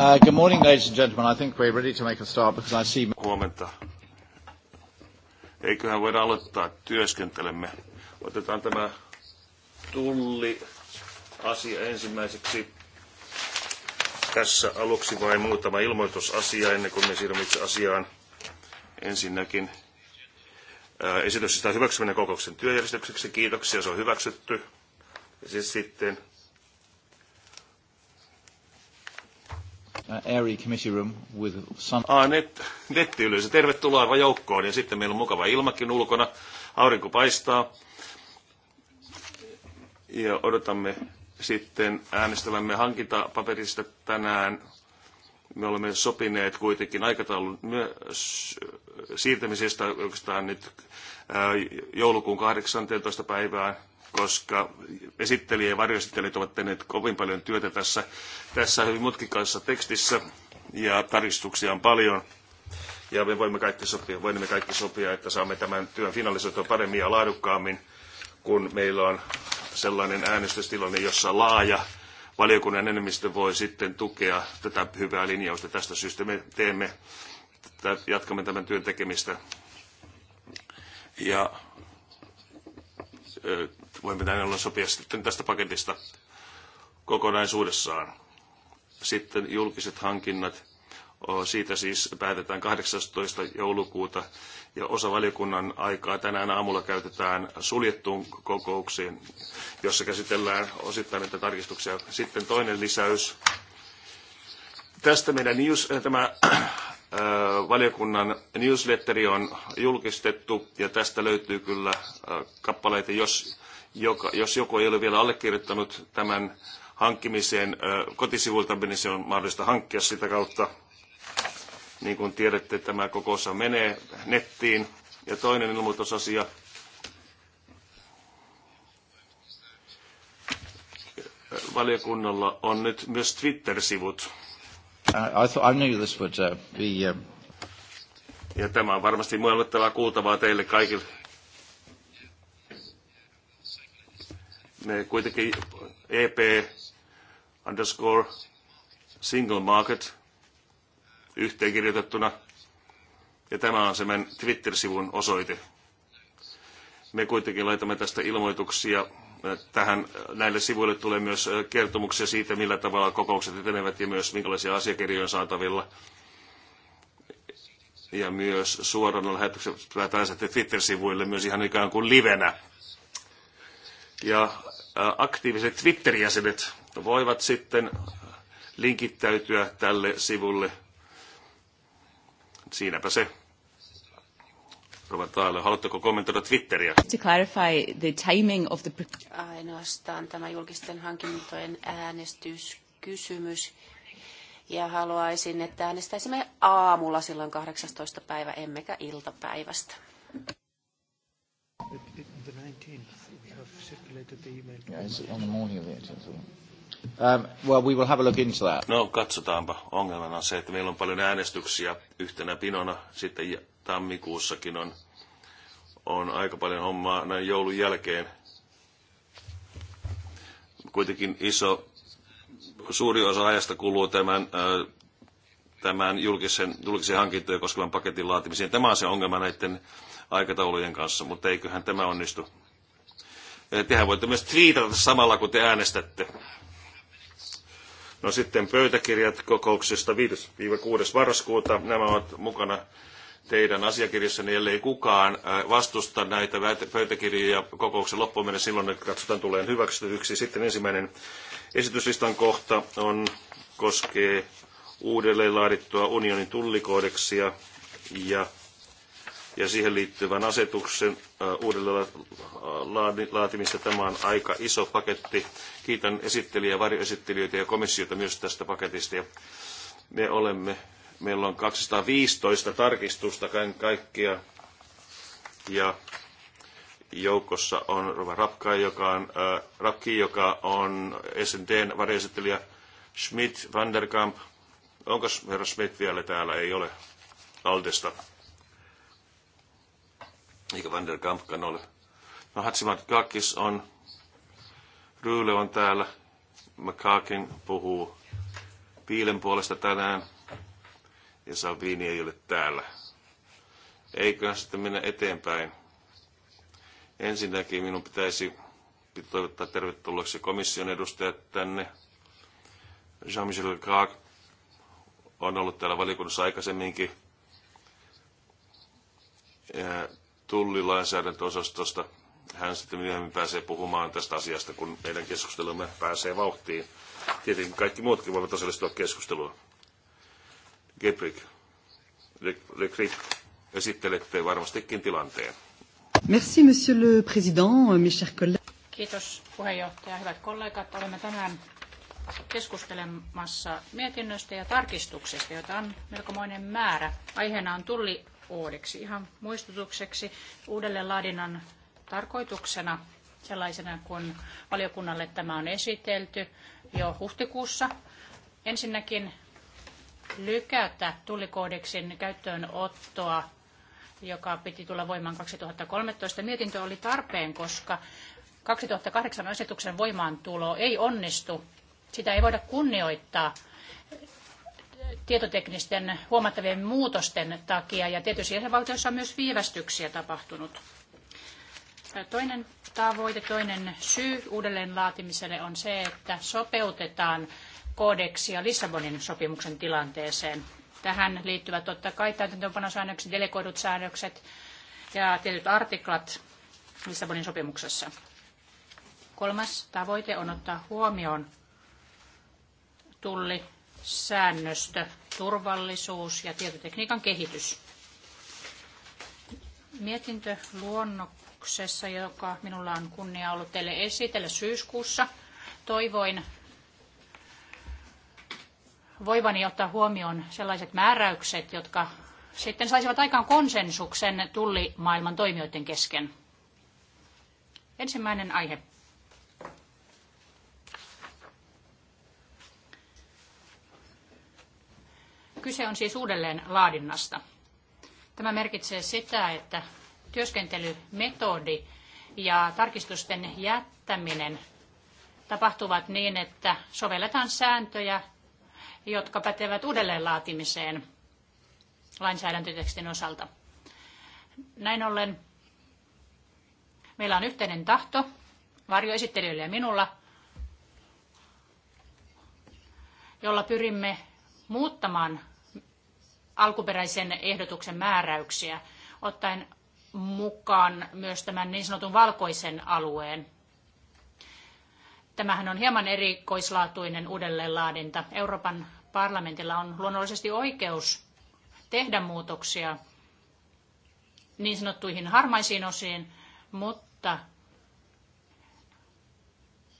Uh, good morning, ladies and gentlemen. I think we're ready to make a start because I see... Huomenta. Eiköhän voida aloittaa. Työskentelemme. Otetaan tämä tulli asia ensimmäiseksi. Tässä aluksi vain muutama ilmoitusasia ennen kuin me siirrymme itse asiaan. Ensinnäkin äh, esitys sitä hyväksyminen kokouksen työjärjestykseksi. Kiitoksia, se on hyväksytty. Ja siis sitten Uh, airy committee room with sun... Ah, net, tervetuloa joukkoon ja sitten meillä on mukava ilmakin ulkona, aurinko paistaa. Ja odotamme sitten äänestävämme hankintapaperista tänään. Me olemme sopineet kuitenkin aikataulun myös siirtämisestä oikeastaan nyt joulukuun 18. päivään koska esittelijä ja varjoesittelijät ovat tehneet kovin paljon työtä tässä, tässä hyvin mutkikaisessa tekstissä ja tarkistuksia on paljon. Ja me voimme kaikki sopia, voimme kaikki sopia, että saamme tämän työn finalisoitua paremmin ja laadukkaammin, kun meillä on sellainen äänestystilanne, jossa laaja valiokunnan enemmistö voi sitten tukea tätä hyvää linjausta. Tästä syystä me teemme, jatkamme tämän työn tekemistä. Ja voimme näin olla sopia sitten tästä paketista kokonaisuudessaan. Sitten julkiset hankinnat. Siitä siis päätetään 18. joulukuuta ja osa valiokunnan aikaa tänään aamulla käytetään suljettuun kokouksiin, jossa käsitellään osittain näitä tarkistuksia. Sitten toinen lisäys. Tästä meidän news, äh, tämä äh, valiokunnan newsletteri on julkistettu ja tästä löytyy kyllä äh, kappaleita, jos joka, jos joku ei ole vielä allekirjoittanut tämän hankkimiseen kotisivuilta, niin se on mahdollista hankkia sitä kautta. Niin kuin tiedätte, tämä kokoosa menee nettiin. Ja toinen ilmoitusasia. Valiokunnalla on nyt myös Twitter-sivut. Uh, I thought I knew this would uh, be, uh... Ja tämä on varmasti muodottavaa kuultavaa teille kaikille me kuitenkin EP underscore single market yhteenkirjoitettuna. Ja tämä on se meidän Twitter-sivun osoite. Me kuitenkin laitamme tästä ilmoituksia. Tähän, näille sivuille tulee myös kertomuksia siitä, millä tavalla kokoukset etenevät ja myös minkälaisia asiakirjoja on saatavilla. Ja myös suorana lähetyksen sitten Twitter-sivuille myös ihan ikään kuin livenä ja aktiiviset Twitter-jäsenet voivat sitten linkittäytyä tälle sivulle. Siinäpä se. Rovataalle, haluatteko kommentoida Twitteriä? To clarify the timing of the... Ainoastaan tämä julkisten hankintojen äänestyskysymys. Ja haluaisin, että äänestäisimme aamulla silloin 18. päivä, emmekä iltapäivästä. The 19th. Ähm, well, we will have a look into that. No, katsotaanpa. Ongelmana on se, että meillä on paljon äänestyksiä yhtenä pinona. Sitten tammikuussakin on, on aika paljon hommaa näin joulun jälkeen. Kuitenkin iso, suuri osa ajasta kuluu tämän, tämän julkisen, julkisen hankintoja koskevan paketin laatimiseen. Tämä on se ongelma näiden aikataulujen kanssa, mutta eiköhän tämä onnistu. Eh, tehän voitte myös twiitata samalla, kun te äänestätte. No sitten pöytäkirjat kokouksesta 5-6. marraskuuta. Nämä ovat mukana teidän asiakirjassanne, ellei kukaan eh, vastusta näitä pöytäkirjoja kokouksen loppuun mennessä, silloin että katsotaan tulee hyväksytyksi. Sitten ensimmäinen esityslistan kohta on, koskee uudelleen laadittua unionin tullikoodeksia ja ja siihen liittyvän asetuksen uudelleen laatimista. Tämä on aika iso paketti. Kiitän esittelijä, varjoesittelijöitä ja komissiota myös tästä paketista. Ja me olemme, meillä on 215 tarkistusta kaikkia ja joukossa on Rova Rapkai, joka on, äh, Rapki, joka on SNDn varjoesittelijä Schmidt Vanderkamp. Onko herra Schmidt vielä täällä? Ei ole. Aldesta eikä Van der Kampkan ole. No Kakis on, Ryyle on täällä, McCarkin puhuu piilen puolesta tänään ja Salvini ei ole täällä. Eiköhän sitten mennä eteenpäin. Ensinnäkin minun pitäisi toivottaa tervetulleeksi komission edustajat tänne. Jean-Michel Gaag on ollut täällä valiokunnassa aikaisemminkin tullilainsäädäntöosastosta. Hän sitten myöhemmin pääsee puhumaan tästä asiasta, kun meidän keskustelumme pääsee vauhtiin. Tietenkin kaikki muutkin voivat osallistua keskusteluun. Gebrick, Le, Le Grip, esittelette varmastikin tilanteen. Merci, monsieur le président, mes chers collègues. Kiitos puheenjohtaja, hyvät kollegat. Olemme tänään keskustelemassa mietinnöstä ja tarkistuksesta, jota on melkomoinen määrä. Aiheena on tulli uudeksi. Ihan muistutukseksi laadinnan tarkoituksena sellaisena, kun valiokunnalle tämä on esitelty jo huhtikuussa. Ensinnäkin lykätä tullikoodeksin käyttöönottoa, joka piti tulla voimaan 2013. Mietintö oli tarpeen, koska 2008 asetuksen voimaantulo ei onnistu. Sitä ei voida kunnioittaa tietoteknisten huomattavien muutosten takia ja tietysti jäsenvaltioissa on myös viivästyksiä tapahtunut. Toinen tavoite, toinen syy uudelleen laatimiselle on se, että sopeutetaan koodeksia Lissabonin sopimuksen tilanteeseen. Tähän liittyvät totta kai täytäntöönpanosäännökset, delegoidut säännökset ja tietyt artiklat Lissabonin sopimuksessa. Kolmas tavoite on ottaa huomioon tulli säännöstö, turvallisuus ja tietotekniikan kehitys. Mietintö luonnoksessa, joka minulla on kunnia ollut teille esitellä syyskuussa, toivoin voivani ottaa huomioon sellaiset määräykset, jotka sitten saisivat aikaan konsensuksen tullimaailman toimijoiden kesken. Ensimmäinen aihe. Kyse on siis uudelleen laadinnasta. Tämä merkitsee sitä, että työskentelymetodi ja tarkistusten jättäminen tapahtuvat niin, että sovelletaan sääntöjä, jotka pätevät uudelleen laatimiseen lainsäädäntötekstin osalta. Näin ollen meillä on yhteinen tahto varjoesittelijöille ja minulla, jolla pyrimme muuttamaan alkuperäisen ehdotuksen määräyksiä, ottaen mukaan myös tämän niin sanotun valkoisen alueen. Tämähän on hieman erikoislaatuinen uudelleenlaadinta. Euroopan parlamentilla on luonnollisesti oikeus tehdä muutoksia niin sanottuihin harmaisiin osiin, mutta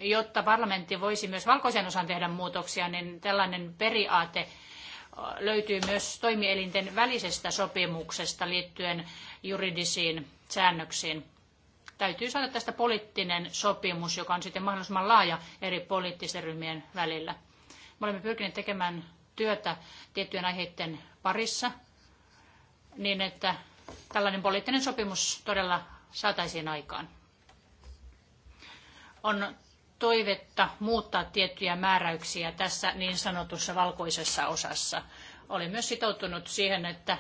jotta parlamentti voisi myös valkoisen osan tehdä muutoksia, niin tällainen periaate löytyy myös toimielinten välisestä sopimuksesta liittyen juridisiin säännöksiin. Täytyy saada tästä poliittinen sopimus, joka on sitten mahdollisimman laaja eri poliittisten ryhmien välillä. Me olemme pyrkineet tekemään työtä tiettyjen aiheiden parissa niin, että tällainen poliittinen sopimus todella saataisiin aikaan. On toivetta muuttaa tiettyjä määräyksiä tässä niin sanotussa valkoisessa osassa. Olen myös sitoutunut siihen, että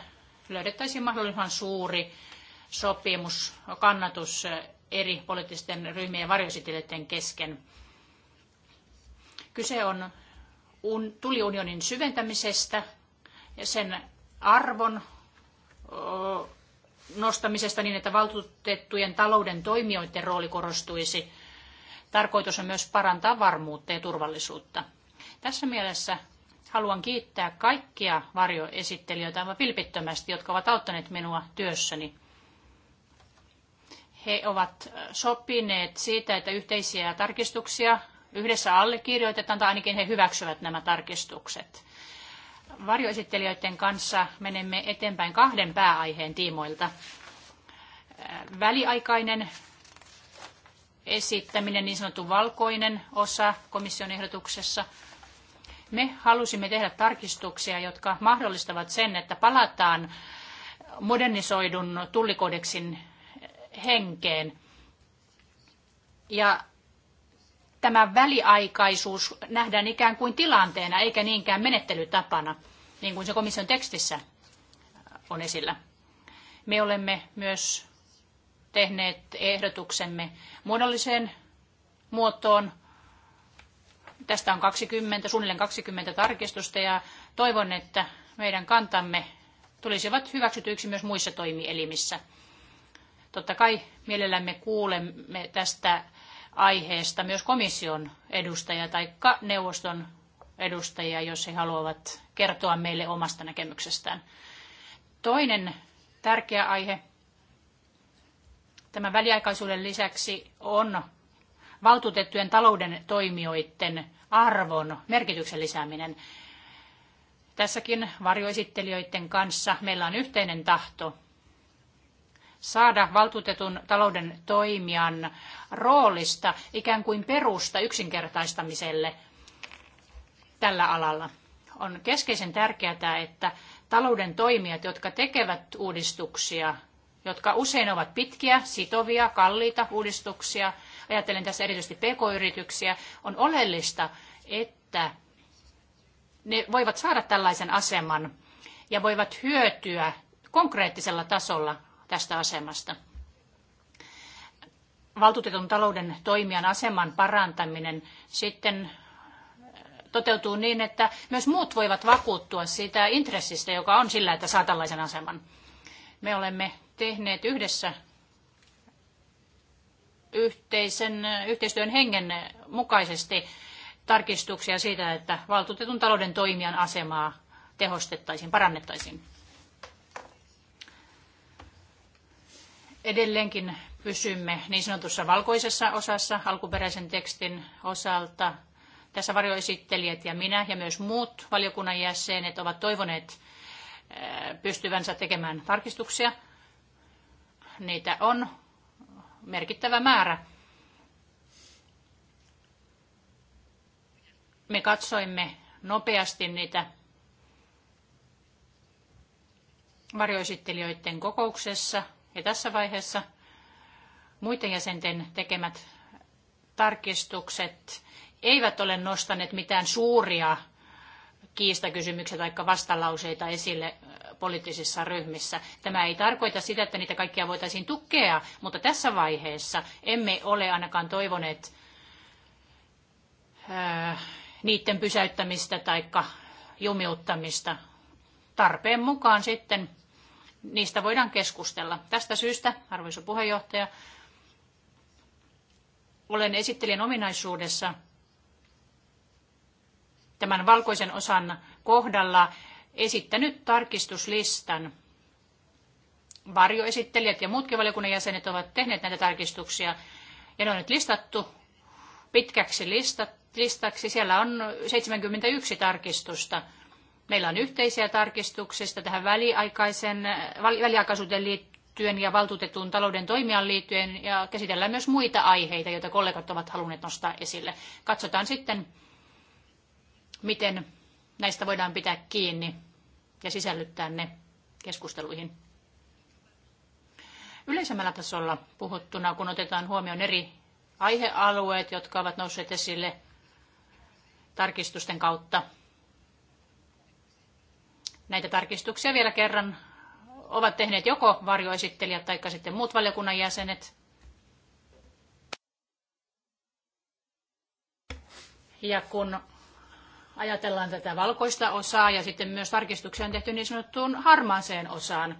löydettäisiin mahdollisimman suuri sopimus, kannatus eri poliittisten ryhmien varjositelijöiden kesken. Kyse on tuliunionin syventämisestä ja sen arvon nostamisesta niin, että valtuutettujen talouden toimijoiden rooli korostuisi – Tarkoitus on myös parantaa varmuutta ja turvallisuutta. Tässä mielessä haluan kiittää kaikkia varjoesittelijöitä aivan vilpittömästi, jotka ovat auttaneet minua työssäni. He ovat sopineet siitä, että yhteisiä tarkistuksia yhdessä allekirjoitetaan, tai ainakin he hyväksyvät nämä tarkistukset. Varjoesittelijöiden kanssa menemme eteenpäin kahden pääaiheen tiimoilta. Väliaikainen esittäminen, niin sanottu valkoinen osa komission ehdotuksessa. Me halusimme tehdä tarkistuksia, jotka mahdollistavat sen, että palataan modernisoidun tullikodeksin henkeen. Ja tämä väliaikaisuus nähdään ikään kuin tilanteena eikä niinkään menettelytapana, niin kuin se komission tekstissä on esillä. Me olemme myös tehneet ehdotuksemme muodolliseen muotoon. Tästä on 20, suunnilleen 20 tarkistusta ja toivon, että meidän kantamme tulisivat hyväksytyiksi myös muissa toimielimissä. Totta kai mielellämme kuulemme tästä aiheesta myös komission edustajia tai neuvoston edustajia, jos he haluavat kertoa meille omasta näkemyksestään. Toinen tärkeä aihe Tämän väliaikaisuuden lisäksi on valtuutettujen talouden toimijoiden arvon merkityksen lisääminen. Tässäkin varjoesittelijöiden kanssa meillä on yhteinen tahto saada valtuutetun talouden toimijan roolista ikään kuin perusta yksinkertaistamiselle tällä alalla. On keskeisen tärkeää, että talouden toimijat, jotka tekevät uudistuksia jotka usein ovat pitkiä, sitovia, kalliita uudistuksia, ajattelen tässä erityisesti pk-yrityksiä, on oleellista, että ne voivat saada tällaisen aseman ja voivat hyötyä konkreettisella tasolla tästä asemasta. Valtuutetun talouden toimijan aseman parantaminen sitten äh, toteutuu niin, että myös muut voivat vakuuttua siitä intressistä, joka on sillä, että saa tällaisen aseman. Me olemme tehneet yhdessä yhteisen yhteistyön hengen mukaisesti tarkistuksia siitä, että valtuutetun talouden toimijan asemaa tehostettaisiin, parannettaisiin. Edelleenkin pysymme niin sanotussa valkoisessa osassa alkuperäisen tekstin osalta. Tässä varjoesittelijät ja minä ja myös muut valiokunnan jäsenet ovat toivoneet eh, pystyvänsä tekemään tarkistuksia – Niitä on merkittävä määrä. Me katsoimme nopeasti niitä varjoesittelijöiden kokouksessa ja tässä vaiheessa muiden jäsenten tekemät tarkistukset eivät ole nostaneet mitään suuria kiistakysymyksiä tai vastalauseita esille poliittisissa ryhmissä. Tämä ei tarkoita sitä, että niitä kaikkia voitaisiin tukea, mutta tässä vaiheessa emme ole ainakaan toivoneet niiden pysäyttämistä tai jumiuttamista. Tarpeen mukaan sitten niistä voidaan keskustella. Tästä syystä, arvoisa puheenjohtaja, olen esittelijän ominaisuudessa tämän valkoisen osan kohdalla esittänyt tarkistuslistan. Varjoesittelijät ja muutkin valiokunnan jäsenet ovat tehneet näitä tarkistuksia ja ne on nyt listattu pitkäksi listat, listaksi. Siellä on 71 tarkistusta. Meillä on yhteisiä tarkistuksista tähän väliaikaisen, väliaikaisuuteen liittyen ja valtuutetun talouden toimijan liittyen ja käsitellään myös muita aiheita, joita kollegat ovat halunneet nostaa esille. Katsotaan sitten, miten näistä voidaan pitää kiinni ja sisällyttää ne keskusteluihin. Yleisemmällä tasolla puhuttuna, kun otetaan huomioon eri aihealueet, jotka ovat nousseet esille tarkistusten kautta, näitä tarkistuksia vielä kerran ovat tehneet joko varjoesittelijät tai sitten muut valiokunnan jäsenet. Ja kun ajatellaan tätä valkoista osaa ja sitten myös tarkistuksia on tehty niin sanottuun harmaaseen osaan.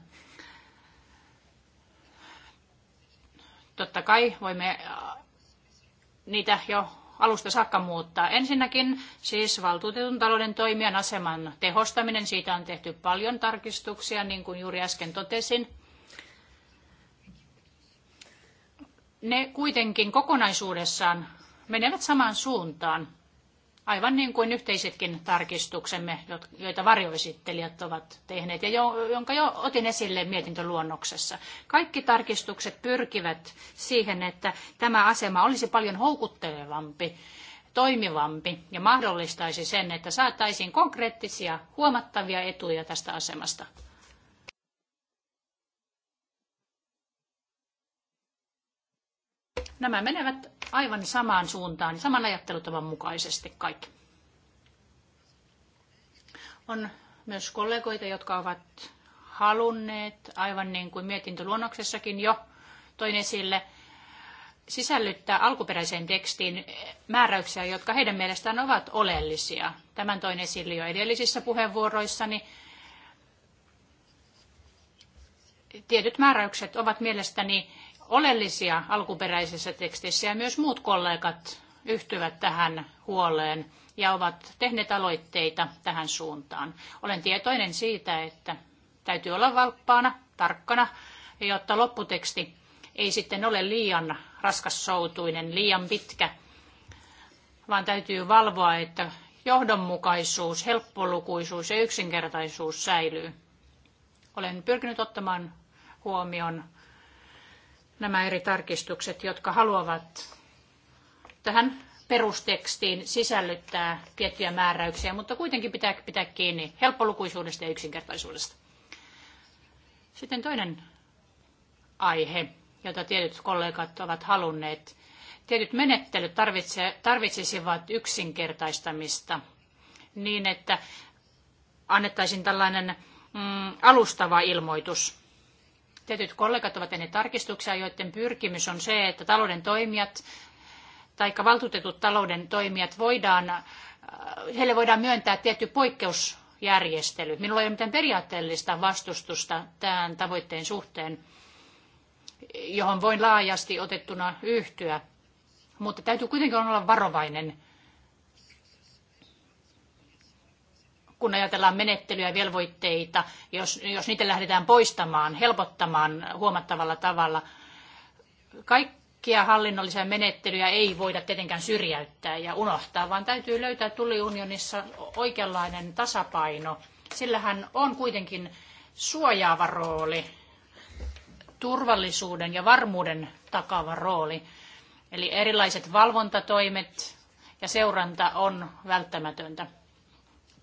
Totta kai voimme äh, niitä jo alusta saakka muuttaa. Ensinnäkin siis valtuutetun talouden toimijan aseman tehostaminen. Siitä on tehty paljon tarkistuksia, niin kuin juuri äsken totesin. Ne kuitenkin kokonaisuudessaan menevät samaan suuntaan. Aivan niin kuin yhteisetkin tarkistuksemme, joita varjoesittelijät ovat tehneet ja jo, jonka jo otin esille mietintöluonnoksessa. Kaikki tarkistukset pyrkivät siihen, että tämä asema olisi paljon houkuttelevampi toimivampi ja mahdollistaisi sen, että saataisiin konkreettisia huomattavia etuja tästä asemasta. Nämä menevät aivan samaan suuntaan, saman ajattelutavan mukaisesti kaikki. On myös kollegoita, jotka ovat halunneet, aivan niin kuin mietintöluonnoksessakin jo toin esille, sisällyttää alkuperäiseen tekstiin määräyksiä, jotka heidän mielestään ovat oleellisia. Tämän toin esille jo edellisissä puheenvuoroissani. Tietyt määräykset ovat mielestäni oleellisia alkuperäisessä tekstissä ja myös muut kollegat yhtyvät tähän huoleen ja ovat tehneet aloitteita tähän suuntaan. Olen tietoinen siitä, että täytyy olla valppaana, tarkkana, jotta lopputeksti ei sitten ole liian raskassoutuinen, liian pitkä, vaan täytyy valvoa, että johdonmukaisuus, helppolukuisuus ja yksinkertaisuus säilyy. Olen pyrkinyt ottamaan huomioon nämä eri tarkistukset, jotka haluavat tähän perustekstiin sisällyttää tiettyjä määräyksiä, mutta kuitenkin pitää pitää kiinni helppolukuisuudesta ja yksinkertaisuudesta. Sitten toinen aihe, jota tietyt kollegat ovat halunneet. Tietyt menettelyt tarvitse, tarvitsisivat yksinkertaistamista niin, että annettaisiin tällainen mm, alustava ilmoitus Tietyt kollegat ovat tehneet tarkistuksia, joiden pyrkimys on se, että talouden toimijat tai valtuutetut talouden toimijat voidaan, äh, heille voidaan myöntää tietty poikkeusjärjestely. Minulla ei ole mitään periaatteellista vastustusta tämän tavoitteen suhteen, johon voin laajasti otettuna yhtyä. Mutta täytyy kuitenkin olla varovainen – kun ajatellaan menettelyjä ja velvoitteita, jos, jos niitä lähdetään poistamaan, helpottamaan huomattavalla tavalla, kaikkia hallinnollisia menettelyjä ei voida tietenkään syrjäyttää ja unohtaa, vaan täytyy löytää tuliunionissa oikeanlainen tasapaino. Sillähän on kuitenkin suojaava rooli, turvallisuuden ja varmuuden takaava rooli. Eli erilaiset valvontatoimet ja seuranta on välttämätöntä.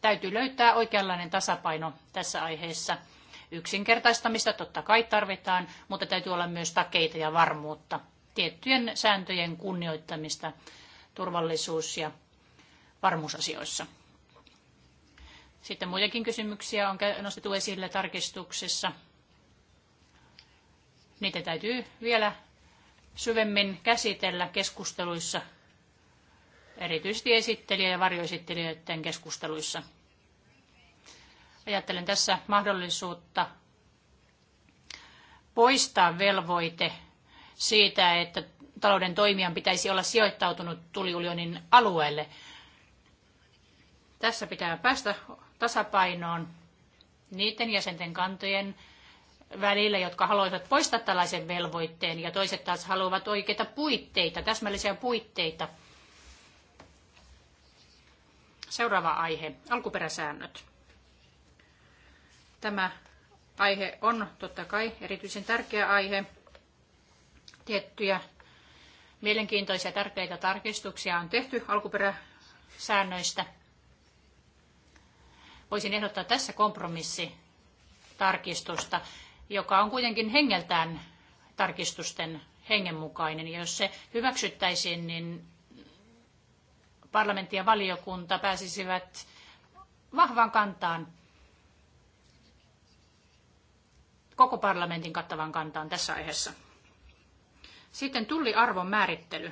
Täytyy löytää oikeanlainen tasapaino tässä aiheessa. Yksinkertaistamista totta kai tarvitaan, mutta täytyy olla myös takeita ja varmuutta. Tiettyjen sääntöjen kunnioittamista turvallisuus- ja varmuusasioissa. Sitten muitakin kysymyksiä on nostettu esille tarkistuksessa. Niitä täytyy vielä syvemmin käsitellä keskusteluissa erityisesti esittelijä- ja varjoesittelijöiden keskusteluissa. Ajattelen tässä mahdollisuutta poistaa velvoite siitä, että talouden toimijan pitäisi olla sijoittautunut tuliulionin alueelle. Tässä pitää päästä tasapainoon niiden jäsenten kantojen välillä, jotka haluavat poistaa tällaisen velvoitteen ja toiset taas haluavat oikeita puitteita, täsmällisiä puitteita – Seuraava aihe, alkuperäsäännöt. Tämä aihe on totta kai erityisen tärkeä aihe. Tiettyjä mielenkiintoisia tärkeitä tarkistuksia on tehty alkuperäsäännöistä. Voisin ehdottaa tässä kompromissitarkistusta, joka on kuitenkin hengeltään tarkistusten hengen mukainen. Jos se hyväksyttäisiin, niin parlamentti ja valiokunta pääsisivät vahvaan kantaan, koko parlamentin kattavaan kantaan tässä aiheessa. Sitten tulliarvon määrittely.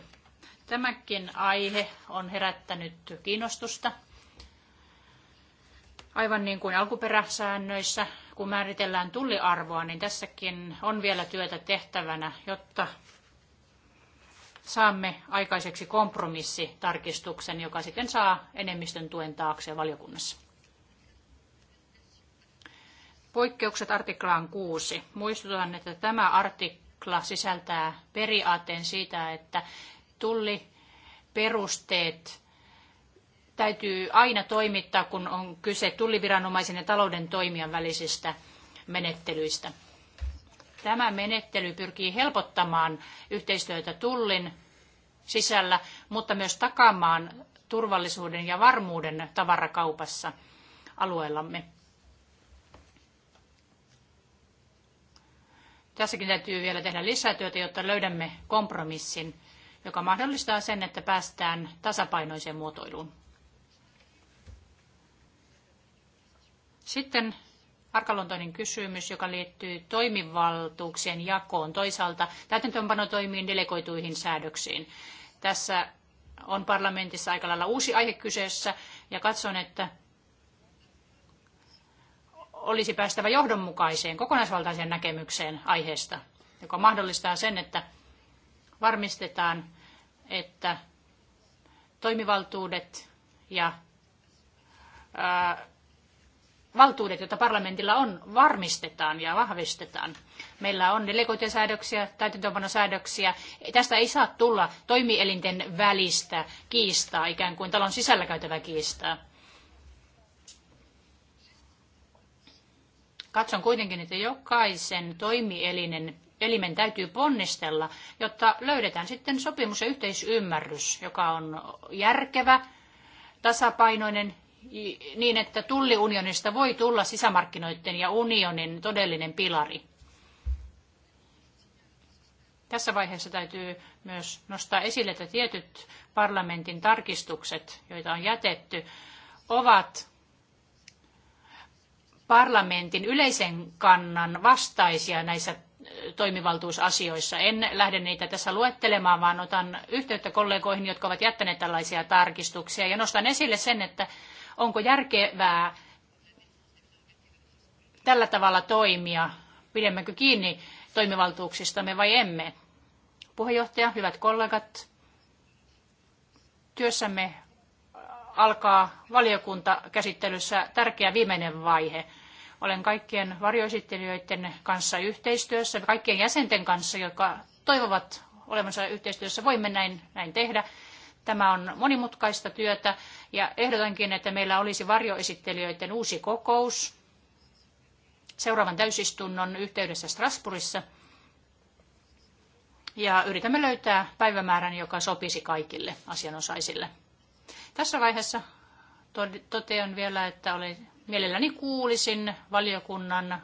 Tämäkin aihe on herättänyt kiinnostusta. Aivan niin kuin alkuperäsäännöissä, kun määritellään tulliarvoa, niin tässäkin on vielä työtä tehtävänä, jotta saamme aikaiseksi kompromissitarkistuksen, joka sitten saa enemmistön tuen taakse valiokunnassa. Poikkeukset artiklaan 6. Muistutan, että tämä artikla sisältää periaatteen siitä, että tulli perusteet täytyy aina toimittaa, kun on kyse tulliviranomaisen ja talouden toimijan välisistä menettelyistä. Tämä menettely pyrkii helpottamaan yhteistyötä tullin sisällä, mutta myös takaamaan turvallisuuden ja varmuuden tavarakaupassa alueellamme. Tässäkin täytyy vielä tehdä lisätyötä, jotta löydämme kompromissin, joka mahdollistaa sen, että päästään tasapainoiseen muotoiluun. Sitten arkaluontoinen kysymys, joka liittyy toimivaltuuksien jakoon, toisaalta täytäntöönpanotoimiin delegoituihin säädöksiin. Tässä on parlamentissa aika lailla uusi aihe kyseessä ja katson, että olisi päästävä johdonmukaiseen, kokonaisvaltaiseen näkemykseen aiheesta, joka mahdollistaa sen, että varmistetaan, että toimivaltuudet ja ää, valtuudet, joita parlamentilla on, varmistetaan ja vahvistetaan. Meillä on delegointisäädöksiä, täytäntöönpanosäädöksiä. Tästä ei saa tulla toimielinten välistä kiistaa, ikään kuin talon sisällä käytävää kiistaa. Katson kuitenkin, että jokaisen toimielinen elimen täytyy ponnistella, jotta löydetään sitten sopimus ja yhteisymmärrys, joka on järkevä, tasapainoinen niin, että tulliunionista voi tulla sisämarkkinoiden ja unionin todellinen pilari. Tässä vaiheessa täytyy myös nostaa esille, että tietyt parlamentin tarkistukset, joita on jätetty, ovat parlamentin yleisen kannan vastaisia näissä toimivaltuusasioissa. En lähde niitä tässä luettelemaan, vaan otan yhteyttä kollegoihin, jotka ovat jättäneet tällaisia tarkistuksia ja nostan esille sen, että Onko järkevää tällä tavalla toimia? Pidemmekö kiinni toimivaltuuksistamme vai emme? Puheenjohtaja, hyvät kollegat, työssämme alkaa valiokuntakäsittelyssä tärkeä viimeinen vaihe. Olen kaikkien varjoesittelijöiden kanssa yhteistyössä, kaikkien jäsenten kanssa, jotka toivovat olevansa yhteistyössä. Voimme näin, näin tehdä. Tämä on monimutkaista työtä ja ehdotankin, että meillä olisi varjoesittelijöiden uusi kokous seuraavan täysistunnon yhteydessä Strasbourgissa. Ja yritämme löytää päivämäärän, joka sopisi kaikille asianosaisille. Tässä vaiheessa totean vielä, että olen mielelläni kuulisin valiokunnan,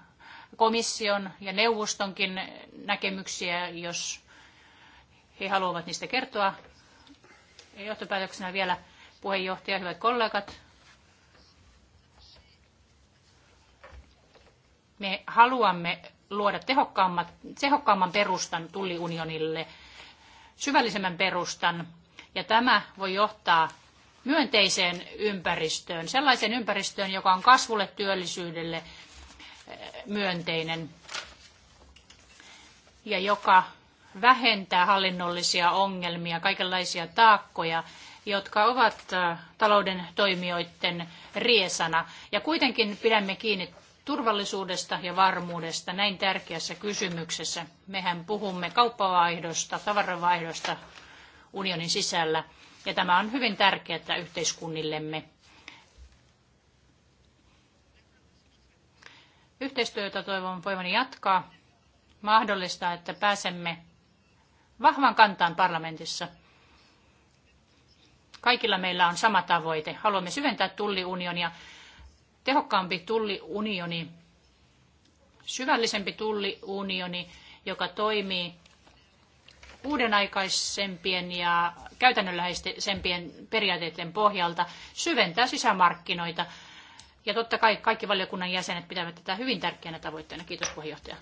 komission ja neuvostonkin näkemyksiä, jos he haluavat niistä kertoa johtopäätöksenä vielä puheenjohtaja, hyvät kollegat. Me haluamme luoda tehokkaamman, tehokkaamman perustan tulliunionille, syvällisemmän perustan, ja tämä voi johtaa myönteiseen ympäristöön, sellaiseen ympäristöön, joka on kasvulle, työllisyydelle eh, myönteinen ja joka vähentää hallinnollisia ongelmia, kaikenlaisia taakkoja, jotka ovat talouden toimijoiden riesana. Ja kuitenkin pidämme kiinni turvallisuudesta ja varmuudesta näin tärkeässä kysymyksessä. Mehän puhumme kauppavaihdosta, tavaravaihdosta unionin sisällä, ja tämä on hyvin tärkeää yhteiskunnillemme. Yhteistyötä toivon voivani jatkaa. Mahdollista, että pääsemme vahvan kantaan parlamentissa. Kaikilla meillä on sama tavoite. Haluamme syventää tulliunionia. Tehokkaampi tulliunioni, syvällisempi tulliunioni, joka toimii uudenaikaisempien ja käytännönläheisempien periaatteiden pohjalta, syventää sisämarkkinoita. Ja totta kai kaikki valiokunnan jäsenet pitävät tätä hyvin tärkeänä tavoitteena. Kiitos puheenjohtaja.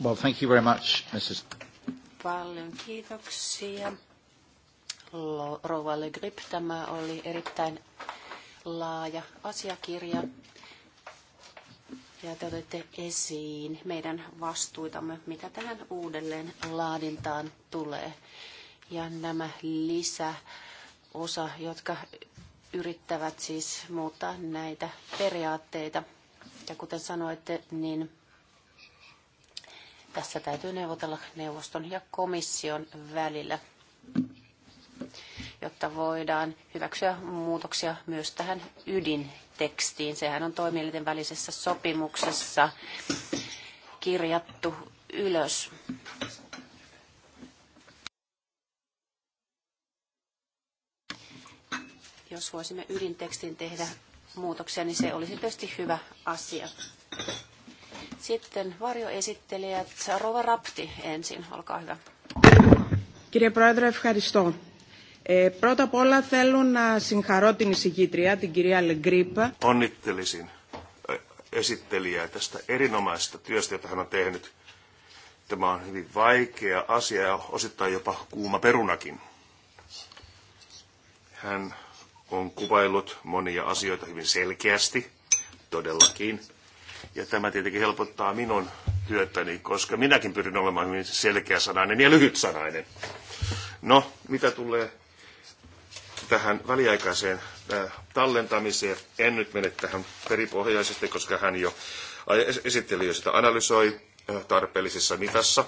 Well, thank you very much, Mrs. Paljon kiitoksia. Rouva Le Grip, tämä oli erittäin laaja asiakirja. Ja te otette esiin meidän vastuitamme, mitä tähän uudelleen laadintaan tulee. Ja nämä lisäosa, jotka yrittävät siis muuttaa näitä periaatteita. Ja kuten sanoitte, niin tässä täytyy neuvotella neuvoston ja komission välillä, jotta voidaan hyväksyä muutoksia myös tähän ydintekstiin. Sehän on toimielinten välisessä sopimuksessa kirjattu ylös. Jos voisimme ydintekstin tehdä muutoksia, niin se olisi tietysti hyvä asia. Sitten varjoesittelijät. Rova Rapti ensin, olkaa hyvä. Κύριε Πρόεδρε, ευχαριστώ. Ε, πρώτα απ' όλα θέλω να συγχαρώ την εισηγήτρια, την κυρία Λεγκρίπα. Onnittelisin esittelijää tästä erinomaisesta työstä, jota hän on tehnyt. Tämä on hyvin vaikea asia ja osittain jopa kuuma perunakin. Hän on kuvailut monia asioita hyvin selkeästi, todellakin. Ja tämä tietenkin helpottaa minun työtäni, koska minäkin pyrin olemaan hyvin selkeäsanainen ja lyhytsanainen. No, mitä tulee tähän väliaikaiseen äh, tallentamiseen. En nyt mene tähän peripohjaisesti, koska hän jo esitteli jo sitä analysoi äh, tarpeellisessa mitassa.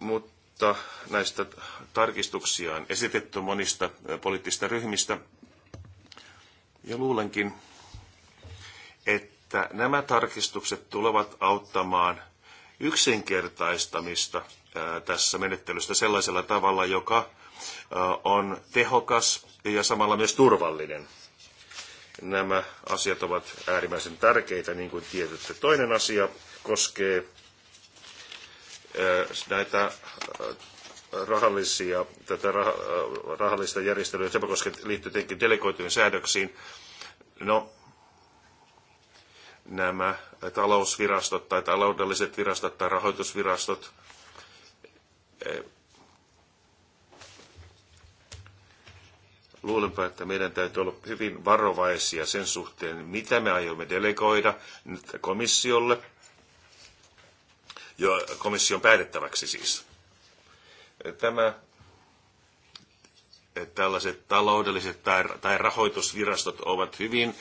Mutta näistä tarkistuksia on esitetty monista äh, poliittista ryhmistä. Ja luulenkin, että nämä tarkistukset tulevat auttamaan yksinkertaistamista tässä menettelystä sellaisella tavalla, joka on tehokas ja samalla myös turvallinen. Nämä asiat ovat äärimmäisen tärkeitä, niin kuin tiedätte. Toinen asia koskee näitä rahallisia, tätä rah, rahallista järjestelyä, se liittyy tietenkin delegoitujen säädöksiin. No, nämä talousvirastot tai taloudelliset virastot tai rahoitusvirastot eh, luulenpa, että meidän täytyy olla hyvin varovaisia sen suhteen, mitä me aiomme delegoida nyt komissiolle, jo komission päätettäväksi siis. Tämä, eh, tällaiset taloudelliset tai, tai rahoitusvirastot ovat hyvin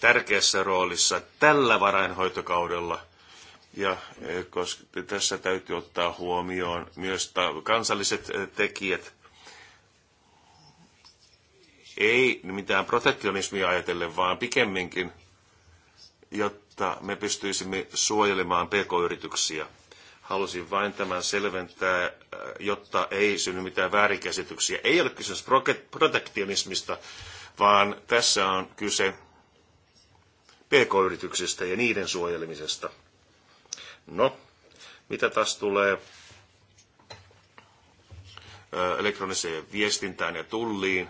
tärkeässä roolissa tällä varainhoitokaudella. Ja e, koska tässä täytyy ottaa huomioon myös kansalliset e, tekijät. Ei mitään protektionismia ajatellen, vaan pikemminkin, jotta me pystyisimme suojelemaan pk-yrityksiä halusin vain tämän selventää, e, jotta ei synny mitään väärinkäsityksiä. Ei ole kysymys protektionismista, vaan tässä on kyse pk-yrityksistä ja niiden suojelemisesta. No, mitä taas tulee elektroniseen viestintään ja tulliin,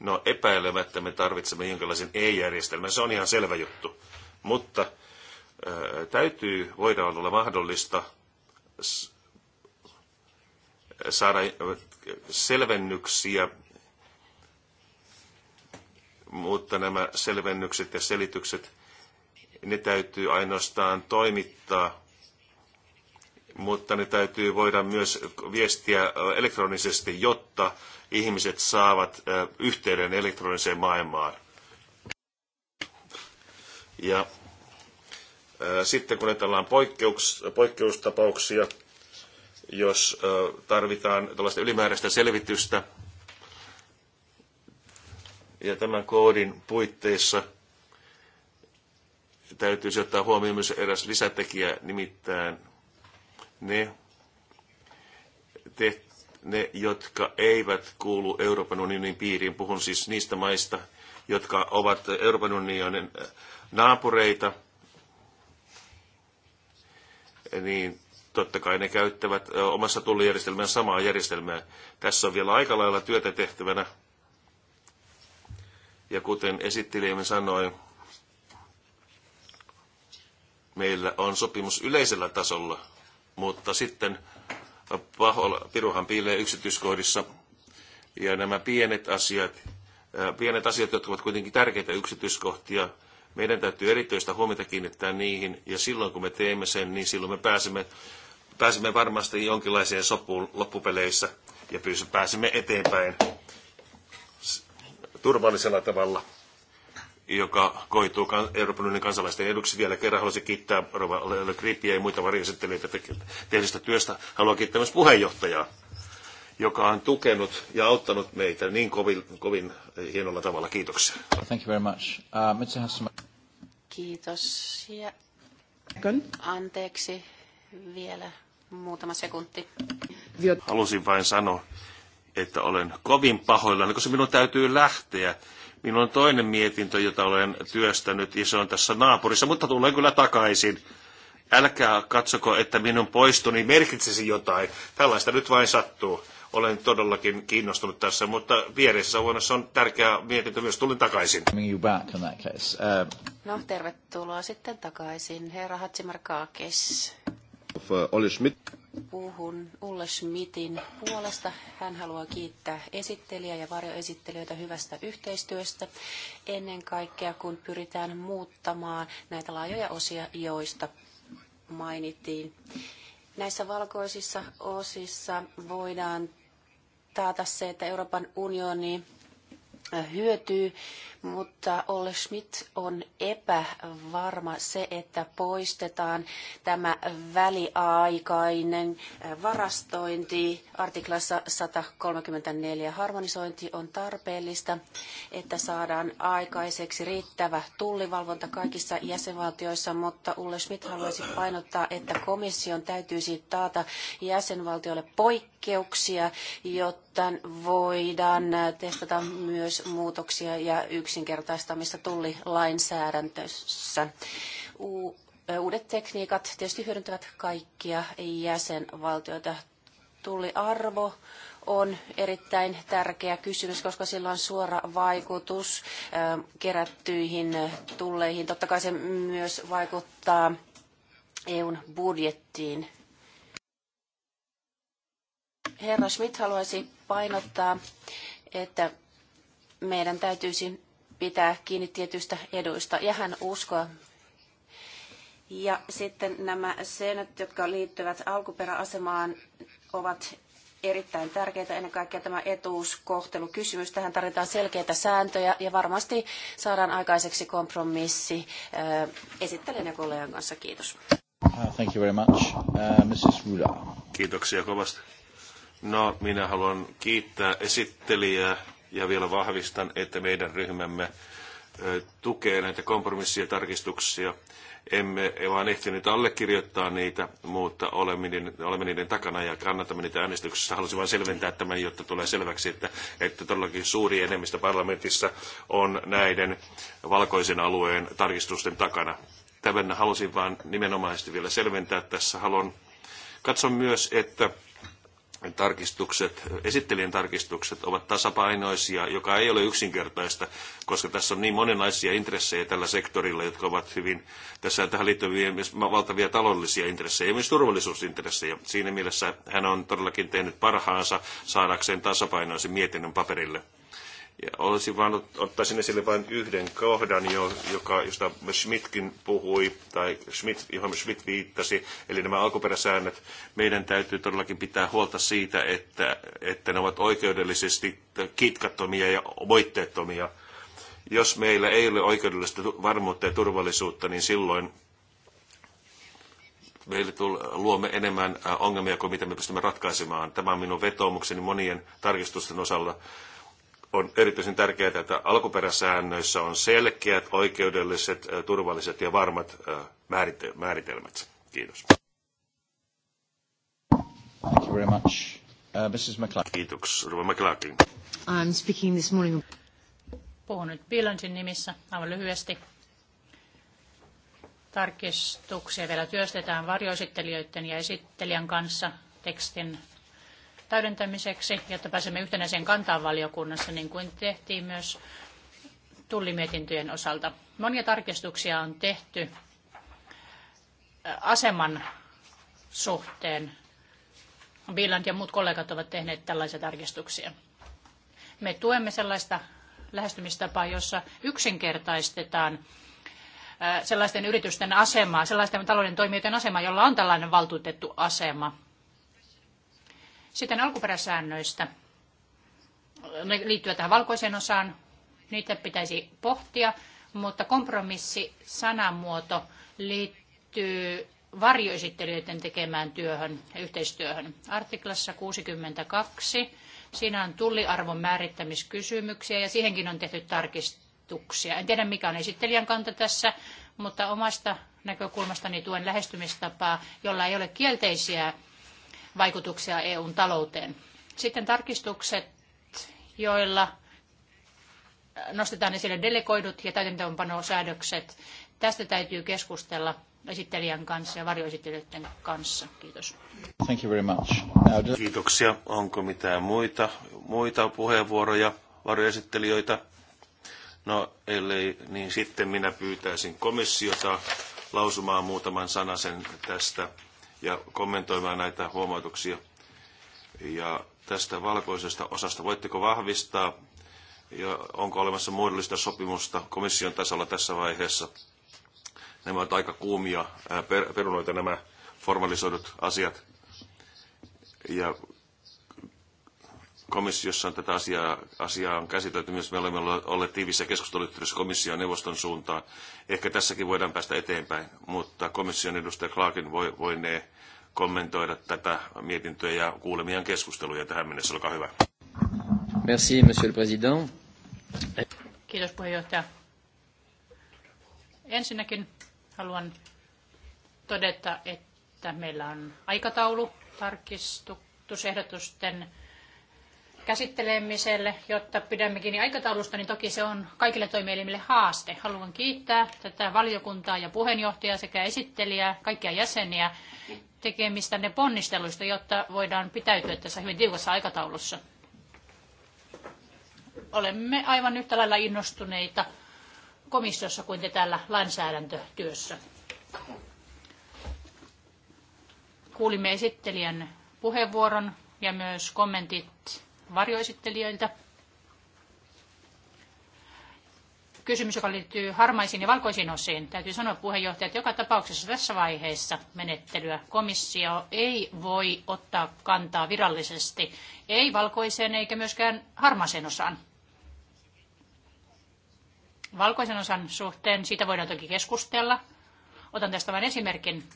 no epäilemättä me tarvitsemme jonkinlaisen e-järjestelmän, se on ihan selvä juttu. Mutta täytyy voida olla mahdollista saada selvennyksiä, mutta nämä selvennykset ja selitykset ne täytyy ainoastaan toimittaa, mutta ne täytyy voida myös viestiä elektronisesti, jotta ihmiset saavat yhteyden elektroniseen maailmaan. Ja sitten kun ajatellaan poikkeuks, poikkeustapauksia, jos tarvitaan tällaista ylimääräistä selvitystä, ja tämän koodin puitteissa – Täytyy ottaa huomioon myös eräs lisätekijä, nimittäin ne, te, ne jotka eivät kuulu Euroopan unionin piiriin, puhun siis niistä maista, jotka ovat Euroopan unionin äh, naapureita, niin totta kai ne käyttävät äh, omassa tullijärjestelmään samaa järjestelmää. Tässä on vielä aika lailla työtä tehtävänä. Ja kuten esittelijämme sanoi, Meillä on sopimus yleisellä tasolla, mutta sitten äh, paholla, piruhan piilee yksityiskohdissa. Ja nämä pienet asiat, äh, pienet asiat, jotka ovat kuitenkin tärkeitä yksityiskohtia, meidän täytyy erityistä huomiota kiinnittää niihin, ja silloin kun me teemme sen, niin silloin me pääsemme, pääsemme varmasti jonkinlaiseen sopuun loppupeleissä ja pääsemme eteenpäin turvallisella tavalla joka koituu Euroopan unionin kansalaisten eduksi. Vielä kerran haluaisin kiittää Rova Le Gripiä ja muita varjoesittelijöitä tehdystä työstä. Haluan kiittää myös puheenjohtajaa, joka on tukenut ja auttanut meitä niin kovin, kovin hienolla tavalla. Kiitoksia. Thank you very much. Uh, some... Kiitos. Ja... Anteeksi vielä muutama sekunti. Halusin vain sanoa, että olen kovin pahoillani, koska minun täytyy lähteä Minulla on toinen mietintö, jota olen työstänyt, ja se on tässä naapurissa, mutta tulee kyllä takaisin. Älkää katsoko, että minun poistoni merkitsisi jotain. Tällaista nyt vain sattuu. Olen todellakin kiinnostunut tässä, mutta viereisessä huoneessa on tärkeä mietintö myös. Tulin takaisin. Uh, no, tervetuloa sitten takaisin, herra Hatsimarkaakis. Oli Schmidt puhun Ulle Schmidtin puolesta. Hän haluaa kiittää esittelijä ja varjoesittelijöitä hyvästä yhteistyöstä. Ennen kaikkea, kun pyritään muuttamaan näitä laajoja osia, joista mainittiin. Näissä valkoisissa osissa voidaan taata se, että Euroopan unioni hyötyy mutta Olle Schmidt on epävarma se, että poistetaan tämä väliaikainen varastointi artiklassa 134. Harmonisointi on tarpeellista, että saadaan aikaiseksi riittävä tullivalvonta kaikissa jäsenvaltioissa, mutta Olle Schmidt haluaisi painottaa, että komission täytyisi taata jäsenvaltioille poikkeuksia, jotta voidaan testata myös muutoksia ja yksi yksinkertaistamista tullilainsäädäntössä. Uudet tekniikat tietysti hyödyntävät kaikkia jäsenvaltioita. Tulliarvo on erittäin tärkeä kysymys, koska sillä on suora vaikutus kerättyihin tulleihin. Totta kai se myös vaikuttaa EUn budjettiin. Herra Schmidt haluaisi painottaa, että meidän täytyisi pitää kiinni tietyistä eduista ja hän uskoa. Ja sitten nämä säännöt, jotka liittyvät alkuperäasemaan, ovat erittäin tärkeitä. Ennen kaikkea tämä etuuskohtelukysymys. Tähän tarvitaan selkeitä sääntöjä ja varmasti saadaan aikaiseksi kompromissi. Äh, Esittelen ja kollegan kanssa. Kiitos. Uh, thank you very much. Uh, Mrs. Kiitoksia kovasti. No, minä haluan kiittää esittelijää ja vielä vahvistan, että meidän ryhmämme tukee näitä kompromissia tarkistuksia. Emme vaan ehtineet allekirjoittaa niitä, mutta olemme niiden, olemme niiden takana ja kannatamme niitä äänestyksessä. Halusin vain selventää tämän, jotta tulee selväksi, että, että todellakin suuri enemmistö parlamentissa on näiden valkoisen alueen tarkistusten takana. Tämän halusin vain nimenomaisesti vielä selventää tässä. Haluan katson myös, että tarkistukset, esittelijän tarkistukset ovat tasapainoisia, joka ei ole yksinkertaista, koska tässä on niin monenlaisia intressejä tällä sektorilla, jotka ovat hyvin, tässä tähän liittyviä myös valtavia taloudellisia intressejä ja myös turvallisuusintressejä. Siinä mielessä hän on todellakin tehnyt parhaansa saadakseen tasapainoisen mietinnön paperille. Ja olisin vaan, ottaisin esille vain yhden kohdan, joka, josta Schmidtkin puhui, tai Schmidt, johon Schmidt viittasi, eli nämä alkuperäsäännöt. Meidän täytyy todellakin pitää huolta siitä, että, että ne ovat oikeudellisesti kitkattomia ja voitteettomia. Jos meillä ei ole oikeudellista varmuutta ja turvallisuutta, niin silloin meille luomme enemmän äh, ongelmia kuin mitä me pystymme ratkaisemaan. Tämä on minun vetoomukseni monien tarkistusten osalla on erityisen tärkeää, että alkuperäsäännöissä on selkeät, oikeudelliset, turvalliset ja varmat määritelmät. Kiitos. Thank you very much. Uh, Mrs. McClarkin. Kiitos, Ruva McClarkin. I'm speaking this morning. Puhun nyt Bilansin nimissä aivan lyhyesti. Tarkistuksia vielä työstetään varjoesittelijöiden ja esittelijän kanssa tekstin täydentämiseksi, jotta pääsemme yhtenäiseen kantaan valiokunnassa, niin kuin tehtiin myös tullimietintöjen osalta. Monia tarkistuksia on tehty äh, aseman suhteen. Biland ja muut kollegat ovat tehneet tällaisia tarkistuksia. Me tuemme sellaista lähestymistapaa, jossa yksinkertaistetaan äh, sellaisten yritysten asemaa, sellaisten talouden toimijoiden asemaa, jolla on tällainen valtuutettu asema. Sitten alkuperäsäännöistä liittyen tähän valkoiseen osaan, niitä pitäisi pohtia, mutta kompromissi sanamuoto liittyy varjoesittelijöiden tekemään työhön ja yhteistyöhön. Artiklassa 62, siinä on tulliarvon määrittämiskysymyksiä ja siihenkin on tehty tarkistuksia. En tiedä mikä on esittelijän kanta tässä, mutta omasta näkökulmastani tuen lähestymistapaa, jolla ei ole kielteisiä vaikutuksia EUn talouteen. Sitten tarkistukset, joilla nostetaan esille delegoidut ja täytäntöönpanosäädökset. Tästä täytyy keskustella esittelijän kanssa ja varjoesittelijöiden kanssa. Kiitos. Thank you very much. Now... Kiitoksia. Onko mitään muita, muita puheenvuoroja varjoesittelijöitä? No, ellei, niin sitten minä pyytäisin komissiota lausumaan muutaman sanasen tästä ja kommentoimaan näitä huomautuksia. Ja tästä valkoisesta osasta voitteko vahvistaa, ja onko olemassa muodollista sopimusta komission tasolla tässä vaiheessa? Nämä ovat aika kuumia perunoita nämä formalisoidut asiat. Ja komissiossa on tätä asiaa, asiaa on käsitelty myös. Me olemme olleet tiivissä keskusteluyhteydessä komission neuvoston suuntaan. Ehkä tässäkin voidaan päästä eteenpäin, mutta komission edustaja Clarkin voi, ne kommentoida tätä mietintöä ja kuulemiaan keskusteluja tähän mennessä. Olkaa hyvä. Merci, monsieur le président. Kiitos puheenjohtaja. Ensinnäkin haluan todeta, että meillä on aikataulu ehdotusten käsittelemiselle, jotta pidämme kiinni aikataulusta, niin toki se on kaikille toimielimille haaste. Haluan kiittää tätä valiokuntaa ja puheenjohtajaa sekä esittelijää, kaikkia jäseniä tekemistänne ponnisteluista, jotta voidaan pitäytyä tässä hyvin tiukassa aikataulussa. Olemme aivan yhtä lailla innostuneita komissiossa kuin te täällä lainsäädäntötyössä. Kuulimme esittelijän puheenvuoron ja myös kommentit varjoesittelijöiltä. Kysymys, joka liittyy harmaisiin ja valkoisiin osiin. Täytyy sanoa puheenjohtaja, että joka tapauksessa tässä vaiheessa menettelyä komissio ei voi ottaa kantaa virallisesti, ei valkoiseen eikä myöskään harmaiseen osaan. Valkoisen osan suhteen siitä voidaan toki keskustella. Otan tästä vain esimerkin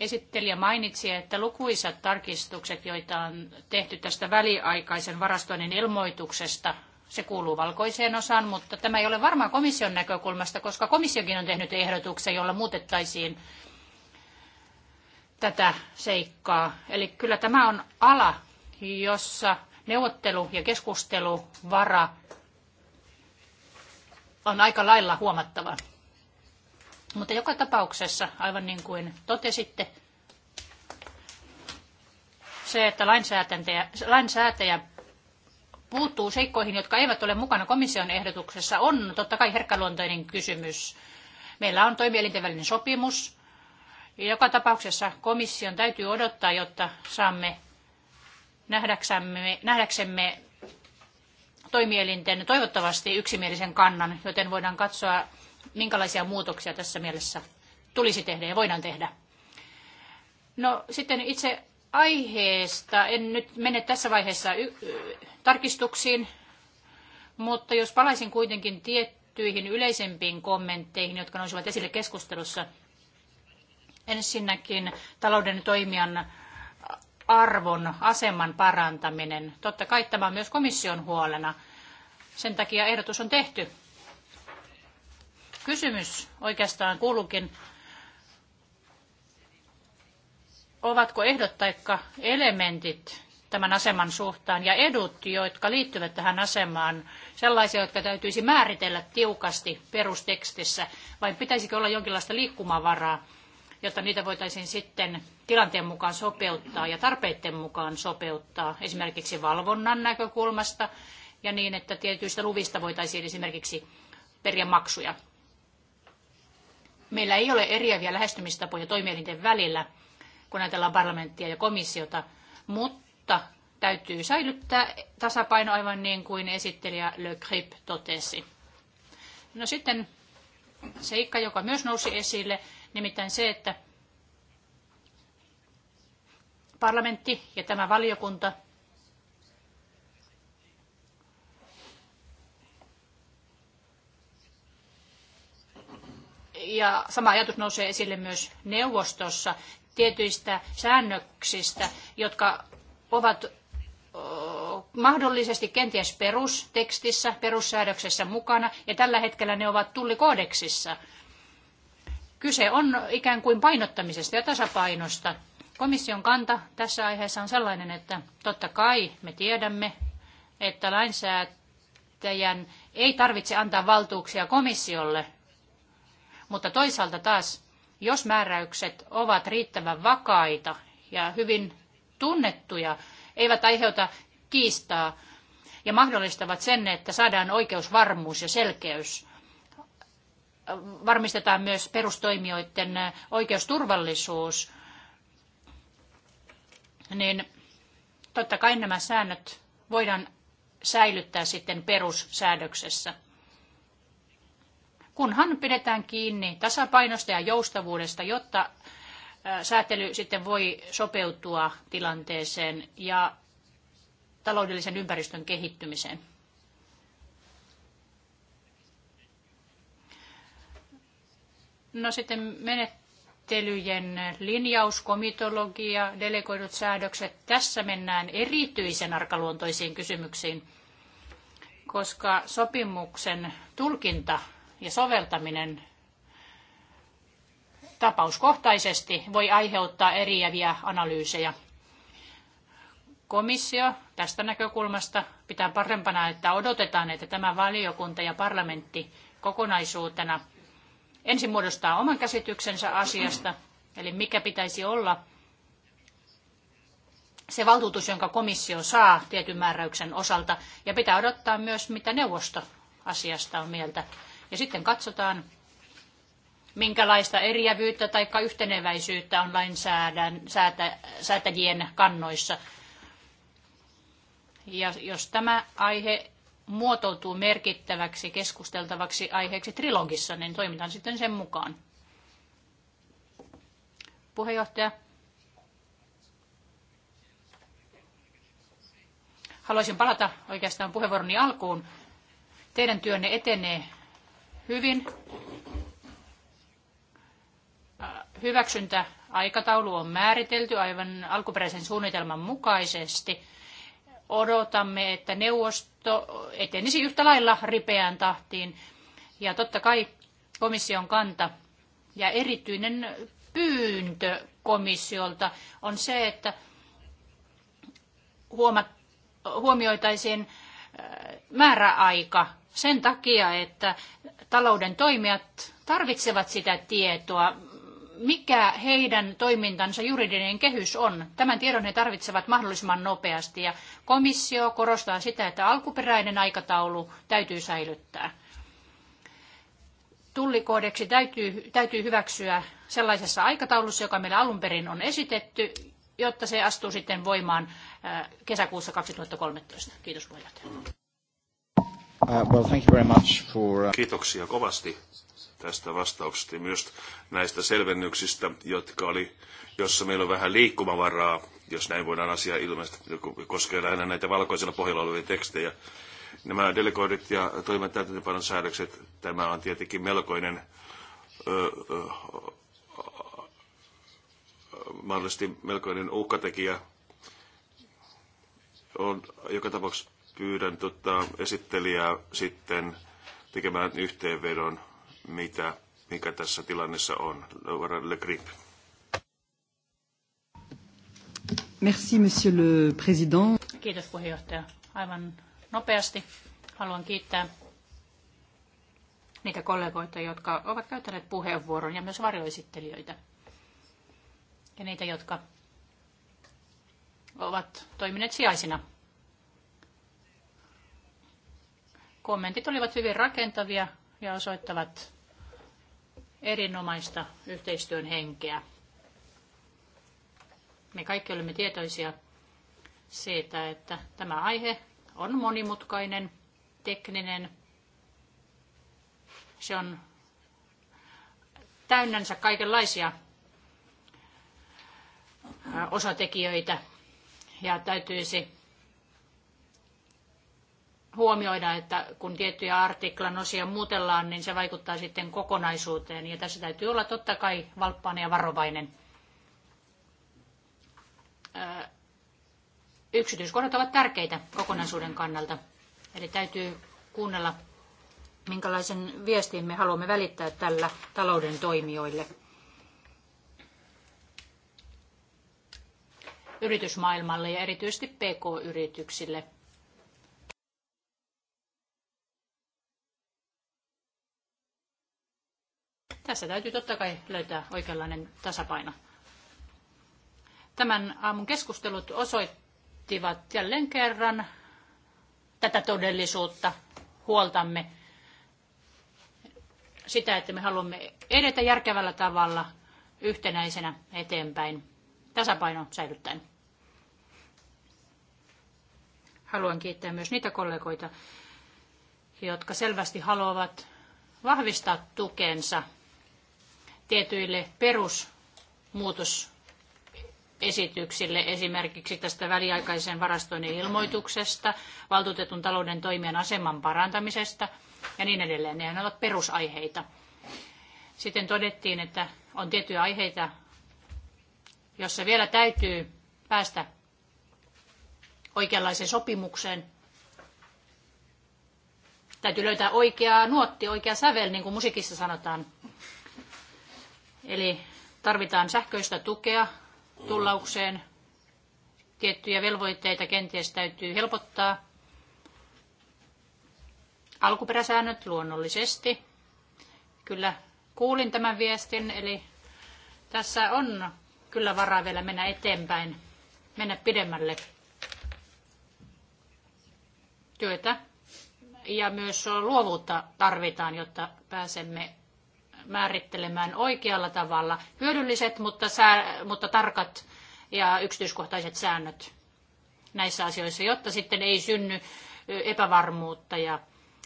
Esittelijä mainitsi, että lukuisat tarkistukset, joita on tehty tästä väliaikaisen varastoinnin ilmoituksesta, se kuuluu valkoiseen osaan, mutta tämä ei ole varmaan komission näkökulmasta, koska komissiokin on tehnyt ehdotuksen, jolla muutettaisiin tätä seikkaa. Eli kyllä tämä on ala, jossa neuvottelu- ja keskusteluvara on aika lailla huomattava. Mutta joka tapauksessa, aivan niin kuin totesitte, se, että lainsäätäjä, lainsäätäjä puuttuu seikkoihin, jotka eivät ole mukana komission ehdotuksessa, on totta kai herkkäluontoinen kysymys. Meillä on toimielinten välinen sopimus. Joka tapauksessa komission täytyy odottaa, jotta saamme nähdäksemme, nähdäksemme toimielinten toivottavasti yksimielisen kannan, joten voidaan katsoa minkälaisia muutoksia tässä mielessä tulisi tehdä ja voidaan tehdä. No sitten itse aiheesta, en nyt mene tässä vaiheessa tarkistuksiin, mutta jos palaisin kuitenkin tiettyihin yleisempiin kommentteihin, jotka nousivat esille keskustelussa. Ensinnäkin talouden toimijan arvon, aseman parantaminen. Totta kai tämä on myös komission huolena. Sen takia ehdotus on tehty. Kysymys oikeastaan kuuluukin, ovatko ehdot tai elementit tämän aseman suhtaan ja edut, jotka liittyvät tähän asemaan, sellaisia, jotka täytyisi määritellä tiukasti perustekstissä, vai pitäisikö olla jonkinlaista liikkumavaraa, jotta niitä voitaisiin sitten tilanteen mukaan sopeuttaa ja tarpeiden mukaan sopeuttaa, esimerkiksi valvonnan näkökulmasta ja niin, että tietyistä luvista voitaisiin esimerkiksi periä maksuja meillä ei ole eriäviä lähestymistapoja toimielinten välillä, kun ajatellaan parlamenttia ja komissiota, mutta täytyy säilyttää tasapaino aivan niin kuin esittelijä Le Grip totesi. No sitten seikka, joka myös nousi esille, nimittäin se, että parlamentti ja tämä valiokunta ja sama ajatus nousee esille myös neuvostossa tietyistä säännöksistä, jotka ovat mahdollisesti kenties perustekstissä, perussäädöksessä mukana, ja tällä hetkellä ne ovat tullikoodeksissa. Kyse on ikään kuin painottamisesta ja tasapainosta. Komission kanta tässä aiheessa on sellainen, että totta kai me tiedämme, että lainsäätäjän ei tarvitse antaa valtuuksia komissiolle mutta toisaalta taas, jos määräykset ovat riittävän vakaita ja hyvin tunnettuja, eivät aiheuta kiistaa ja mahdollistavat sen, että saadaan oikeusvarmuus ja selkeys. Varmistetaan myös perustoimijoiden oikeusturvallisuus, niin totta kai nämä säännöt voidaan säilyttää sitten perussäädöksessä kunhan pidetään kiinni tasapainosta ja joustavuudesta, jotta säätely sitten voi sopeutua tilanteeseen ja taloudellisen ympäristön kehittymiseen. No sitten menettelyjen linjaus, komitologia, delegoidut säädökset. Tässä mennään erityisen arkaluontoisiin kysymyksiin, koska sopimuksen tulkinta ja soveltaminen tapauskohtaisesti voi aiheuttaa eriäviä analyysejä. Komissio tästä näkökulmasta pitää parempana, että odotetaan, että tämä valiokunta ja parlamentti kokonaisuutena ensin muodostaa oman käsityksensä asiasta, eli mikä pitäisi olla se valtuutus, jonka komissio saa tietyn määräyksen osalta, ja pitää odottaa myös, mitä neuvosto asiasta on mieltä. Ja sitten katsotaan, minkälaista eriävyyttä tai yhteneväisyyttä on lainsäätäjien kannoissa. Ja jos tämä aihe muotoutuu merkittäväksi keskusteltavaksi aiheeksi trilogissa, niin toimitaan sitten sen mukaan. Puheenjohtaja. Haluaisin palata oikeastaan puheenvuoroni alkuun. Teidän työnne etenee hyvin. Hyväksyntä aikataulu on määritelty aivan alkuperäisen suunnitelman mukaisesti. Odotamme, että neuvosto etenisi yhtä lailla ripeään tahtiin. Ja totta kai komission kanta ja erityinen pyyntö komissiolta on se, että huomioitaisiin määräaika sen takia, että talouden toimijat tarvitsevat sitä tietoa, mikä heidän toimintansa juridinen kehys on. Tämän tiedon he tarvitsevat mahdollisimman nopeasti ja komissio korostaa sitä, että alkuperäinen aikataulu täytyy säilyttää. Tullikoodeksi täytyy, täytyy hyväksyä sellaisessa aikataulussa, joka meillä alun perin on esitetty, jotta se astuu sitten voimaan kesäkuussa 2013. Kiitos puheenjohtaja. Uh, well, thank you very much for... Uh, Kiitoksia kovasti tästä vastauksesta ja myös näistä selvennyksistä, jotka oli, jossa meillä on vähän liikkumavaraa, jos näin voidaan asia ilmeisesti, koskee lähinnä näitä valkoisella pohjalla olevia tekstejä. Nämä delegoidit ja toimen täytäntöpanon säädökset, tämä on tietenkin melkoinen ö, ö, mahdollisesti melkoinen uhkatekijä on joka tapauksessa pyydän tota, esittelijää sitten tekemään yhteenvedon, mitä, mikä tässä tilannessa on. Laura Le Grip. Merci, monsieur le président. Kiitos puheenjohtaja. Aivan nopeasti haluan kiittää niitä kollegoita, jotka ovat käyttäneet puheenvuoron ja myös varjoesittelijöitä. Ja niitä, jotka ovat toimineet sijaisina Kommentit olivat hyvin rakentavia ja osoittavat erinomaista yhteistyön henkeä. Me kaikki olemme tietoisia siitä, että tämä aihe on monimutkainen, tekninen. Se on täynnänsä kaikenlaisia osatekijöitä ja täytyisi huomioida, että kun tiettyjä artiklan osia muutellaan, niin se vaikuttaa sitten kokonaisuuteen. Ja tässä täytyy olla totta kai valppaana ja varovainen. Yksityiskohdat ovat tärkeitä kokonaisuuden kannalta. Eli täytyy kuunnella, minkälaisen viestin me haluamme välittää tällä talouden toimijoille. yritysmaailmalle ja erityisesti PK-yrityksille – Tässä täytyy totta kai löytää oikeanlainen tasapaino. Tämän aamun keskustelut osoittivat jälleen kerran tätä todellisuutta, huoltamme sitä, että me haluamme edetä järkevällä tavalla yhtenäisenä eteenpäin, tasapaino säilyttäen. Haluan kiittää myös niitä kollegoita, jotka selvästi haluavat vahvistaa tukensa tietyille perusmuutosesityksille, esimerkiksi tästä väliaikaisen varastoinnin ilmoituksesta, valtuutetun talouden toimijan aseman parantamisesta ja niin edelleen. Nehän ovat perusaiheita. Sitten todettiin, että on tiettyjä aiheita, jossa vielä täytyy päästä oikeanlaiseen sopimukseen. Täytyy löytää oikea nuotti, oikea sävel, niin kuin musiikissa sanotaan. Eli tarvitaan sähköistä tukea tullaukseen. Tiettyjä velvoitteita kenties täytyy helpottaa. Alkuperäsäännöt luonnollisesti. Kyllä kuulin tämän viestin, eli tässä on kyllä varaa vielä mennä eteenpäin, mennä pidemmälle työtä. Ja myös luovuutta tarvitaan, jotta pääsemme määrittelemään oikealla tavalla hyödylliset, mutta, sää, mutta tarkat ja yksityiskohtaiset säännöt näissä asioissa, jotta sitten ei synny epävarmuutta ja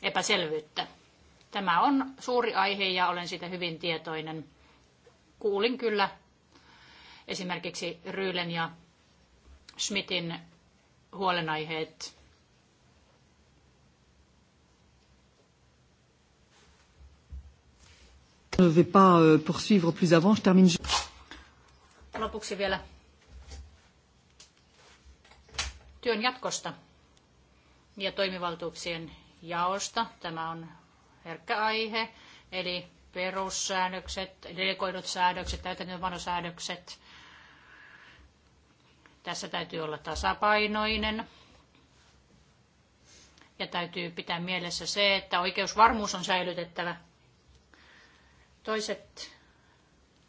epäselvyyttä. Tämä on suuri aihe ja olen siitä hyvin tietoinen. Kuulin kyllä esimerkiksi Ryylen ja Smithin huolenaiheet ne vais pas euh, poursuivre plus avant. Je termine. Lopuksi vielä työn jatkosta ja toimivaltuuksien jaosta. Tämä on herkkä aihe, eli perussäännökset, delegoidut säädökset, täytäntöönpanosäädökset. Tässä täytyy olla tasapainoinen ja täytyy pitää mielessä se, että oikeusvarmuus on säilytettävä – Toiset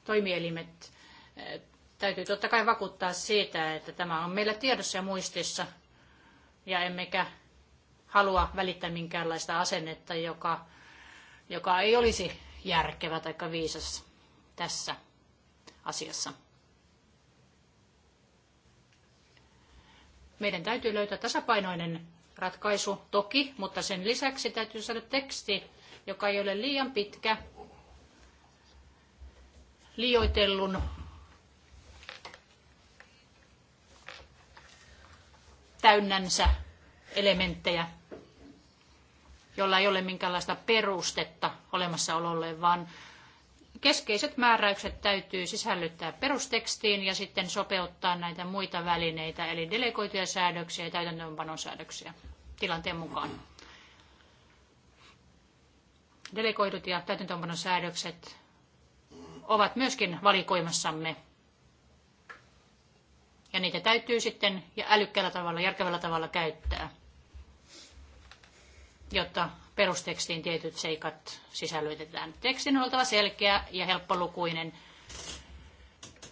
toimielimet eh, täytyy totta kai vakuuttaa siitä, että tämä on meillä tiedossa ja muistissa ja emmekä halua välittää minkäänlaista asennetta, joka, joka ei olisi järkevä tai viisas tässä asiassa. Meidän täytyy löytää tasapainoinen ratkaisu toki, mutta sen lisäksi täytyy saada teksti, joka ei ole liian pitkä liioitellun täynnänsä elementtejä, jolla ei ole minkäänlaista perustetta olemassaololle, vaan keskeiset määräykset täytyy sisällyttää perustekstiin ja sitten sopeuttaa näitä muita välineitä, eli delegoituja säädöksiä ja täytäntöönpanon säädöksiä tilanteen mukaan. Delegoidut ja täytäntöönpanon säädökset ovat myöskin valikoimassamme. Ja niitä täytyy sitten ja älykkäällä tavalla, järkevällä tavalla käyttää, jotta perustekstiin tietyt seikat sisällytetään. Tekstin on oltava selkeä ja helppolukuinen,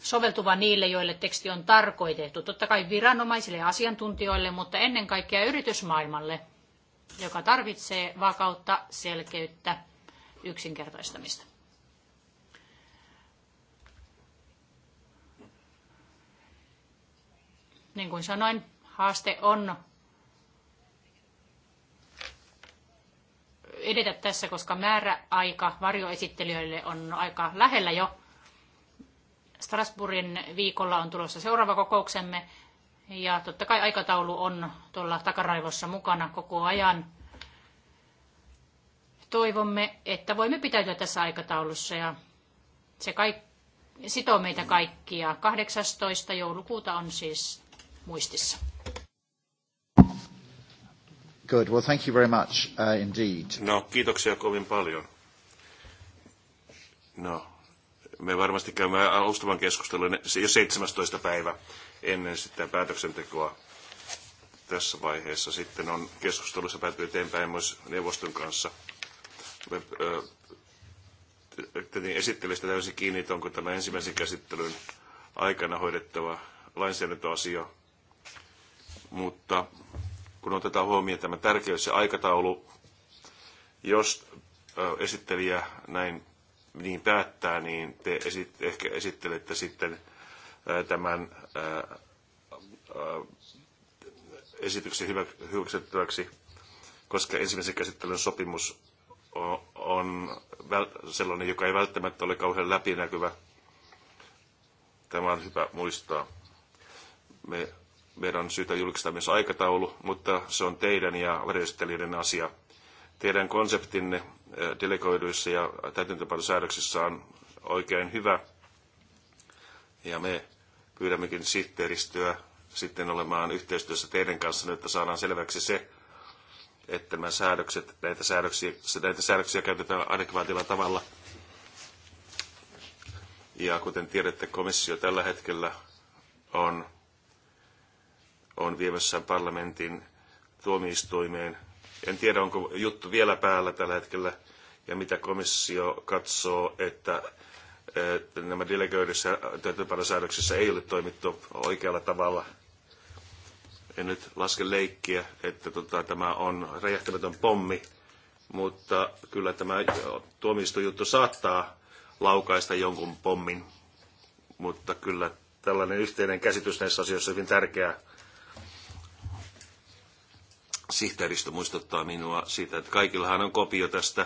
soveltuva niille, joille teksti on tarkoitettu. Totta kai viranomaisille ja asiantuntijoille, mutta ennen kaikkea yritysmaailmalle, joka tarvitsee vakautta, selkeyttä, yksinkertaistamista. Niin kuin sanoin, haaste on edetä tässä, koska määräaika varjoesittelijöille on aika lähellä jo. Strasbourgin viikolla on tulossa seuraava kokouksemme ja totta kai aikataulu on tuolla takaraivossa mukana koko ajan. Toivomme, että voimme pitäytyä tässä aikataulussa ja se kaik- sitoo meitä kaikkia. 18. joulukuuta on siis muistissa. Good. Well, thank you very much uh, indeed. No, kiitoksia kovin paljon. No, me varmasti käymme alustavan keskustelun jo 17. päivä ennen sitä päätöksentekoa tässä vaiheessa. Sitten on keskustelussa päätty eteenpäin myös neuvoston kanssa. Esittelystä täysin kiinni, että onko tämä ensimmäisen käsittelyn aikana hoidettava lainsäädäntöasio – mutta kun otetaan huomioon tämä tärkeys ja aikataulu, jos esittelijä näin niin päättää, niin te esit, ehkä esittelette sitten tämän esityksen hyväksyttäväksi, koska ensimmäisen käsittelyn sopimus on sellainen, joka ei välttämättä ole kauhean läpinäkyvä. Tämä on hyvä muistaa. Me meidän syytä julkistaa myös aikataulu, mutta se on teidän ja varjostelijoiden asia. Teidän konseptinne eh, delegoiduissa ja täytäntöpanosäädöksissä on oikein hyvä. Ja me pyydämmekin sihteeristöä sitten olemaan yhteistyössä teidän kanssa, niin että saadaan selväksi se, että nämä säädökset, näitä säädöksiä, näitä säädöksiä käytetään adekvaatilla tavalla. Ja kuten tiedätte, komissio tällä hetkellä on on viemässä parlamentin tuomioistuimeen. En tiedä, onko juttu vielä päällä tällä hetkellä ja mitä komissio katsoo, että, että nämä delegoidussa työtöpäräsäädöksissä ei ole toimittu oikealla tavalla. En nyt laske leikkiä, että tota, tämä on räjähtämätön pommi, mutta kyllä tämä tuomioistuinjuttu saattaa laukaista jonkun pommin, mutta kyllä tällainen yhteinen käsitys näissä asioissa on hyvin tärkeää Sihteeristö muistuttaa minua siitä, että kaikillahan on kopio tästä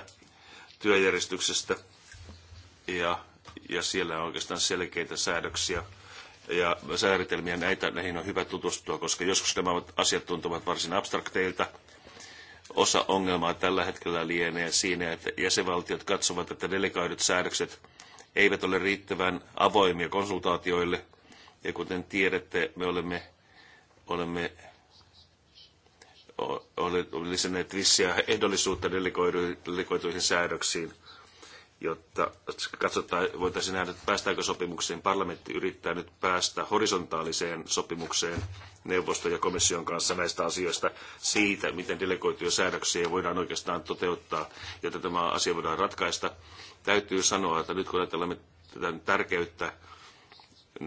työjärjestyksestä ja, ja siellä on oikeastaan selkeitä säädöksiä ja määritelmiä näitä, näihin on hyvä tutustua, koska joskus nämä asiat tuntuvat varsin abstrakteilta. Osa ongelmaa tällä hetkellä lienee siinä, että jäsenvaltiot katsovat, että delegoidut säädökset eivät ole riittävän avoimia konsultaatioille. Ja kuten tiedätte, me olemme, olemme olemme lisänneet vissiä ehdollisuutta delegoituihin säädöksiin, jotta katsotaan, voitaisiin nähdä, että päästäänkö sopimukseen. Parlamentti yrittää nyt päästä horisontaaliseen sopimukseen neuvoston ja komission kanssa näistä asioista siitä, miten delegoituja säädöksiä voidaan oikeastaan toteuttaa, jotta tämä asia voidaan ratkaista. Täytyy sanoa, että nyt kun ajatellaan tätä tärkeyttä,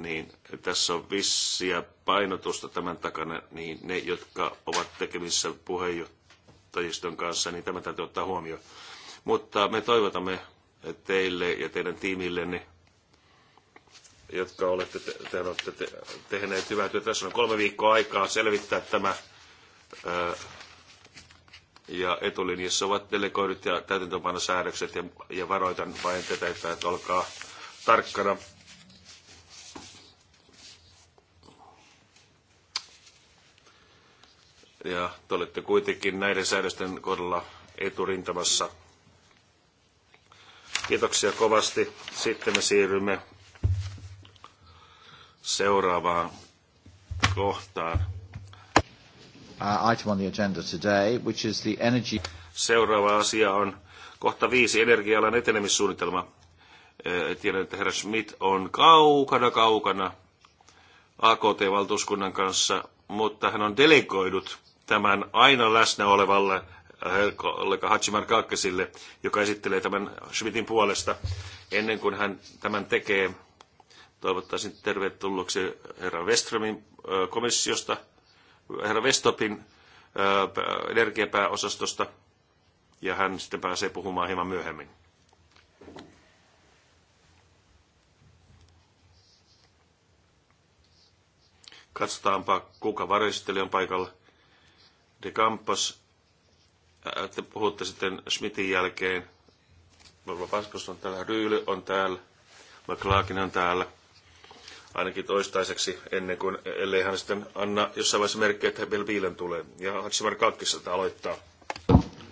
niin tässä on vissiä painotusta tämän takana, niin ne, jotka ovat tekemissä puheenjohtajiston kanssa, niin tämä täytyy ottaa huomioon. Mutta me toivotamme teille ja teidän tiimillenne, jotka olette, te, te olette te, tehneet hyvää työtä. Tässä on kolme viikkoa aikaa selvittää tämä. Ö, ja etulinjassa ovat delegoidut ja täytäntöpanosäädökset ja, ja varoitan vain tätä, että olkaa tarkkana ja te olette kuitenkin näiden säädösten kohdalla eturintamassa. Kiitoksia kovasti. Sitten me siirrymme seuraavaan kohtaan. Uh, item on the agenda today, which is the energy... Seuraava asia on kohta viisi energia-alan etenemissuunnitelma. Uh, Tiedän, että herra Schmidt on kaukana, kaukana AKT-valtuuskunnan kanssa, mutta hän on delegoidut tämän aina läsnä olevalle äh, kollega Hachiman Kalkesille, joka esittelee tämän Schmidtin puolesta. Ennen kuin hän tämän tekee, toivottaisin tervetulleeksi herra Weströmin äh, komissiosta, herra Westopin äh, energiapääosastosta, ja hän sitten pääsee puhumaan hieman myöhemmin. Katsotaanpa, kuka varjoesittelijä on paikalla. De Campos, te puhutte sitten Schmidtin jälkeen. Varmaan Paskus on täällä, Ryyly on täällä, McLaakin on täällä. Ainakin toistaiseksi, ennen kuin, ellei hän sitten anna jossain vaiheessa merkkejä, että vielä viilen tulee. Ja Hatsimar Kalkkista aloittaa.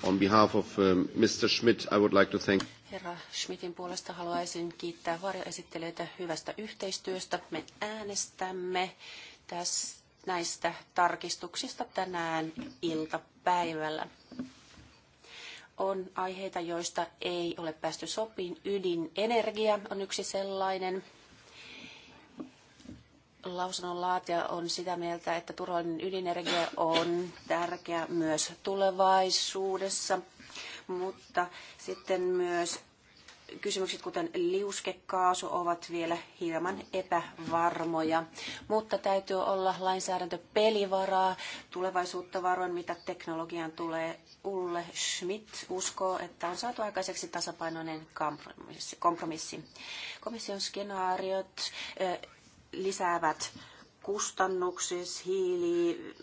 On behalf of uh, Mr. Schmidt, I would like to thank... Herra Schmidtin puolesta haluaisin kiittää varjoesittelijöitä hyvästä yhteistyöstä. Me äänestämme tästä näistä tarkistuksista tänään iltapäivällä. On aiheita, joista ei ole päästy sopiin. Ydinenergia on yksi sellainen. Lausunnonlaatija on sitä mieltä, että turvallinen ydinenergia on tärkeä myös tulevaisuudessa, mutta sitten myös kysymykset, kuten liuskekaasu, ovat vielä hieman epävarmoja, mutta täytyy olla pelivaraa tulevaisuutta varoin, mitä teknologiaan tulee. Ulle Schmidt uskoo, että on saatu aikaiseksi tasapainoinen kompromissi. Komission skenaariot lisäävät kustannuksia, siis hiili,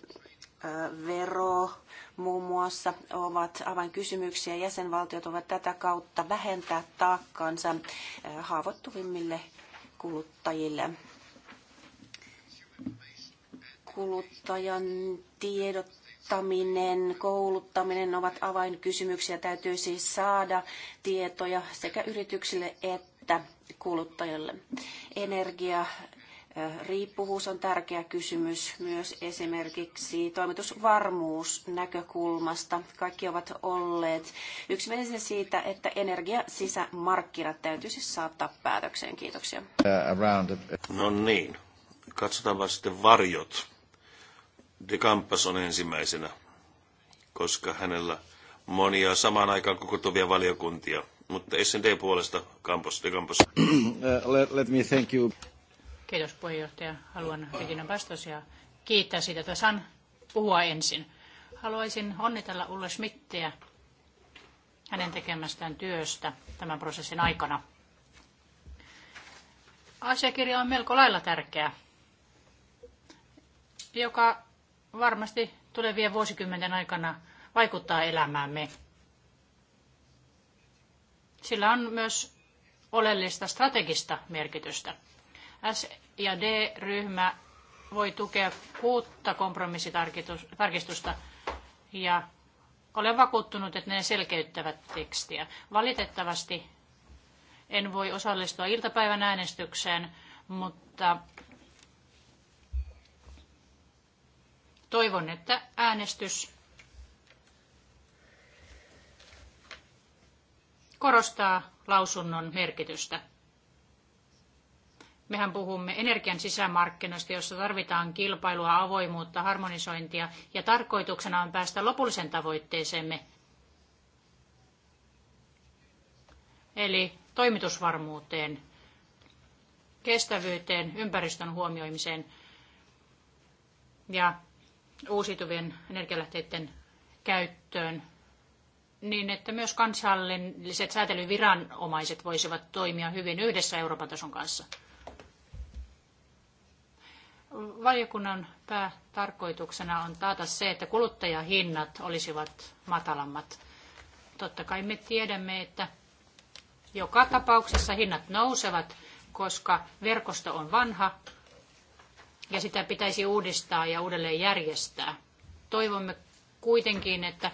vero muun muassa ovat avainkysymyksiä. Jäsenvaltiot ovat tätä kautta vähentää taakkansa haavoittuvimmille kuluttajille. Kuluttajan Kouluttaminen, kouluttaminen ovat avainkysymyksiä. Täytyy siis saada tietoja sekä yrityksille että kuluttajille. Energia, Riippuvuus on tärkeä kysymys myös esimerkiksi toimitusvarmuusnäkökulmasta. Kaikki ovat olleet yksimielisiä siitä, että energia täytyisi saattaa päätökseen. Kiitoksia. Uh, no niin, katsotaanpa sitten varjot. De Campas on ensimmäisenä, koska hänellä monia samaan aikaan kokoontuvia valiokuntia. Mutta S&D puolesta Campos, De Campos. Uh, let me thank you. Kiitos puheenjohtaja. Haluan Regina ja kiittää siitä, että saan puhua ensin. Haluaisin onnitella Ulla Schmittiä hänen tekemästään työstä tämän prosessin aikana. Asiakirja on melko lailla tärkeä, joka varmasti tulevien vuosikymmenten aikana vaikuttaa elämäämme. Sillä on myös oleellista strategista merkitystä. S ja D-ryhmä voi tukea kuutta kompromissitarkistusta ja olen vakuuttunut, että ne selkeyttävät tekstiä. Valitettavasti en voi osallistua iltapäivän äänestykseen, mutta toivon, että äänestys korostaa lausunnon merkitystä. Mehän puhumme energian sisämarkkinoista, jossa tarvitaan kilpailua, avoimuutta, harmonisointia ja tarkoituksena on päästä lopullisen tavoitteeseemme. Eli toimitusvarmuuteen, kestävyyteen, ympäristön huomioimiseen ja uusiutuvien energialähteiden käyttöön niin, että myös kansalliset säätelyviranomaiset voisivat toimia hyvin yhdessä Euroopan tason kanssa. Valiokunnan päätarkoituksena on taata se, että kuluttajahinnat olisivat matalammat. Totta kai me tiedämme, että joka tapauksessa hinnat nousevat, koska verkosto on vanha ja sitä pitäisi uudistaa ja uudelleen järjestää. Toivomme kuitenkin, että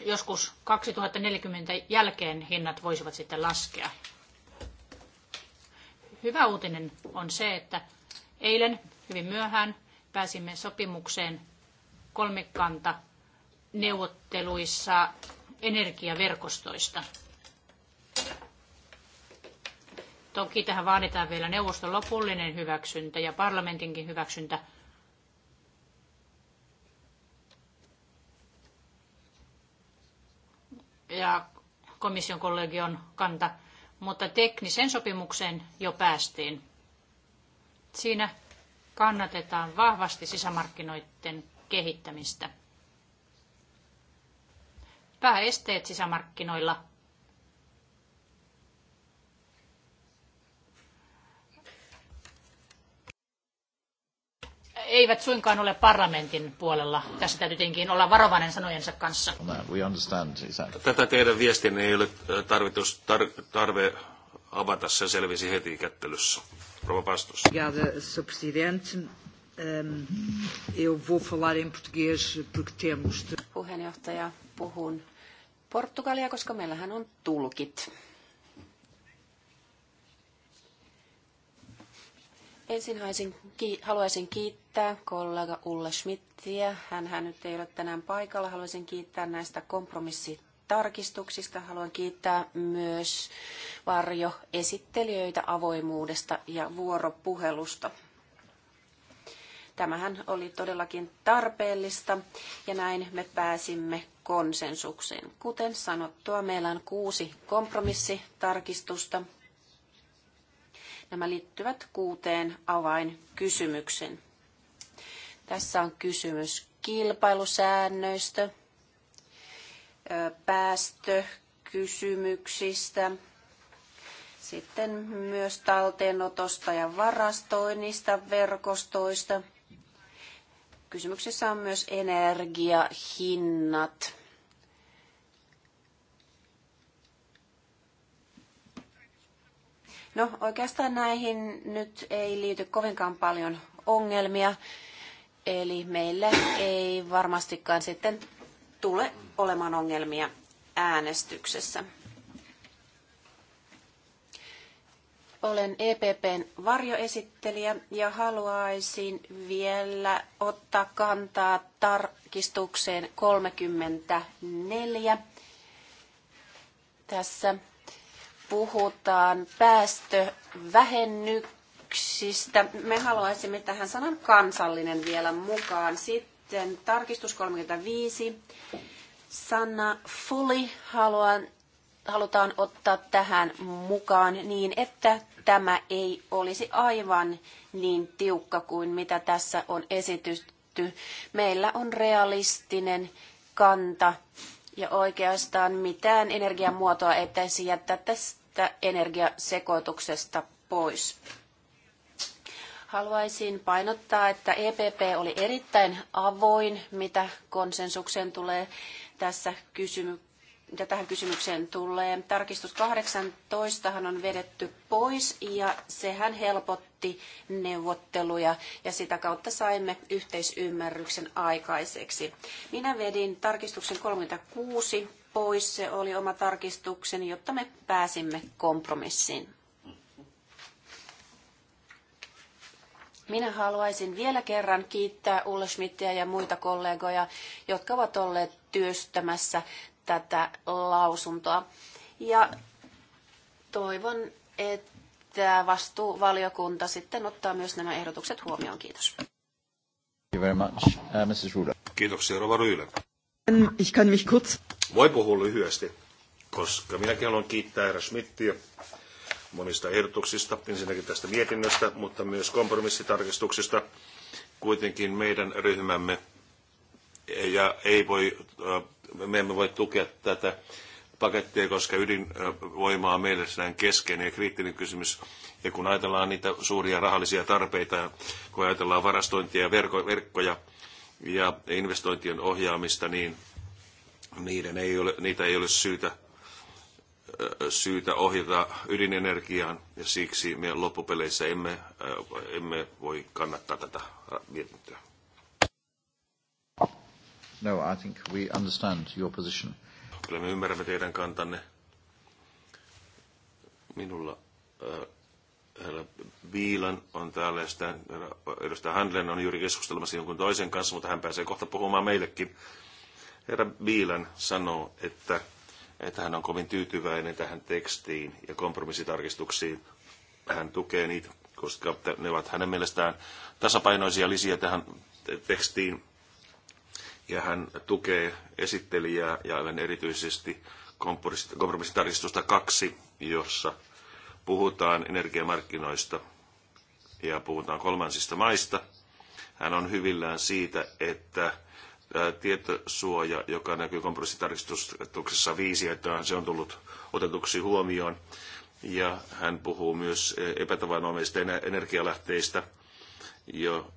joskus 2040 jälkeen hinnat voisivat sitten laskea. Hyvä uutinen on se, että Eilen hyvin myöhään pääsimme sopimukseen kolmikanta neuvotteluissa energiaverkostoista. Toki tähän vaaditaan vielä neuvoston lopullinen hyväksyntä ja parlamentinkin hyväksyntä. Ja komission kollegion kanta, mutta teknisen sopimukseen jo päästiin. Siinä kannatetaan vahvasti sisämarkkinoiden kehittämistä. Pääesteet sisämarkkinoilla eivät suinkaan ole parlamentin puolella. Tässä täytyy tietenkin olla varovainen sanojensa kanssa. No, Tätä teidän viestinne ei ole äh, tarvitus, tarve avata, se selvisi heti kättelyssä. Rouva Pastos. Obrigada, Sr. Presidente. Ehm, eu vou falar em português porque temos... Puheenjohtaja, puhun portugalia, koska meillähän on tulkit. Ensin haisin, ki, haluaisin kiittää kollega Ulla Schmidtiä. Hän, hän nyt ei ole tänään paikalla. Haluaisin kiittää näistä kompromissit tarkistuksista. Haluan kiittää myös varjoesittelijöitä avoimuudesta ja vuoropuhelusta. Tämähän oli todellakin tarpeellista ja näin me pääsimme konsensukseen. Kuten sanottua, meillä on kuusi kompromissitarkistusta. Nämä liittyvät kuuteen avainkysymykseen. Tässä on kysymys kilpailusäännöistä, päästökysymyksistä, sitten myös talteenotosta ja varastoinnista, verkostoista. Kysymyksessä on myös energiahinnat. No oikeastaan näihin nyt ei liity kovinkaan paljon ongelmia. Eli meille ei varmastikaan sitten tule olemaan ongelmia äänestyksessä. Olen EPPn varjoesittelijä ja haluaisin vielä ottaa kantaa tarkistukseen 34. Tässä puhutaan päästövähennyksistä. Me haluaisimme tähän sanan kansallinen vielä mukaan. Sitten sitten tarkistus 35. Sanna Fuli haluan, halutaan ottaa tähän mukaan niin, että tämä ei olisi aivan niin tiukka kuin mitä tässä on esitytty. Meillä on realistinen kanta ja oikeastaan mitään energiamuotoa ei pitäisi jättää tästä energiasekoituksesta pois. Haluaisin painottaa, että EPP oli erittäin avoin, mitä konsensukseen tulee tässä kysymyksessä mitä tähän kysymykseen tulee. Tarkistus 18 on vedetty pois ja sehän helpotti neuvotteluja ja sitä kautta saimme yhteisymmärryksen aikaiseksi. Minä vedin tarkistuksen 36 pois, se oli oma tarkistukseni, jotta me pääsimme kompromissiin. Minä haluaisin vielä kerran kiittää Ulla Schmidtiä ja muita kollegoja, jotka ovat olleet työstämässä tätä lausuntoa. Ja toivon, että vastuuvaliokunta sitten ottaa myös nämä ehdotukset huomioon. Kiitos. Uh, Kiitoksia, Rova Ich kann mich kurz... Voi puhua lyhyesti, koska minäkin haluan kiittää Herra Schmidtiä monista ehdotuksista, ensinnäkin tästä mietinnöstä, mutta myös kompromissitarkistuksista. Kuitenkin meidän ryhmämme ja ei voi, me emme voi tukea tätä pakettia, koska ydinvoima on meille keskeinen ja kriittinen kysymys. Ja kun ajatellaan niitä suuria rahallisia tarpeita, kun ajatellaan varastointia ja verko, verkkoja ja investointien ohjaamista, niin niiden ei ole, niitä ei ole syytä syytä ohjata ydinenergiaan ja siksi me loppupeleissä emme, äh, emme voi kannattaa tätä äh, mietintöä. No, I think we understand your position. Kyllä me ymmärrämme teidän kantanne. Minulla äh, Viilan on täällä ja sitten edustaja Handlen on juuri keskustelemassa jonkun toisen kanssa, mutta hän pääsee kohta puhumaan meillekin. Herra Viilan sanoo, että että hän on kovin tyytyväinen tähän tekstiin ja kompromissitarkistuksiin. Hän tukee niitä, koska ne ovat hänen mielestään tasapainoisia lisiä tähän tekstiin. Ja hän tukee esittelijää ja aivan erityisesti kompromissitarkistusta kaksi, jossa puhutaan energiamarkkinoista ja puhutaan kolmansista maista. Hän on hyvillään siitä, että tietosuoja, joka näkyy kompromissitarkistuksessa viisi, että se on tullut otetuksi huomioon. Ja hän puhuu myös epätavanomaisista energialähteistä. Jo,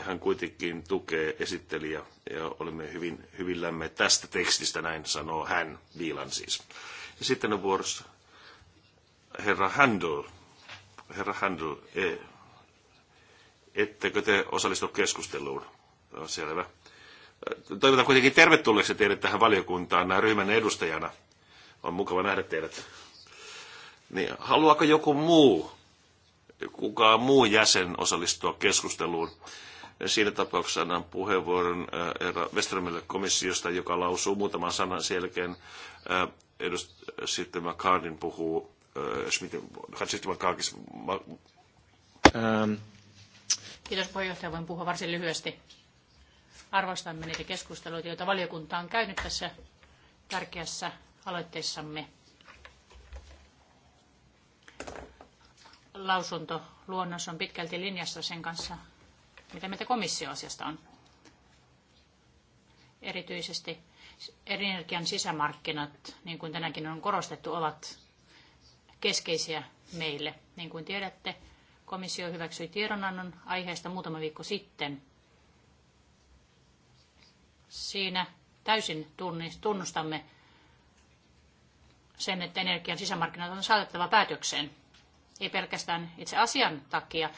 hän kuitenkin tukee esittelijä ja olemme hyvin, hyvillämme tästä tekstistä, näin sanoo hän, Viilan siis. Ja sitten on vuorossa herra Handel. Herra Handel, e- ettekö te osallistu keskusteluun? No, selvä toivotan kuitenkin tervetulleeksi teidät tähän valiokuntaan näin ryhmän edustajana. On mukava nähdä teidät. Niin, haluaako joku muu, kukaan muu jäsen osallistua keskusteluun? Siinä tapauksessa annan puheenvuoron äh, herra Westermille komissiosta, joka lausuu muutaman sanan selkeän. Äh, edust- sitten McCardin puhuu, äh, sitten ähm. Kiitos puheenjohtaja, voin puhua varsin lyhyesti Arvostamme niitä keskusteluita, joita valiokunta on käynyt tässä tärkeässä aloitteessamme. Lausunto on pitkälti linjassa sen kanssa, mitä meitä komissio asiasta on. Erityisesti energian sisämarkkinat, niin kuin tänäänkin on korostettu, ovat keskeisiä meille. Niin kuin tiedätte, komissio hyväksyi tiedonannon aiheesta muutama viikko sitten – Siinä täysin tunnustamme sen, että energian sisämarkkinat on saatettava päätökseen. Ei pelkästään itse asian takia,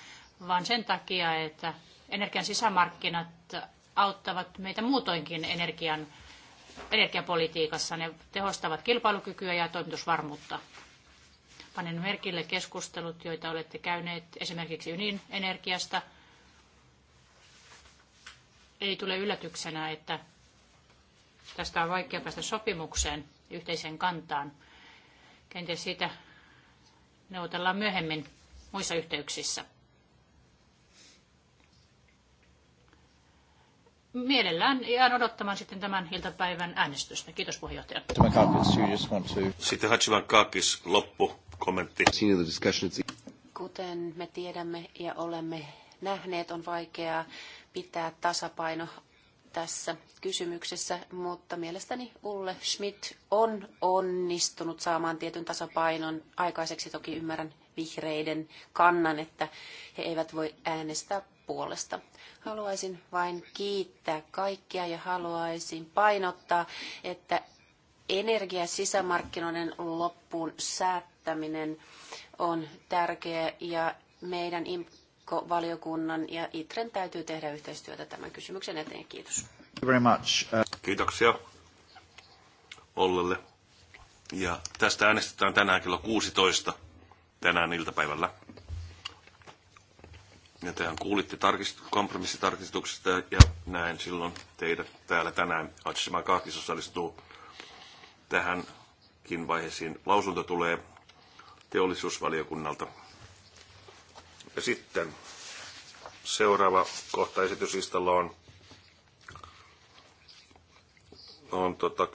vaan sen takia, että energian sisämarkkinat auttavat meitä muutoinkin energian, energiapolitiikassa. Ne tehostavat kilpailukykyä ja toimitusvarmuutta. Panen merkille keskustelut, joita olette käyneet esimerkiksi ydinenergiasta – ei tule yllätyksenä, että tästä on vaikea päästä sopimukseen, yhteiseen kantaan. Kenties siitä neuvotellaan myöhemmin muissa yhteyksissä. Mielellään jään odottamaan sitten tämän iltapäivän äänestystä. Kiitos puheenjohtaja. Sitten hachivan Kaakis, loppu, kommentti. Kuten me tiedämme ja olemme nähneet, on vaikeaa pitää tasapaino tässä kysymyksessä, mutta mielestäni Ulle Schmidt on onnistunut saamaan tietyn tasapainon. Aikaiseksi toki ymmärrän vihreiden kannan, että he eivät voi äänestää puolesta. Haluaisin vain kiittää kaikkia ja haluaisin painottaa, että energia sisämarkkinoiden loppuun säättäminen on tärkeä ja meidän valiokunnan ja ITREN täytyy tehdä yhteistyötä tämän kysymyksen eteen. Kiitos. Very much. Uh, Kiitoksia Ollelle. Ja tästä äänestetään tänään kello 16 tänään iltapäivällä. Ja tehän kuulitte tarkist- kompromissitarkistuksesta ja näen silloin teidät täällä tänään. Atsima Kaakis osallistuu tähänkin vaiheisiin. Lausunto tulee teollisuusvaliokunnalta. Ja sitten seuraava kohta esityslistalla on, on tota,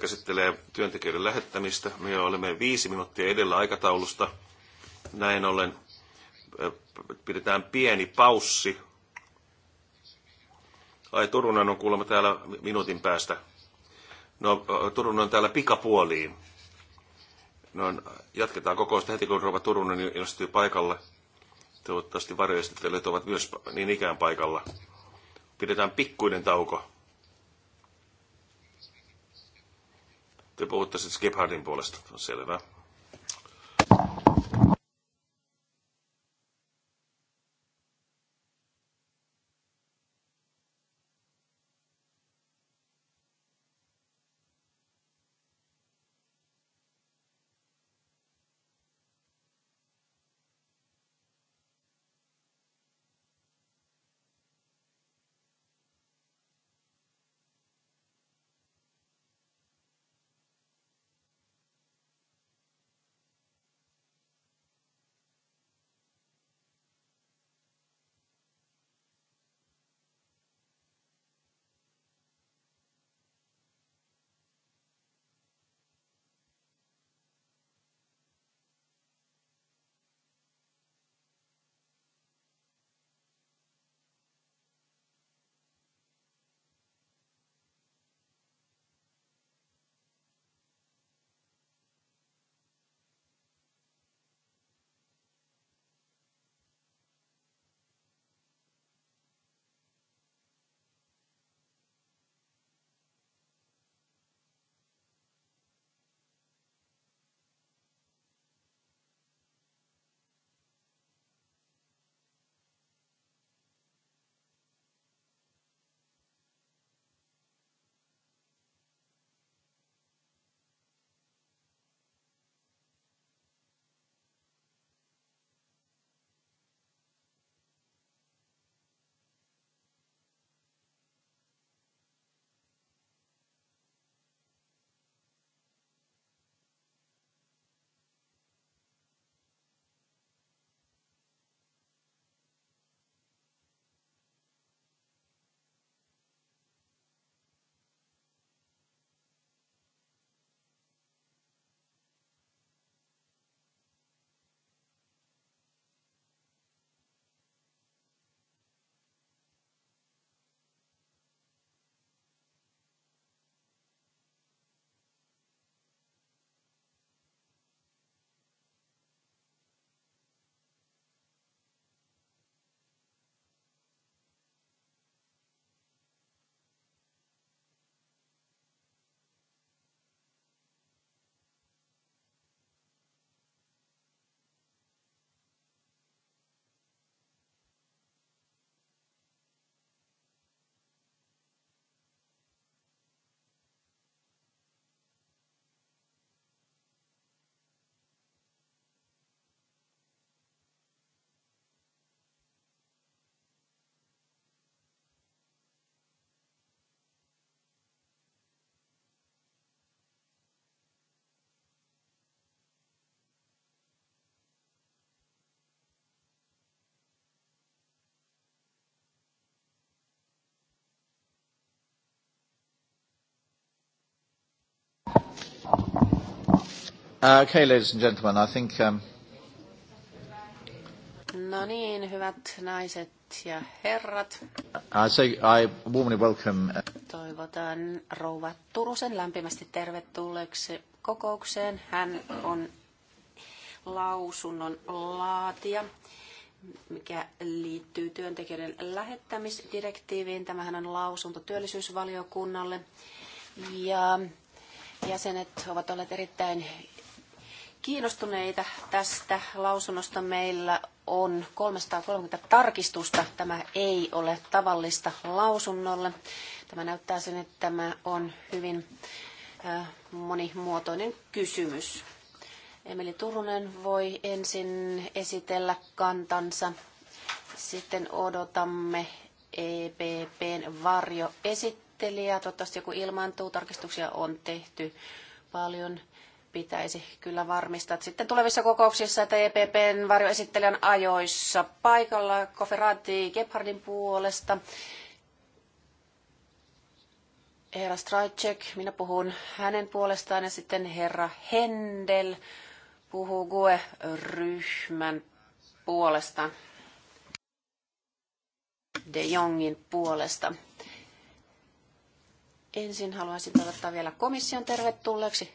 käsittelee työntekijöiden lähettämistä. Me olemme viisi minuuttia edellä aikataulusta. Näin ollen pidetään pieni paussi. Ai Turunen on kuulemma täällä minuutin päästä. No, Turunen on täällä pikapuoliin. No, jatketaan kokousta heti, kun Rova Turunen ilmestyy paikalle. Toivottavasti varjoistettelijat ovat myös niin ikään paikalla. Pidetään pikkuinen tauko. Te puhutte sitten Skip Hardin puolesta, on selvää. Uh, okay, ladies and gentlemen, I think... Um... No niin, hyvät naiset ja herrat. I say I warmly welcome... Uh, Toivotan rouva Turusen lämpimästi tervetulleeksi kokoukseen. Hän on lausunnon laatija, mikä liittyy työntekijöiden lähettämisdirektiiviin. Tämähän on lausunto työllisyysvaliokunnalle. Ja jäsenet ovat olleet erittäin kiinnostuneita tästä lausunnosta. Meillä on 330 tarkistusta. Tämä ei ole tavallista lausunnolle. Tämä näyttää sen, että tämä on hyvin monimuotoinen kysymys. Emeli Turunen voi ensin esitellä kantansa. Sitten odotamme EPPn varjoesittelijää. Toivottavasti joku ilmaantuu. Tarkistuksia on tehty paljon pitäisi kyllä varmistaa sitten tulevissa kokouksissa, että EPPn varjoesittelijän ajoissa paikalla Koferati Gebhardin puolesta. Herra Strajcek, minä puhun hänen puolestaan ja sitten herra Hendel puhuu GUE-ryhmän puolesta, De Jongin puolesta. Ensin haluaisin toivottaa vielä komission tervetulleeksi.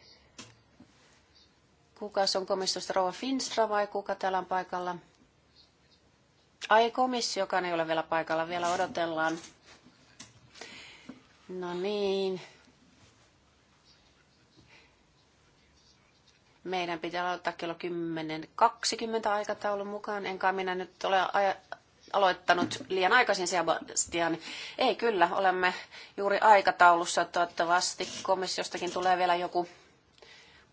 Kuka on komissiosta? Rova Finstra vai kuka täällä on paikalla? Ai komissio, joka ei ole vielä paikalla. Vielä odotellaan. No niin. Meidän pitää aloittaa kello 10.20 aikataulun mukaan. Enkä minä nyt ole aloittanut liian aikaisin Sebastian. Ei kyllä, olemme juuri aikataulussa. Toivottavasti komissiostakin tulee vielä joku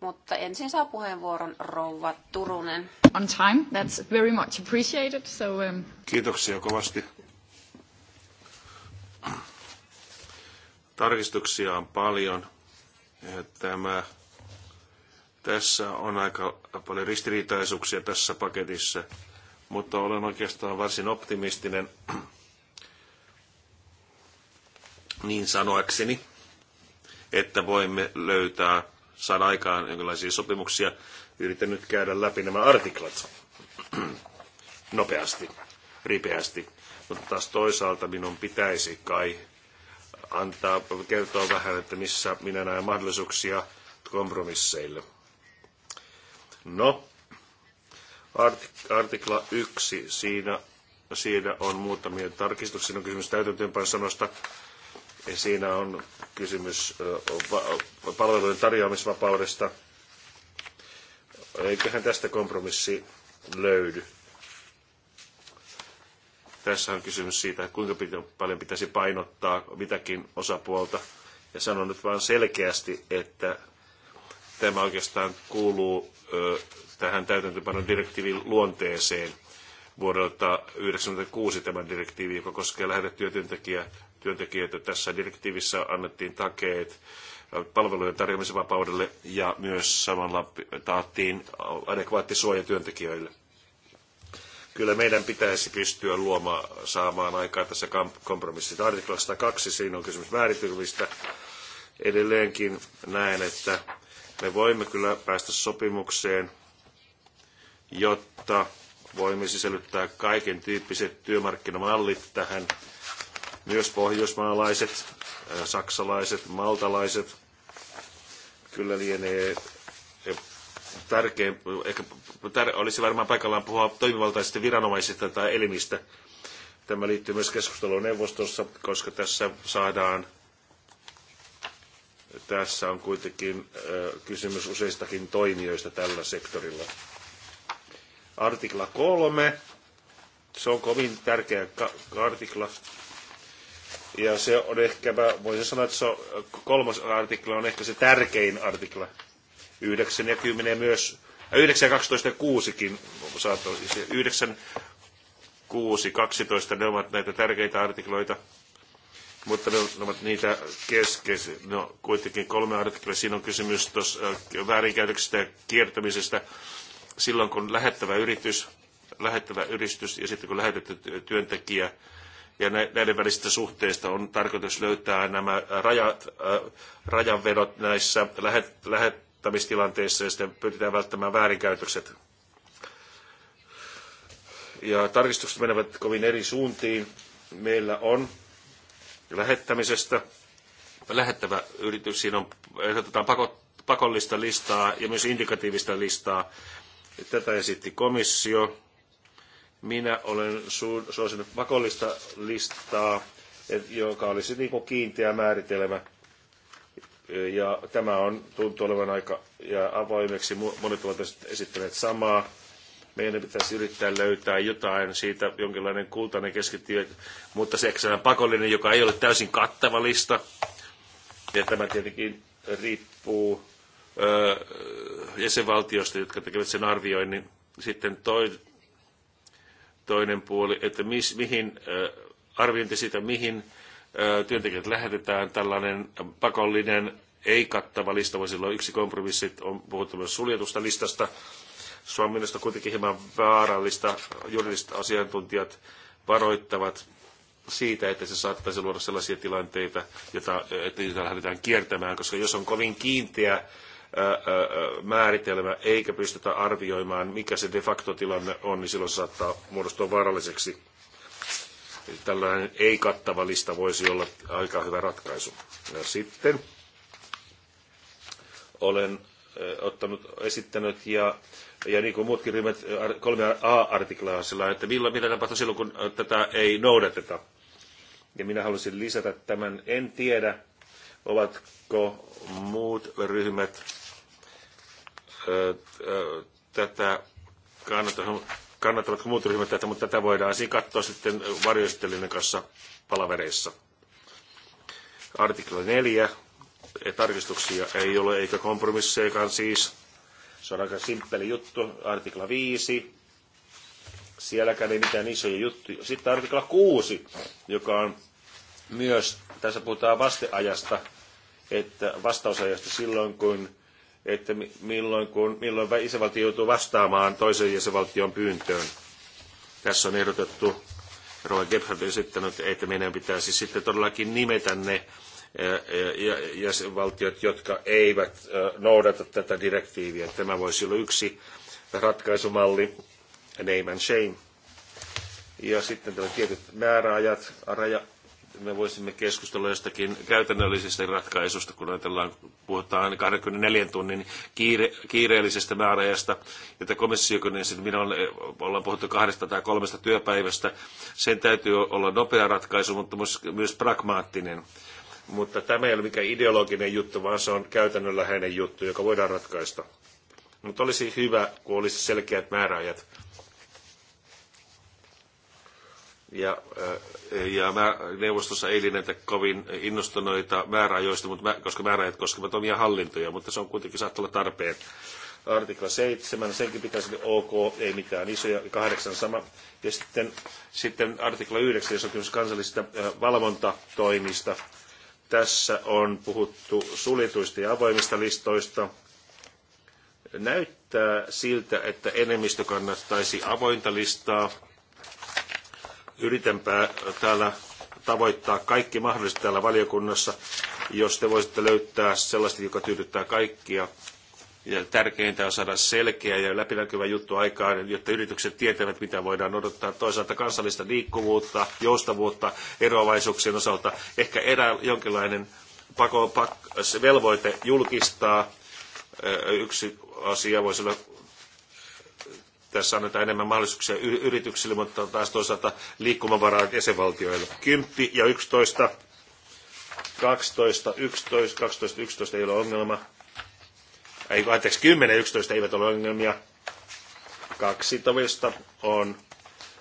mutta ensin saa puheenvuoron rouva Turunen. On time, that's very much appreciated. So, um... Kiitoksia kovasti. Tarkistuksia on paljon. Tämä, tässä on aika paljon ristiriitaisuuksia tässä paketissa, mutta olen oikeastaan varsin optimistinen niin sanoakseni, että voimme löytää saada aikaan jonkinlaisia sopimuksia. Yritän nyt käydä läpi nämä artiklat nopeasti, ripeästi. Mutta taas toisaalta minun pitäisi kai antaa, kertoa vähän, että missä minä näen mahdollisuuksia kompromisseille. No, artikla 1, siinä, siinä on muutamia tarkistuksia. On kysymys täytäntöönpansanosta. sanosta Siinä on kysymys palvelujen tarjoamisvapaudesta. Eiköhän tästä kompromissi löydy. Tässä on kysymys siitä, kuinka paljon pitäisi painottaa mitäkin osapuolta. Ja sanon nyt vain selkeästi, että tämä oikeastaan kuuluu tähän täytäntöpanon direktiivin luonteeseen – vuodelta 1996 tämä direktiivi, joka koskee lähetettyjä työntekijä, työntekijöitä. Tässä direktiivissä annettiin takeet palvelujen tarjoamisen vapaudelle ja myös samalla taattiin adekvaatti suoja työntekijöille. Kyllä meidän pitäisi pystyä luomaan, saamaan aikaa tässä kompromississa. Artiklasta kaksi, siinä on kysymys määritelmistä. Edelleenkin näen, että me voimme kyllä päästä sopimukseen, jotta voimme sisällyttää kaiken tyyppiset työmarkkinamallit tähän myös pohjoismaalaiset, äh, saksalaiset, maltalaiset. Kyllä lienee e, tärkein, ehkä tär, olisi varmaan paikallaan puhua toimivaltaisista viranomaisista tai elimistä. Tämä liittyy myös keskusteluun neuvostossa, koska tässä saadaan tässä on kuitenkin äh, kysymys useistakin toimijoista tällä sektorilla. Artikla 3, se on kovin tärkeä artikla. Ja se on ehkä, mä voisin sanoa, että se on, kolmas artikla on ehkä se tärkein artikla. 9 ja 10 äh, ja myös, 9 ja 12 ja 6kin 9, 6, 12, ne ovat näitä tärkeitä artikloita, mutta ne ovat niitä keskeisiä. No kuitenkin kolme artikkelia, siinä on kysymys tuossa äh, väärinkäytöksestä ja kiertämisestä. Silloin kun lähettävä yritys, lähettävä yritys ja sitten kun lähetetty työntekijä ja näiden välisistä suhteista on tarkoitus löytää nämä rajat, äh, rajanvedot näissä lähet, lähettämistilanteissa ja sitten pyritään välttämään väärinkäytökset. Ja tarkistukset menevät kovin eri suuntiin. Meillä on lähettämisestä lähettävä yritys, siinä on, ehdotetaan pakot, pakollista listaa ja myös indikatiivista listaa. Tätä esitti komissio minä olen suosinut pakollista listaa, joka olisi niin kuin kiinteä määritelmä. Ja tämä on tuntuu olevan aika ja avoimeksi. Monet ovat esittäneet samaa meidän pitäisi yrittää löytää jotain siitä, jonkinlainen kultainen keskittyy, mutta se pakollinen, joka ei ole täysin kattava lista. Ja tämä tietenkin riippuu ö, jäsenvaltiosta, jotka tekevät sen arvioinnin. Sitten toi, toinen puoli, että mis, mihin, äh, arviointi siitä, mihin äh, työntekijät lähetetään, tällainen pakollinen, ei-kattava lista, vaan silloin yksi kompromissi, on puhuttu myös suljetusta listasta. Se on minusta kuitenkin hieman vaarallista. Juridiset asiantuntijat varoittavat siitä, että se saattaisi luoda sellaisia tilanteita, joita, että niitä lähdetään kiertämään, koska jos on kovin kiinteä määritelmä, eikä pystytä arvioimaan, mikä se de facto tilanne on, niin silloin se saattaa muodostua vaaralliseksi. Eli tällainen ei-kattava lista voisi olla aika hyvä ratkaisu. Ja sitten olen ottanut, esittänyt ja, ja niin kuin muutkin ryhmät, kolme A-artiklaa sillä, että milloin, mitä tapahtuu silloin, kun tätä ei noudateta. Ja minä haluaisin lisätä tämän, en tiedä, ovatko muut ryhmät tätä kannattavatko muut ryhmät tätä, mutta tätä voidaan siinä katsoa sitten varjoistelijoiden kanssa palavereissa. Artikla 4. E, tarkistuksia ei ole eikä kompromisseikaan siis. Se on aika simppeli juttu. Artikla 5. Sielläkään ei mitään isoja juttuja. Sitten artikla 6, joka on myös, tässä puhutaan vasteajasta, että vastausajasta silloin, kun että milloin, kun, milloin isävaltio joutuu vastaamaan toisen jäsenvaltion pyyntöön. Tässä on ehdotettu, Roa Gebhardt on esittänyt, että meidän pitäisi sitten todellakin nimetä ne jäsenvaltiot, jotka eivät noudata tätä direktiiviä. Tämä voisi olla yksi ratkaisumalli, name and shame. Ja sitten tällä tietyt määräajat, raja, me voisimme keskustella jostakin käytännöllisistä ratkaisusta, kun ajatellaan, puhutaan 24 tunnin kiire, kiireellisestä määräajasta, komissio, kun ensin, minä olen ollaan puhuttu kahdesta tai kolmesta työpäivästä. Sen täytyy olla nopea ratkaisu, mutta myös, myös pragmaattinen. Mutta tämä ei ole mikään ideologinen juttu, vaan se on käytännönläheinen juttu, joka voidaan ratkaista. Mutta olisi hyvä, kun olisi selkeät määräajat ja, äh, ja mä neuvostossa ei näitä kovin innostuneita määräajoista, mutta mä, koska määräajat koskevat omia hallintoja, mutta se on kuitenkin saattaa olla tarpeen. Artikla 7, senkin pitäisi olla ok, ei mitään isoja, kahdeksan sama. Ja sitten, sitten artikla 9, jossa on kysymys kansallisista äh, valvontatoimista. Tässä on puhuttu suljetuista ja avoimista listoista. Näyttää siltä, että enemmistö kannattaisi avointa listaa, Yritänpä äh, täällä tavoittaa kaikki mahdolliset täällä valiokunnassa, jos te voisitte löytää sellaista, joka tyydyttää kaikkia. Ja tärkeintä on saada selkeä ja läpinäkyvä juttu aikaan, jotta yritykset tietävät, mitä voidaan odottaa. Toisaalta kansallista liikkuvuutta, joustavuutta eroavaisuuksien osalta, ehkä erä jonkinlainen pako, pak, velvoite julkistaa. Äh, yksi asia voisi olla tässä annetaan enemmän mahdollisuuksia yrityksille, mutta taas toisaalta liikkumavaraa jäsenvaltioille. 10 ja 11, 12, 11, 12, 11 ei ole ongelma. Ei, anteeksi, 10 ja 11 eivät ole ongelmia. 12 on,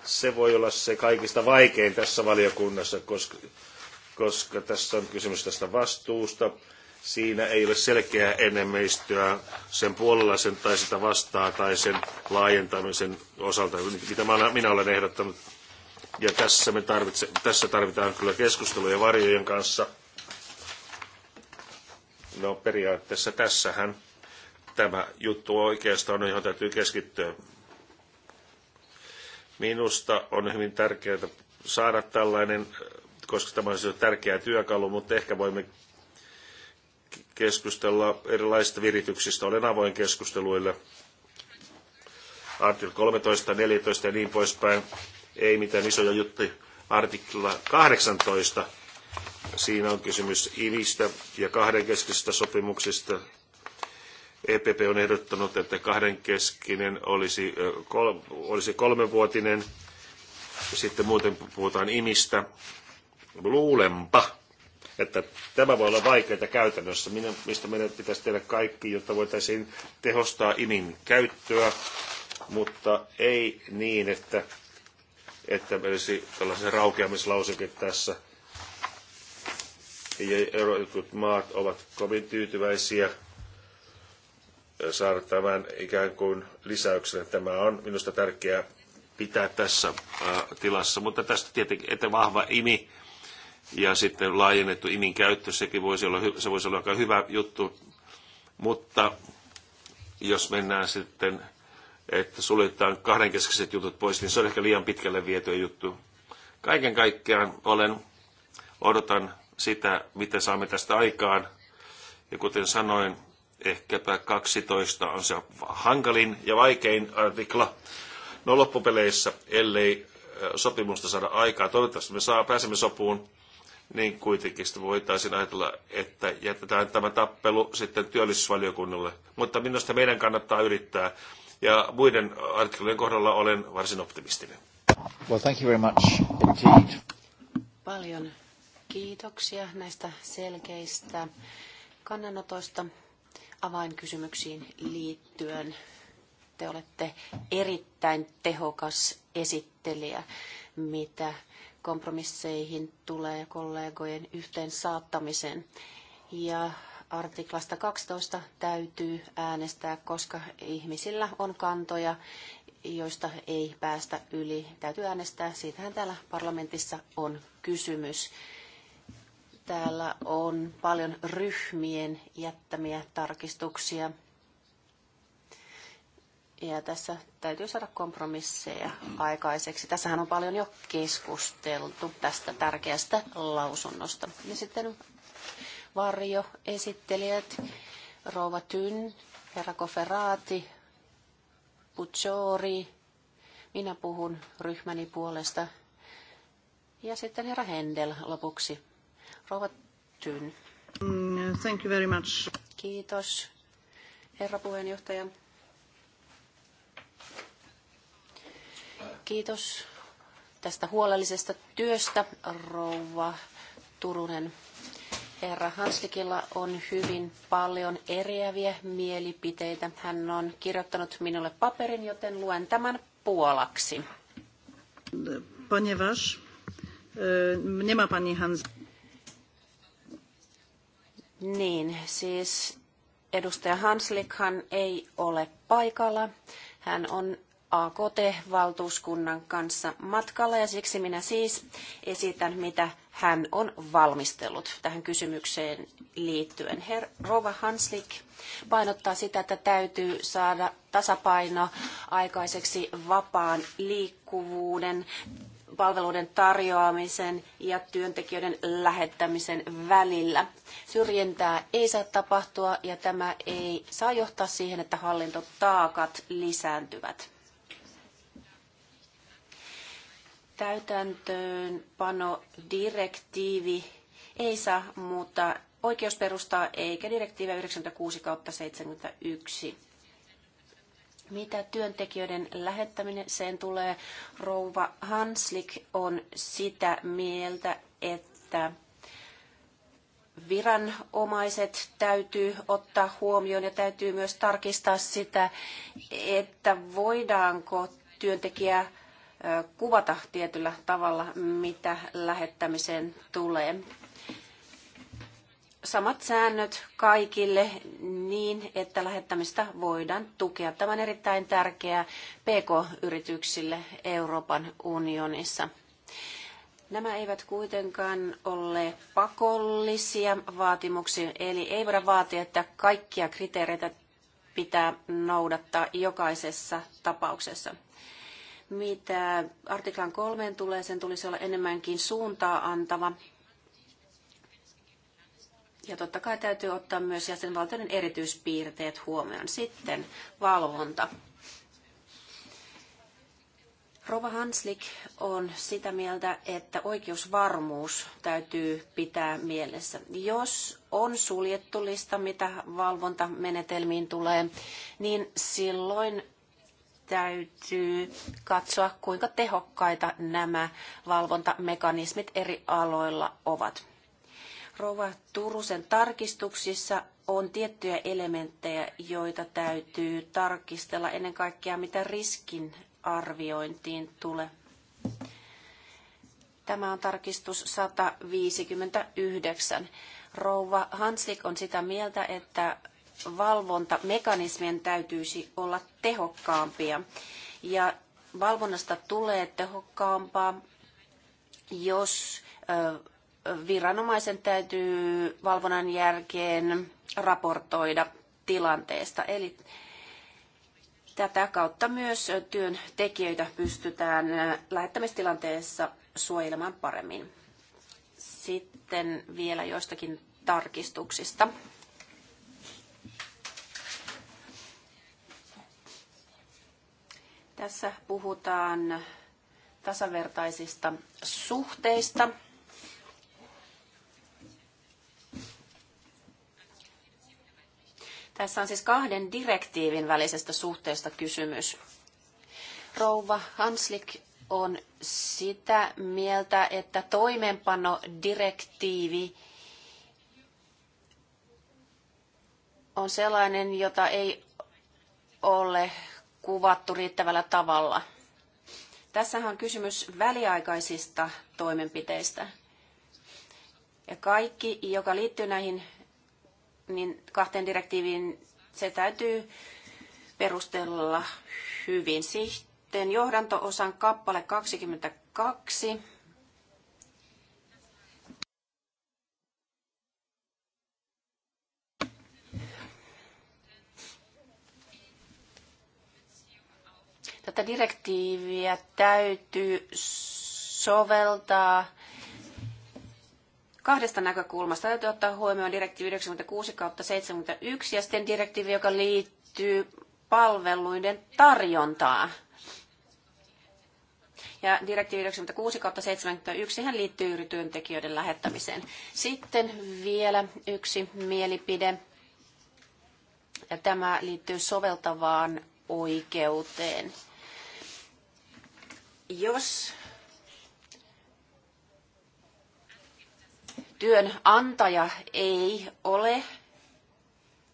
se voi olla se kaikista vaikein tässä valiokunnassa, koska, koska tässä on kysymys tästä vastuusta siinä ei ole selkeää enemmistöä sen puolella sen tai sitä vastaan tai sen laajentamisen osalta, mitä minä olen ehdottanut. Ja tässä, me tarvitse, tässä tarvitaan kyllä keskusteluja varjojen kanssa. No periaatteessa tässähän tämä juttu oikeastaan on, johon täytyy keskittyä. Minusta on hyvin tärkeää saada tällainen, koska tämä on tärkeä työkalu, mutta ehkä voimme keskustella erilaisista virityksistä. Olen avoin keskusteluille. Artikla 13, 14 ja niin poispäin. Ei mitään isoja juttuja. Artikla 18. Siinä on kysymys IVistä ja kahdenkeskisistä sopimuksista. EPP on ehdottanut, että kahdenkeskinen olisi, kol, olisi kolmenvuotinen. Sitten muuten puhutaan IMistä. Luulenpa, että tämä voi olla vaikeaa käytännössä, mistä meidän pitäisi tehdä kaikki, jotta voitaisiin tehostaa imin käyttöä, mutta ei niin, että, että meillä olisi tällaisen raukeamislausekin tässä. Ja jotkut maat ovat kovin tyytyväisiä saada tämän ikään kuin lisäyksen. Tämä on minusta tärkeää pitää tässä tilassa, mutta tästä tietenkin, että vahva imi ja sitten laajennettu imin käyttö, sekin voisi olla, se voisi olla aika hyvä juttu, mutta jos mennään sitten, että suljetaan kahdenkeskeiset jutut pois, niin se on ehkä liian pitkälle viety juttu. Kaiken kaikkiaan olen, odotan sitä, mitä saamme tästä aikaan. Ja kuten sanoin, ehkäpä 12 on se hankalin ja vaikein artikla. No loppupeleissä, ellei sopimusta saada aikaa. Toivottavasti me saa, pääsemme sopuun niin kuitenkin sitä voitaisiin ajatella, että jätetään tämä tappelu sitten työllisyysvaliokunnalle. Mutta minusta meidän kannattaa yrittää. Ja muiden artikkelien kohdalla olen varsin optimistinen. Well, thank you very much indeed. Paljon kiitoksia näistä selkeistä kannanotoista avainkysymyksiin liittyen. Te olette erittäin tehokas esittelijä, mitä kompromisseihin tulee kollegojen yhteen Ja artiklasta 12 täytyy äänestää, koska ihmisillä on kantoja, joista ei päästä yli. Täytyy äänestää, siitähän täällä parlamentissa on kysymys. Täällä on paljon ryhmien jättämiä tarkistuksia ja tässä täytyy saada kompromisseja aikaiseksi. Tässähän on paljon jo keskusteltu tästä tärkeästä lausunnosta. Ja sitten varjo esittelijät, Rova Tyn, Herra Koferaati, Puchori, minä puhun ryhmäni puolesta. Ja sitten Herra Hendel lopuksi. Rova Tyn. Mm, thank you very much. Kiitos, herra puheenjohtaja. Kiitos tästä huolellisesta työstä, rouva Turunen. Herra Hanslikilla on hyvin paljon eriäviä mielipiteitä. Hän on kirjoittanut minulle paperin, joten luen tämän puolaksi. Ponieważ e, nie ma pani Hans... Niin, siis edustaja Hanslikhan ei ole paikalla. Hän on AKT-valtuuskunnan kanssa matkalla ja siksi minä siis esitän, mitä hän on valmistellut tähän kysymykseen liittyen. Herr Rova Hanslik painottaa sitä, että täytyy saada tasapaino aikaiseksi vapaan liikkuvuuden, palveluiden tarjoamisen ja työntekijöiden lähettämisen välillä. Syrjintää ei saa tapahtua ja tämä ei saa johtaa siihen, että hallintotaakat lisääntyvät. täytäntöönpanodirektiivi direktiivi ei saa muuttaa oikeusperustaa eikä direktiivi 96 kautta 71. Mitä työntekijöiden lähettäminen sen tulee, rouva Hanslik on sitä mieltä, että viranomaiset täytyy ottaa huomioon ja täytyy myös tarkistaa sitä, että voidaanko työntekijä kuvata tietyllä tavalla, mitä lähettämiseen tulee. Samat säännöt kaikille niin, että lähettämistä voidaan tukea. Tämä on erittäin tärkeää PK-yrityksille Euroopan unionissa. Nämä eivät kuitenkaan ole pakollisia vaatimuksia, eli ei voida vaatia, että kaikkia kriteereitä pitää noudattaa jokaisessa tapauksessa. Mitä artiklan kolmeen tulee, sen tulisi olla enemmänkin suuntaa antava. Ja totta kai täytyy ottaa myös jäsenvaltioiden erityispiirteet huomioon. Sitten valvonta. Rova Hanslik on sitä mieltä, että oikeusvarmuus täytyy pitää mielessä. Jos on suljettu lista, mitä valvontamenetelmiin tulee, niin silloin täytyy katsoa, kuinka tehokkaita nämä valvontamekanismit eri aloilla ovat. Rova Turusen tarkistuksissa on tiettyjä elementtejä, joita täytyy tarkistella ennen kaikkea, mitä riskin arviointiin tulee. Tämä on tarkistus 159. Rouva Hanslik on sitä mieltä, että valvontamekanismien täytyisi olla tehokkaampia. Ja valvonnasta tulee tehokkaampaa, jos viranomaisen täytyy valvonnan jälkeen raportoida tilanteesta. Eli tätä kautta myös työntekijöitä pystytään lähettämistilanteessa suojelemaan paremmin. Sitten vielä joistakin tarkistuksista. Tässä puhutaan tasavertaisista suhteista. Tässä on siis kahden direktiivin välisestä suhteesta kysymys. Rouva Hanslik on sitä mieltä, että toimeenpanodirektiivi on sellainen, jota ei ole kuvattu riittävällä tavalla. Tässä on kysymys väliaikaisista toimenpiteistä. Ja kaikki, joka liittyy näihin niin kahteen direktiiviin, se täytyy perustella hyvin. Sitten johdanto-osan kappale 22 tätä direktiiviä täytyy soveltaa kahdesta näkökulmasta. Täytyy ottaa huomioon direktiivi 96 kautta 71 ja sitten direktiivi, joka liittyy palveluiden tarjontaan. Ja direktiivi 96 kautta 71 hän liittyy työntekijöiden lähettämiseen. Sitten vielä yksi mielipide. Ja tämä liittyy soveltavaan oikeuteen. Jos työnantaja ei ole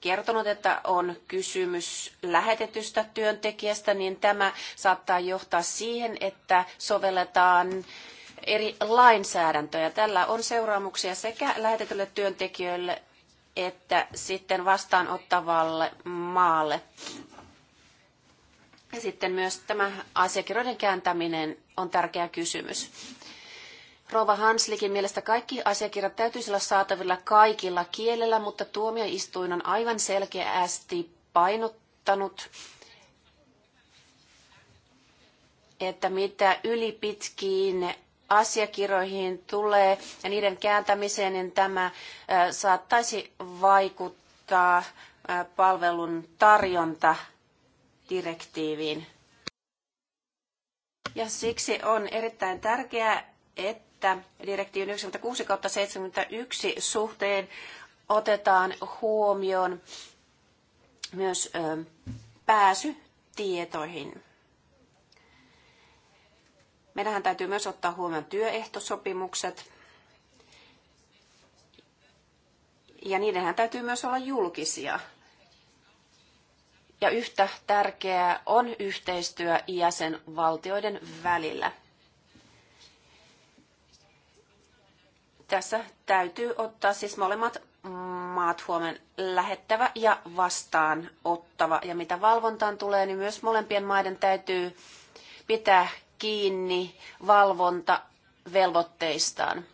kertonut, että on kysymys lähetetystä työntekijästä, niin tämä saattaa johtaa siihen, että sovelletaan eri lainsäädäntöjä. Tällä on seuraamuksia sekä lähetetylle työntekijöille että sitten vastaanottavalle maalle. Ja sitten myös tämä asiakirjoiden kääntäminen on tärkeä kysymys. Rova Hanslikin mielestä kaikki asiakirjat täytyisi olla saatavilla kaikilla kielellä, mutta tuomioistuin on aivan selkeästi painottanut, että mitä ylipitkiin asiakirjoihin tulee ja niiden kääntämiseen, niin tämä saattaisi vaikuttaa palvelun tarjonta direktiiviin. Ja siksi on erittäin tärkeää, että direktiivin 96-71 suhteen otetaan huomioon myös ö, pääsy tietoihin. Meidän täytyy myös ottaa huomioon työehtosopimukset. Ja niidenhän täytyy myös olla julkisia. Ja yhtä tärkeää on yhteistyö jäsenvaltioiden välillä. Tässä täytyy ottaa siis molemmat maat huomen lähettävä ja vastaanottava. Ja mitä valvontaan tulee, niin myös molempien maiden täytyy pitää kiinni valvontavelvoitteistaan.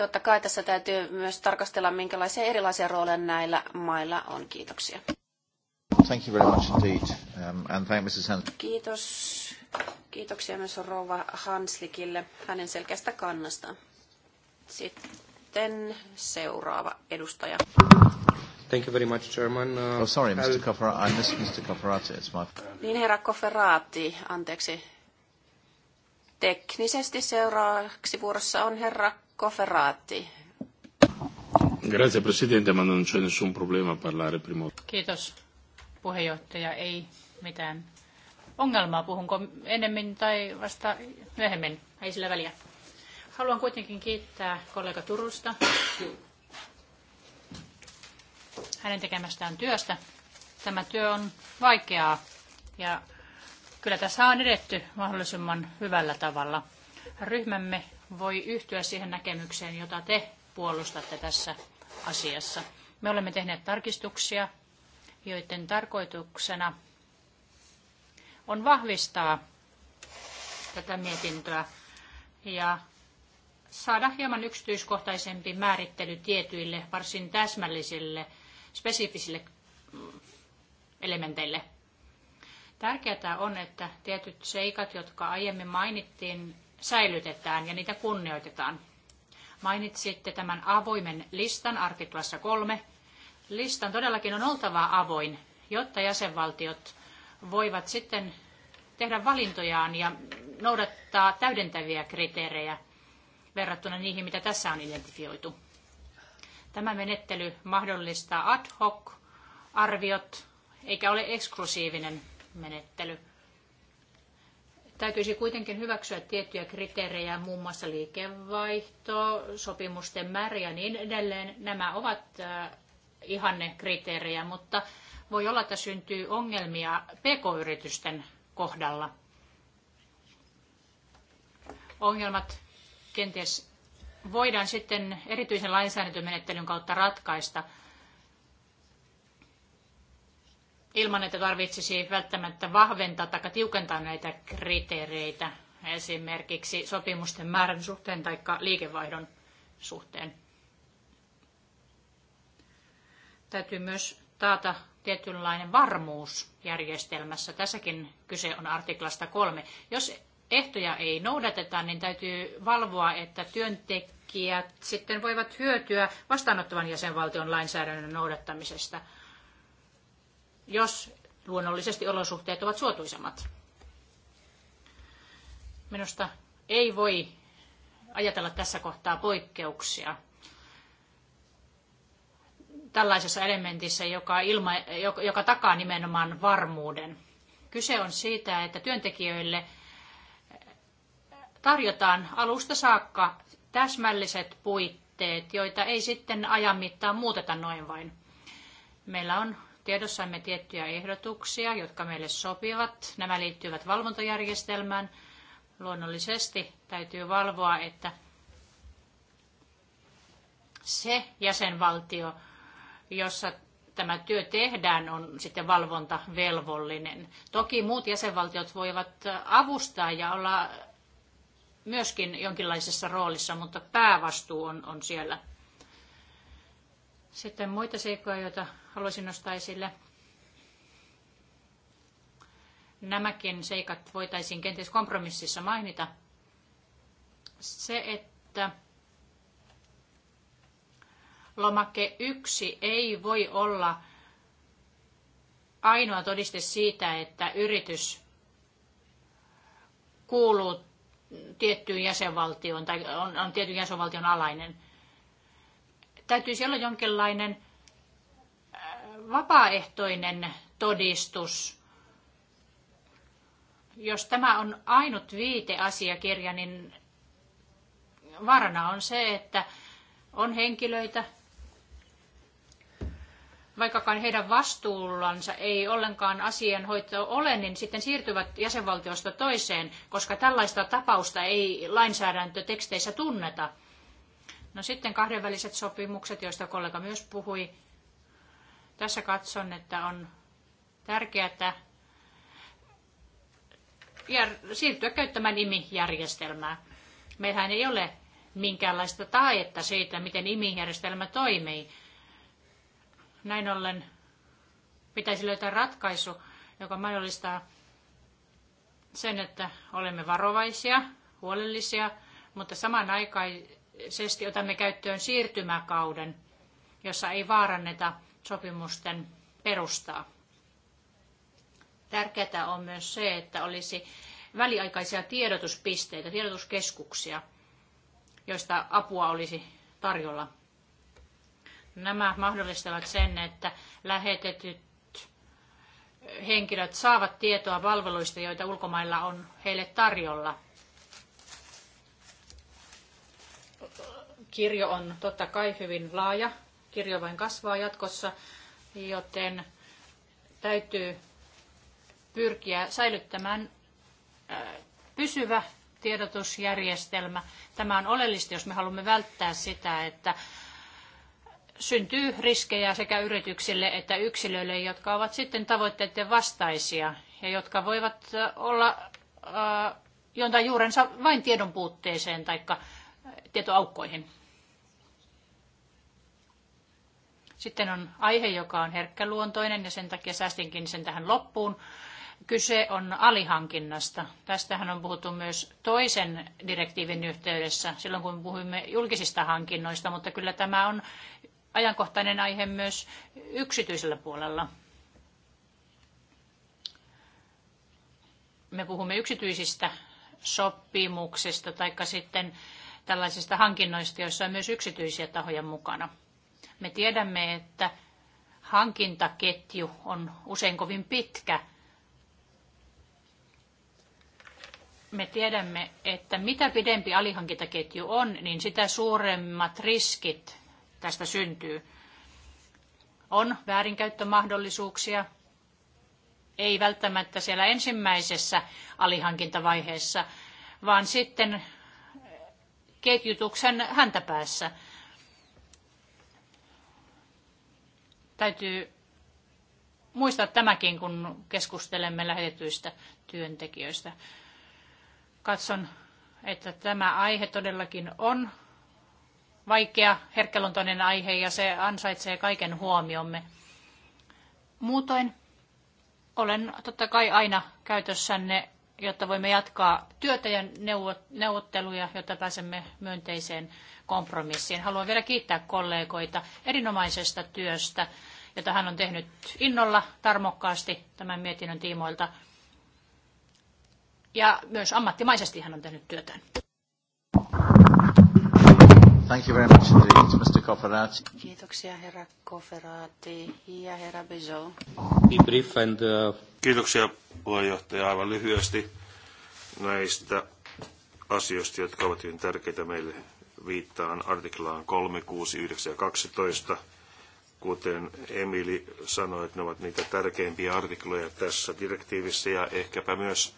Totta kai tässä täytyy myös tarkastella, minkälaisia erilaisia rooleja näillä mailla on. Kiitoksia. Thank you very much indeed. Um, and thank Mrs. Hans. Kiitos. Kiitoksia myös rouva Hanslikille hänen selkeästä kannastaan. Sitten seuraava edustaja. Thank you very much, Chairman. Uh, oh, sorry, Mr. Kofferati. I missed Mr. Kofferati. It's my... Niin, herra Kofferati. Anteeksi. Teknisesti seuraavaksi vuorossa on herra Koferaatti. Grazie Presidente, ma non c'è nessun problema parlare Kiitos puheenjohtaja. Ei mitään ongelmaa, puhunko ennemmin tai vasta myöhemmin, ei sillä väliä. Haluan kuitenkin kiittää kollega Turusta hänen tekemästään työstä. Tämä työ on vaikeaa ja kyllä tässä on edetty mahdollisimman hyvällä tavalla. Ryhmämme voi yhtyä siihen näkemykseen, jota te puolustatte tässä asiassa. Me olemme tehneet tarkistuksia, joiden tarkoituksena on vahvistaa tätä mietintöä ja saada hieman yksityiskohtaisempi määrittely tietyille varsin täsmällisille, spesifisille mm, elementeille. Tärkeää on, että tietyt seikat, jotka aiemmin mainittiin, säilytetään ja niitä kunnioitetaan. Mainitsitte tämän avoimen listan artiklassa kolme. Listan todellakin on oltava avoin, jotta jäsenvaltiot voivat sitten tehdä valintojaan ja noudattaa täydentäviä kriteerejä verrattuna niihin, mitä tässä on identifioitu. Tämä menettely mahdollistaa ad hoc arviot, eikä ole eksklusiivinen menettely. Täytyisi kuitenkin hyväksyä tiettyjä kriteerejä, muun muassa liikevaihto, sopimusten määrä ja niin edelleen. Nämä ovat äh, ihanne kriteerejä, mutta voi olla, että syntyy ongelmia pk-yritysten kohdalla. Ongelmat kenties voidaan sitten erityisen lainsäädäntömenettelyn kautta ratkaista – ilman, että tarvitsisi välttämättä vahventaa tai tiukentaa näitä kriteereitä esimerkiksi sopimusten määrän suhteen tai liikevaihdon suhteen. Täytyy myös taata tietynlainen varmuus järjestelmässä. Tässäkin kyse on artiklasta kolme. Jos ehtoja ei noudateta, niin täytyy valvoa, että työntekijät sitten voivat hyötyä vastaanottavan jäsenvaltion lainsäädännön noudattamisesta – jos luonnollisesti olosuhteet ovat suotuisammat. Minusta ei voi ajatella tässä kohtaa poikkeuksia tällaisessa elementissä, joka, ilma, joka, joka takaa nimenomaan varmuuden. Kyse on siitä, että työntekijöille tarjotaan alusta saakka täsmälliset puitteet, joita ei sitten ajan mittaan muuteta noin vain. Meillä on tiedossamme tiettyjä ehdotuksia, jotka meille sopivat. Nämä liittyvät valvontajärjestelmään. Luonnollisesti täytyy valvoa, että se jäsenvaltio, jossa tämä työ tehdään, on sitten valvontavelvollinen. Toki muut jäsenvaltiot voivat avustaa ja olla myöskin jonkinlaisessa roolissa, mutta päävastuu on, on siellä. Sitten muita seikkoja, joita haluaisin nostaa esille. Nämäkin seikat voitaisiin kenties kompromississa mainita. Se, että lomake 1 ei voi olla ainoa todiste siitä, että yritys kuuluu tiettyyn jäsenvaltioon tai on, on tietyn jäsenvaltion alainen – täytyisi olla jonkinlainen äh, vapaaehtoinen todistus. Jos tämä on ainut viiteasiakirja, niin varna on se, että on henkilöitä, vaikkakaan heidän vastuullansa ei ollenkaan asianhoito ole, niin sitten siirtyvät jäsenvaltiosta toiseen, koska tällaista tapausta ei lainsäädäntöteksteissä tunneta. No sitten kahdenväliset sopimukset, joista kollega myös puhui. Tässä katson, että on tärkeää siirtyä käyttämään nimijärjestelmää. Meillähän ei ole minkäänlaista taetta siitä, miten nimijärjestelmä toimii. Näin ollen pitäisi löytää ratkaisu, joka mahdollistaa sen, että olemme varovaisia, huolellisia, mutta samanaikaisesti mahdollisesti otamme käyttöön siirtymäkauden, jossa ei vaaranneta sopimusten perustaa. Tärkeää on myös se, että olisi väliaikaisia tiedotuspisteitä, tiedotuskeskuksia, joista apua olisi tarjolla. Nämä mahdollistavat sen, että lähetetyt henkilöt saavat tietoa palveluista, joita ulkomailla on heille tarjolla – kirjo on totta kai hyvin laaja, kirjo vain kasvaa jatkossa, joten täytyy pyrkiä säilyttämään pysyvä tiedotusjärjestelmä. Tämä on oleellista, jos me haluamme välttää sitä, että syntyy riskejä sekä yrityksille että yksilöille, jotka ovat sitten tavoitteiden vastaisia ja jotka voivat olla jontain juurensa vain tiedon puutteeseen tai tietoaukkoihin. Sitten on aihe, joka on herkkäluontoinen ja sen takia säästinkin sen tähän loppuun. Kyse on alihankinnasta. Tästähän on puhuttu myös toisen direktiivin yhteydessä, silloin kun puhuimme julkisista hankinnoista, mutta kyllä tämä on ajankohtainen aihe myös yksityisellä puolella. Me puhumme yksityisistä sopimuksista tai sitten tällaisista hankinnoista, joissa on myös yksityisiä tahoja mukana. Me tiedämme, että hankintaketju on usein kovin pitkä. Me tiedämme, että mitä pidempi alihankintaketju on, niin sitä suuremmat riskit tästä syntyy. On väärinkäyttömahdollisuuksia, ei välttämättä siellä ensimmäisessä alihankintavaiheessa, vaan sitten ketjutuksen häntäpäässä. päässä Täytyy muistaa tämäkin, kun keskustelemme lähetetyistä työntekijöistä. Katson, että tämä aihe todellakin on vaikea, herkkäluontoinen aihe ja se ansaitsee kaiken huomiomme. Muutoin olen totta kai aina käytössänne jotta voimme jatkaa työtä ja neuvotteluja, jotta pääsemme myönteiseen kompromissiin. Haluan vielä kiittää kollegoita erinomaisesta työstä, jota hän on tehnyt innolla tarmokkaasti tämän mietinnön tiimoilta. Ja myös ammattimaisesti hän on tehnyt työtään. Thank you very much indeed, Mr. Cofferati. Kiitoksia herra Cofferati ja herra Bizot. Be brief and, uh... Kiitoksia puheenjohtaja aivan lyhyesti näistä asioista, jotka ovat hyvin tärkeitä meille. Viittaan artiklaan 3, 6, 9 ja 12. Kuten Emili sanoi, että ne ovat niitä tärkeimpiä artikloja tässä direktiivissä ja ehkäpä myös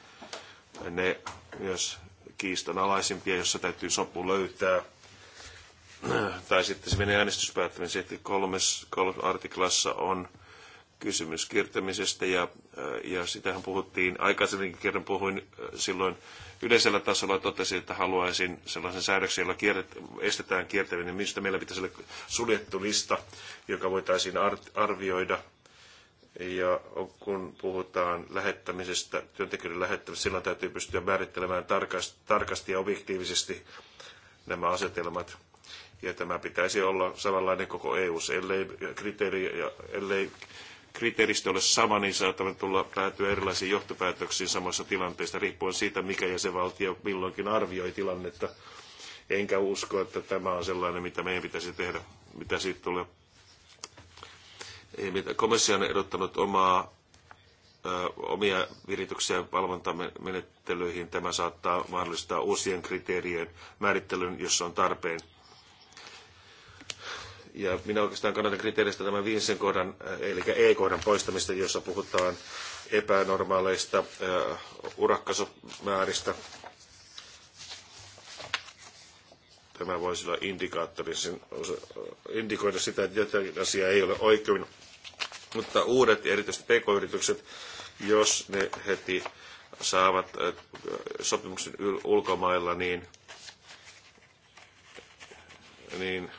ne myös kiistanalaisimpia, joissa täytyy sopu löytää tai sitten se menee äänestyspäättämiseen, että kolmes, kolmes artiklassa on kysymys kiertämisestä ja, äh, ja sitähän puhuttiin, aikaisemminkin kerran puhuin äh, silloin yleisellä tasolla totesin, että haluaisin sellaisen säädöksen, jolla kiertet, estetään kiertäminen. mistä meillä pitäisi olla suljettu lista, joka voitaisiin arvioida. Ja kun puhutaan lähettämisestä, työntekijöiden lähettämisestä, silloin täytyy pystyä määrittelemään tarkasti, tarkasti ja objektiivisesti nämä asetelmat ja tämä pitäisi olla samanlainen koko EU, ellei, kriteeri, ja ellei kriteeristö ole sama, niin saatamme tulla päätyä erilaisiin johtopäätöksiin samassa tilanteessa, riippuen siitä, mikä jäsenvaltio milloinkin arvioi tilannetta. Enkä usko, että tämä on sellainen, mitä meidän pitäisi tehdä, mitä siitä tulee. Komissio on ehdottanut omaa omia virityksiä valvontamenettelyihin. Tämä saattaa mahdollistaa uusien kriteerien määrittelyn, jos on tarpeen. Ja minä oikeastaan kannatan kriteeristä tämän viimeisen kohdan, eh, eli E-kohdan poistamista, jossa puhutaan epänormaaleista äh, urakkasomääristä. Tämä voisi olla indikaattori, eh, indikoida sitä, että jotain asiaa ei ole oikein. Mutta uudet, erityisesti pk-yritykset, jos ne heti saavat sopimuksen ulkomailla, niin, niin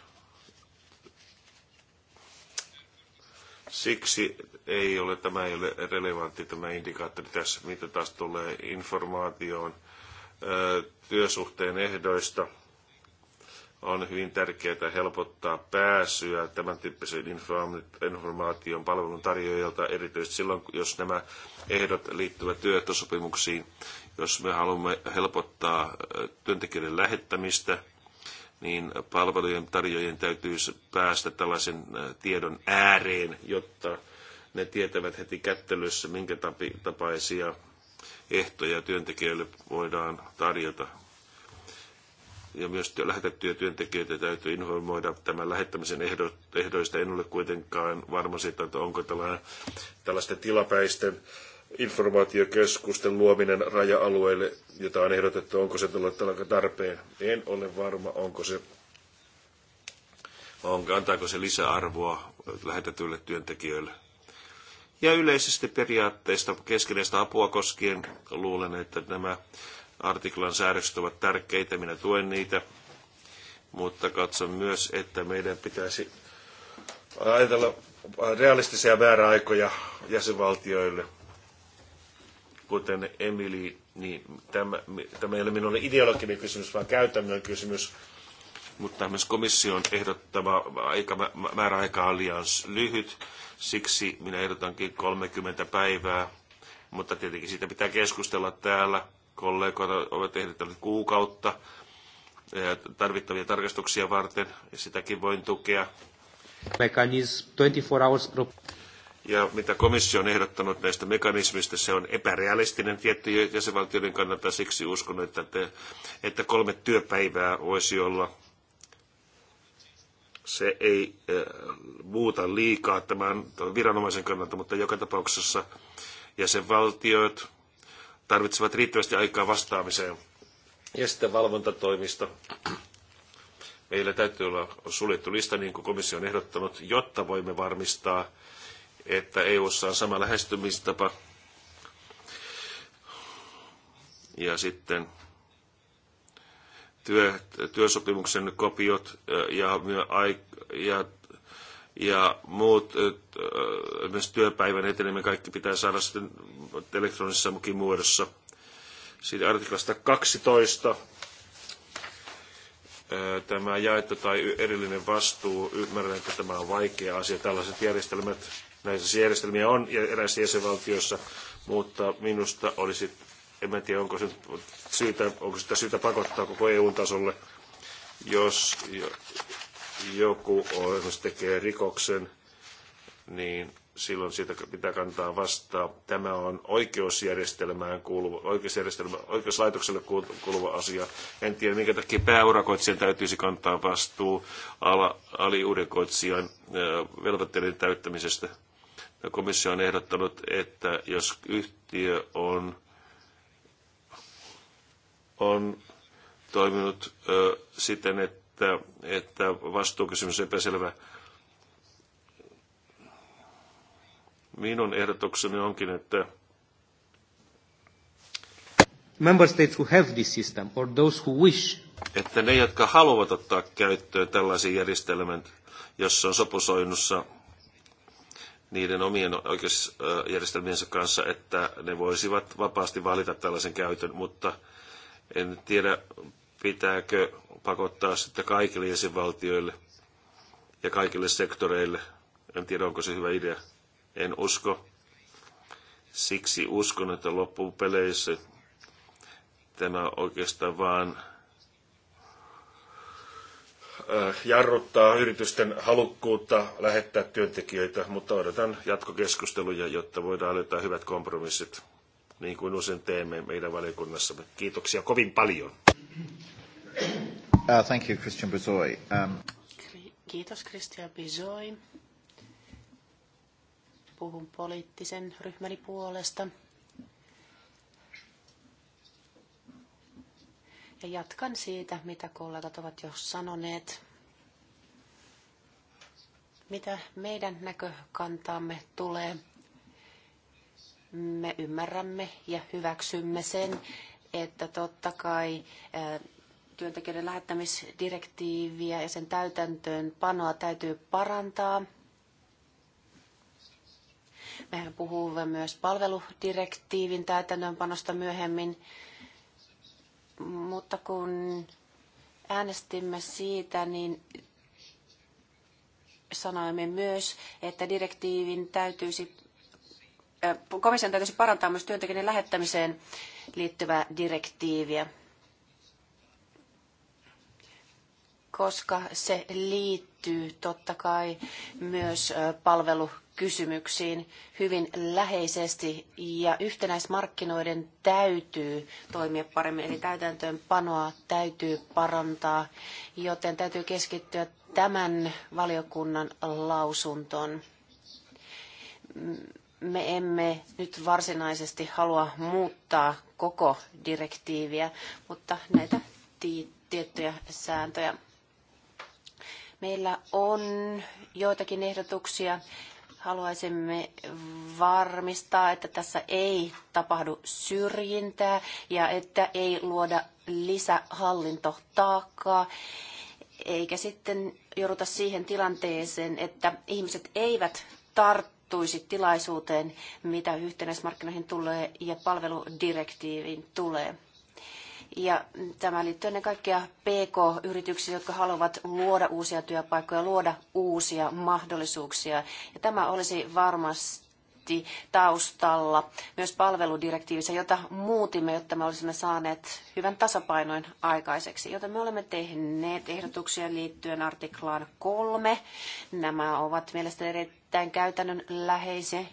Siksi ei ole, tämä ei ole relevantti tämä indikaattori tässä, mitä taas tulee informaatioon työsuhteen ehdoista. On hyvin tärkeää helpottaa pääsyä tämän tyyppisen informaation palvelun tarjoajilta, erityisesti silloin, jos nämä ehdot liittyvät työehtosopimuksiin. Jos me haluamme helpottaa työntekijöiden lähettämistä – niin palvelujen tarjoajien täytyy päästä tällaisen tiedon ääreen, jotta ne tietävät heti kättelyssä, minkä tapaisia ehtoja työntekijöille voidaan tarjota. Ja myös lähetettyjä työntekijöitä täytyy informoida tämän lähettämisen ehdo, ehdoista. En ole kuitenkaan varma siitä, että onko tällaista tällaisten tilapäisten informaatiokeskusten luominen raja-alueille, jota on ehdotettu, onko se tullut tarpeen. En ole varma, onko se, onko, antaako se lisäarvoa lähetetyille työntekijöille. Ja yleisesti periaatteista keskeneistä apua koskien luulen, että nämä artiklan säädökset ovat tärkeitä, minä tuen niitä, mutta katson myös, että meidän pitäisi ajatella realistisia määräaikoja jäsenvaltioille – kuten Emily, niin tämä, tämä ei ole minulle ideologinen kysymys, vaan käytännön kysymys. Mutta myös komission ehdottava aika, määräaika on liian lyhyt, siksi minä ehdotankin 30 päivää. Mutta tietenkin siitä pitää keskustella täällä. Kollegat ovat ehdottaneet kuukautta eh, tarvittavia tarkastuksia varten, ja sitäkin voin tukea. Mekanism 24 hours ja mitä komissio on ehdottanut näistä mekanismista, se on epärealistinen tiettyjen jäsenvaltioiden kannalta. Siksi uskon, että, te, että kolme työpäivää voisi olla. Se ei äh, muuta liikaa tämän viranomaisen kannalta, mutta joka tapauksessa jäsenvaltiot tarvitsevat riittävästi aikaa vastaamiseen. Ja sitten valvontatoimista. Meillä täytyy olla suljettu lista, niin kuin komissio on ehdottanut, jotta voimme varmistaa, että EU:ssa on sama lähestymistapa. Ja sitten työ, työsopimuksen kopiot ja, ja, ja muut, myös työpäivän etenemme kaikki pitää saada sitten elektronisessa mukin muodossa. Siitä artiklasta 12 tämä jaettu tai erillinen vastuu. Ymmärrän, että tämä on vaikea asia. Tällaiset järjestelmät näissä järjestelmiä on eräissä jäsenvaltioissa, mutta minusta olisi, en tiedä onko se syytä, onko sitä syytä pakottaa koko EU-tasolle, jos joku esimerkiksi tekee rikoksen, niin silloin siitä pitää kantaa vastaa. Tämä on oikeusjärjestelmään kuuluva, oikeusjärjestelmä, oikeuslaitokselle kuuluva asia. En tiedä, minkä takia pääurakoitsijan täytyisi kantaa vastuu ala, aliudekoitsijan velvoitteiden täyttämisestä. Komissio on ehdottanut, että jos yhtiö on, on toiminut ö, siten, että, että vastuukysymys on epäselvä, minun ehdotukseni onkin, että Member states who have this system or those who wish että ne, jotka haluavat ottaa käyttöön tällaisen järjestelmän, jossa on sopusoinnussa niiden omien oikeusjärjestelmiensä kanssa, että ne voisivat vapaasti valita tällaisen käytön, mutta en tiedä, pitääkö pakottaa sitten kaikille jäsenvaltioille ja kaikille sektoreille. En tiedä, onko se hyvä idea. En usko. Siksi uskon, että loppupeleissä tämä oikeastaan vaan jarruttaa yritysten halukkuutta lähettää työntekijöitä, mutta odotan jatkokeskusteluja, jotta voidaan löytää hyvät kompromissit, niin kuin usein teemme meidän valiokunnassamme. Kiitoksia kovin paljon. Uh, thank you, Christian Bizoi. Um... Kiitos, Christian Bizoi. Puhun poliittisen ryhmäni puolesta. Ja jatkan siitä, mitä kollegat ovat jo sanoneet. Mitä meidän näkökantaamme tulee, me ymmärrämme ja hyväksymme sen, että totta kai työntekijöiden lähettämisdirektiiviä ja sen täytäntöönpanoa täytyy parantaa. Mehän puhumme myös palveludirektiivin täytäntöönpanosta myöhemmin. Mutta kun äänestimme siitä, niin sanoimme myös, että direktiivin täytyisi, äh, komission täytyisi parantaa myös työntekijän lähettämiseen liittyvää direktiiviä. koska se liittyy totta kai myös palvelukysymyksiin hyvin läheisesti ja yhtenäismarkkinoiden täytyy toimia paremmin, eli täytäntöönpanoa täytyy parantaa, joten täytyy keskittyä tämän valiokunnan lausuntoon. Me emme nyt varsinaisesti halua muuttaa koko direktiiviä, mutta näitä tiettyjä sääntöjä Meillä on joitakin ehdotuksia. Haluaisimme varmistaa, että tässä ei tapahdu syrjintää ja että ei luoda lisähallintotaakkaa eikä sitten jouduta siihen tilanteeseen, että ihmiset eivät tarttuisi tilaisuuteen, mitä yhtenäismarkkinoihin tulee ja palveludirektiiviin tulee. Ja tämä liittyy ennen kaikkea PK-yrityksiin, jotka haluavat luoda uusia työpaikkoja, luoda uusia mahdollisuuksia. Ja tämä olisi varmasti taustalla myös palveludirektiivissä, jota muutimme, jotta me olisimme saaneet hyvän tasapainoin aikaiseksi. Joten me olemme tehneet ehdotuksia liittyen artiklaan kolme. Nämä ovat mielestäni erittäin käytännönläheisiä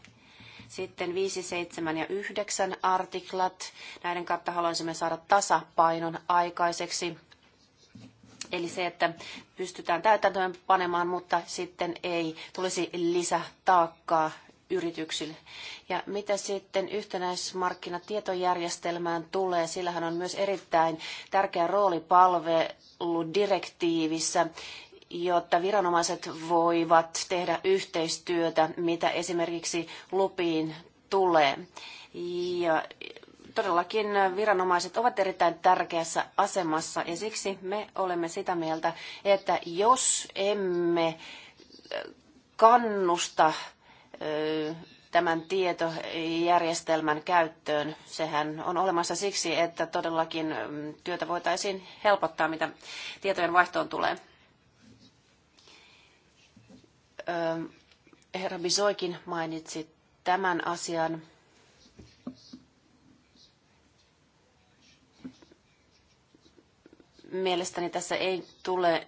sitten 5, 7 ja 9 artiklat. Näiden kautta haluaisimme saada tasapainon aikaiseksi. Eli se, että pystytään täytäntöön panemaan, mutta sitten ei tulisi lisätaakkaa yrityksille. Ja mitä sitten yhtenäismarkkinatietojärjestelmään tulee, sillähän on myös erittäin tärkeä rooli palveludirektiivissä, jotta viranomaiset voivat tehdä yhteistyötä, mitä esimerkiksi lupiin tulee. Ja todellakin viranomaiset ovat erittäin tärkeässä asemassa ja siksi me olemme sitä mieltä, että jos emme kannusta tämän tietojärjestelmän käyttöön. Sehän on olemassa siksi, että todellakin työtä voitaisiin helpottaa, mitä tietojen vaihtoon tulee. Herra Bisoikin mainitsi tämän asian. Mielestäni tässä ei tule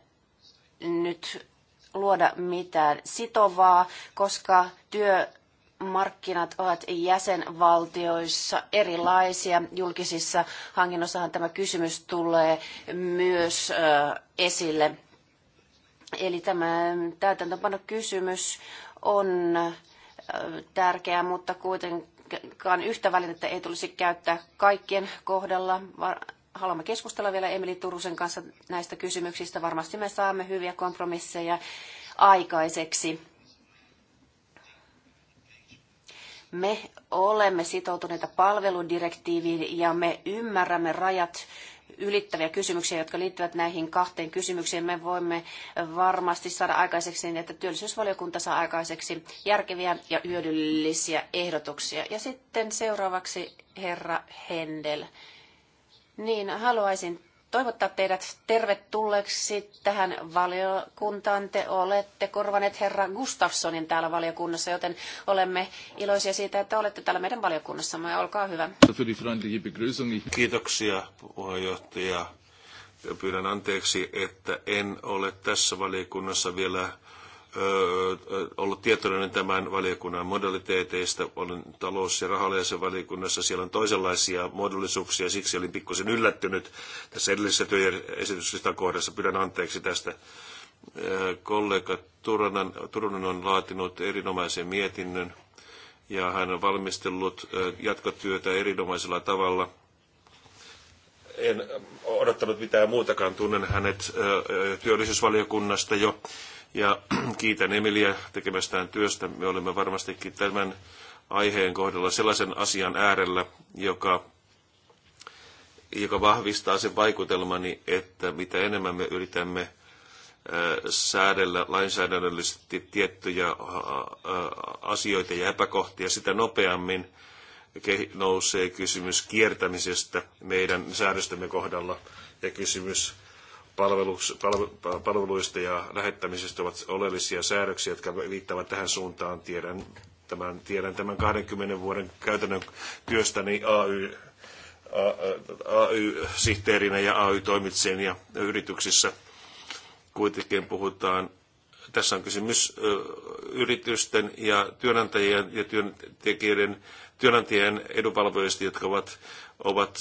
nyt luoda mitään sitovaa, koska työmarkkinat ovat jäsenvaltioissa erilaisia. Julkisissa hankinnoissahan tämä kysymys tulee myös esille Eli tämä täytäntöpanokysymys on tärkeää, mutta kuitenkaan yhtä välinettä ei tulisi käyttää kaikkien kohdalla. Haluamme keskustella vielä Emeli Turusen kanssa näistä kysymyksistä. Varmasti me saamme hyviä kompromisseja aikaiseksi. Me olemme sitoutuneita palveludirektiiviin ja me ymmärrämme rajat ylittäviä kysymyksiä, jotka liittyvät näihin kahteen kysymykseen. Me voimme varmasti saada aikaiseksi niin, että työllisyysvaliokunta saa aikaiseksi järkeviä ja hyödyllisiä ehdotuksia. Ja sitten seuraavaksi herra Hendel. Niin, haluaisin toivottaa teidät tervetulleeksi tähän valiokuntaan. Te olette korvaneet herra Gustafssonin täällä valiokunnassa, joten olemme iloisia siitä, että olette täällä meidän valiokunnassamme. Olkaa hyvä. Kiitoksia puheenjohtaja. Pyydän anteeksi, että en ole tässä valiokunnassa vielä ollut tietoinen tämän valiokunnan modaliteeteista. Olen talous- ja rahaliaisen valiokunnassa. Siellä on toisenlaisia mahdollisuuksia. Siksi olin pikkusen yllättynyt tässä edellisessä työesityslistan kohdassa. Pyydän anteeksi tästä. Kollega Turunen, Turunen on laatinut erinomaisen mietinnön ja hän on valmistellut jatkotyötä erinomaisella tavalla – en odottanut mitään muutakaan. Tunnen hänet työllisyysvaliokunnasta jo ja kiitän Emilia tekemästään työstä. Me olemme varmastikin tämän aiheen kohdalla sellaisen asian äärellä, joka, joka vahvistaa sen vaikutelmani, että mitä enemmän me yritämme äh, säädellä lainsäädännöllisesti tiettyjä äh, äh, asioita ja epäkohtia, sitä nopeammin nousee kysymys kiertämisestä meidän säädöstämme kohdalla ja kysymys palveluista ja lähettämisestä ovat oleellisia säädöksiä, jotka viittaavat tähän suuntaan. Tiedän tämän, tiedän tämän 20 vuoden käytännön työstäni AY, AY-sihteerinä ja AY-toimitsijana yrityksissä. Kuitenkin puhutaan tässä on kysymys yritysten ja työnantajien ja työntekijöiden, työnantajien edunvalvojista, jotka ovat, ovat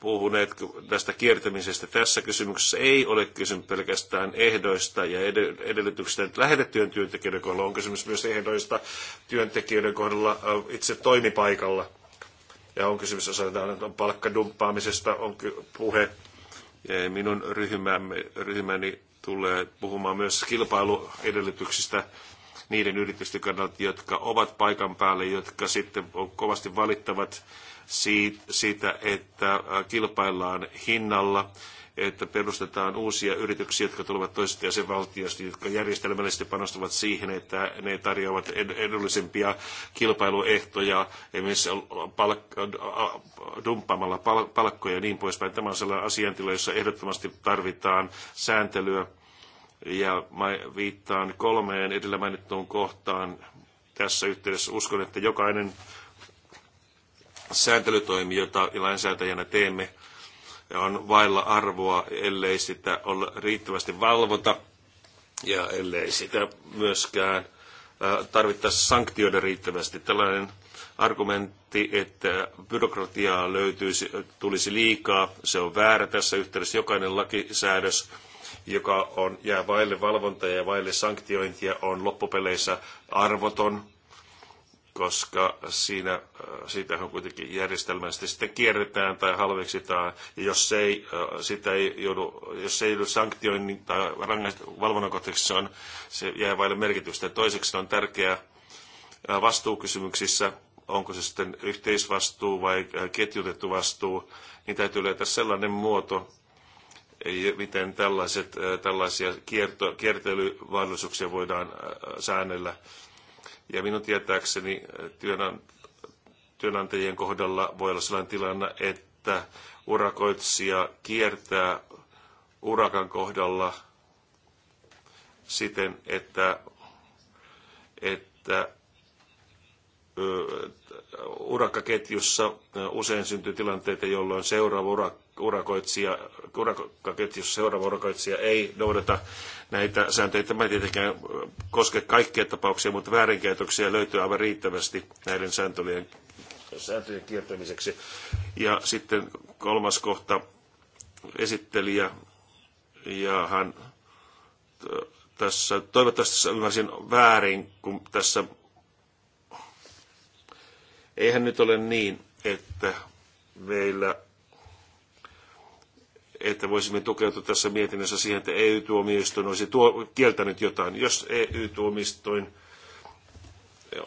puhuneet tästä kiertämisestä. Tässä kysymyksessä ei ole kysymys pelkästään ehdoista ja edellytyksistä lähetettyjen työntekijöiden kohdalla, on kysymys myös ehdoista työntekijöiden kohdalla itse toimipaikalla. Ja on kysymys, jos on palkkadumppaamisesta, on puhe. Ja minun ryhmämme, ryhmäni tulee puhumaan myös kilpailuedellytyksistä niiden yritysten kannalta, jotka ovat paikan päällä, jotka sitten kovasti valittavat siitä, että äh, kilpaillaan hinnalla, että perustetaan uusia yrityksiä, jotka tulevat toisesta jäsenvaltiosta, jotka järjestelmällisesti panostavat siihen, että ne tarjoavat edullisempia kilpailuehtoja, esimerkiksi palk- äh, dumppaamalla palkkoja ja niin poispäin. Tämä on sellainen asiantila, jossa ehdottomasti tarvitaan sääntelyä. Ja mä viittaan kolmeen edellä mainittuun kohtaan tässä yhteydessä. Uskon, että jokainen sääntelytoimi, jota lainsäätäjänä teemme, on vailla arvoa, ellei sitä ole riittävästi valvota ja ellei sitä myöskään tarvittaisi sanktioida riittävästi. Tällainen argumentti, että byrokratiaa löytyisi, tulisi liikaa, se on väärä tässä yhteydessä. Jokainen lakisäädös, joka on, jää vaille valvontaa ja vaille sanktiointia, on loppupeleissä arvoton koska siinä, äh, siitä on kuitenkin järjestelmällisesti sitten kierretään tai halveksitaan, ja jos se ei, äh, sitä ei joudu, jos se ei joudu sanktioinnin tai valvonnan kohteeksi, se, on, se jää vaille merkitystä. Toiseksi on tärkeää äh, vastuukysymyksissä, onko se sitten yhteisvastuu vai ketjutettu vastuu, niin täytyy löytää sellainen muoto, miten tällaiset, tällaisia kierto, kiertelymahdollisuuksia voidaan säännellä ja minun tietääkseni äh, työnantajien kohdalla voi olla sellainen tilanne, että urakoitsija kiertää urakan kohdalla siten, että, että urakkaketjussa usein syntyy tilanteita, jolloin seuraava urakka urakoitsija, urakaketjussa seuraava urakoitsija ei noudata näitä sääntöjä. Tämä ei tietenkään äh, koske kaikkia tapauksia, mutta väärinkäytöksiä löytyy aivan riittävästi näiden sääntöjen, sääntöjen kiertämiseksi. Ja sitten kolmas kohta, esittelijä, ja hän tässä, toivottavasti ymmärsin väärin, kun tässä eihän nyt ole niin, että meillä että voisimme tukeutua tässä mietinnössä siihen, että EU-tuomioistuin olisi tuo, kieltänyt jotain. Jos EU-tuomioistuin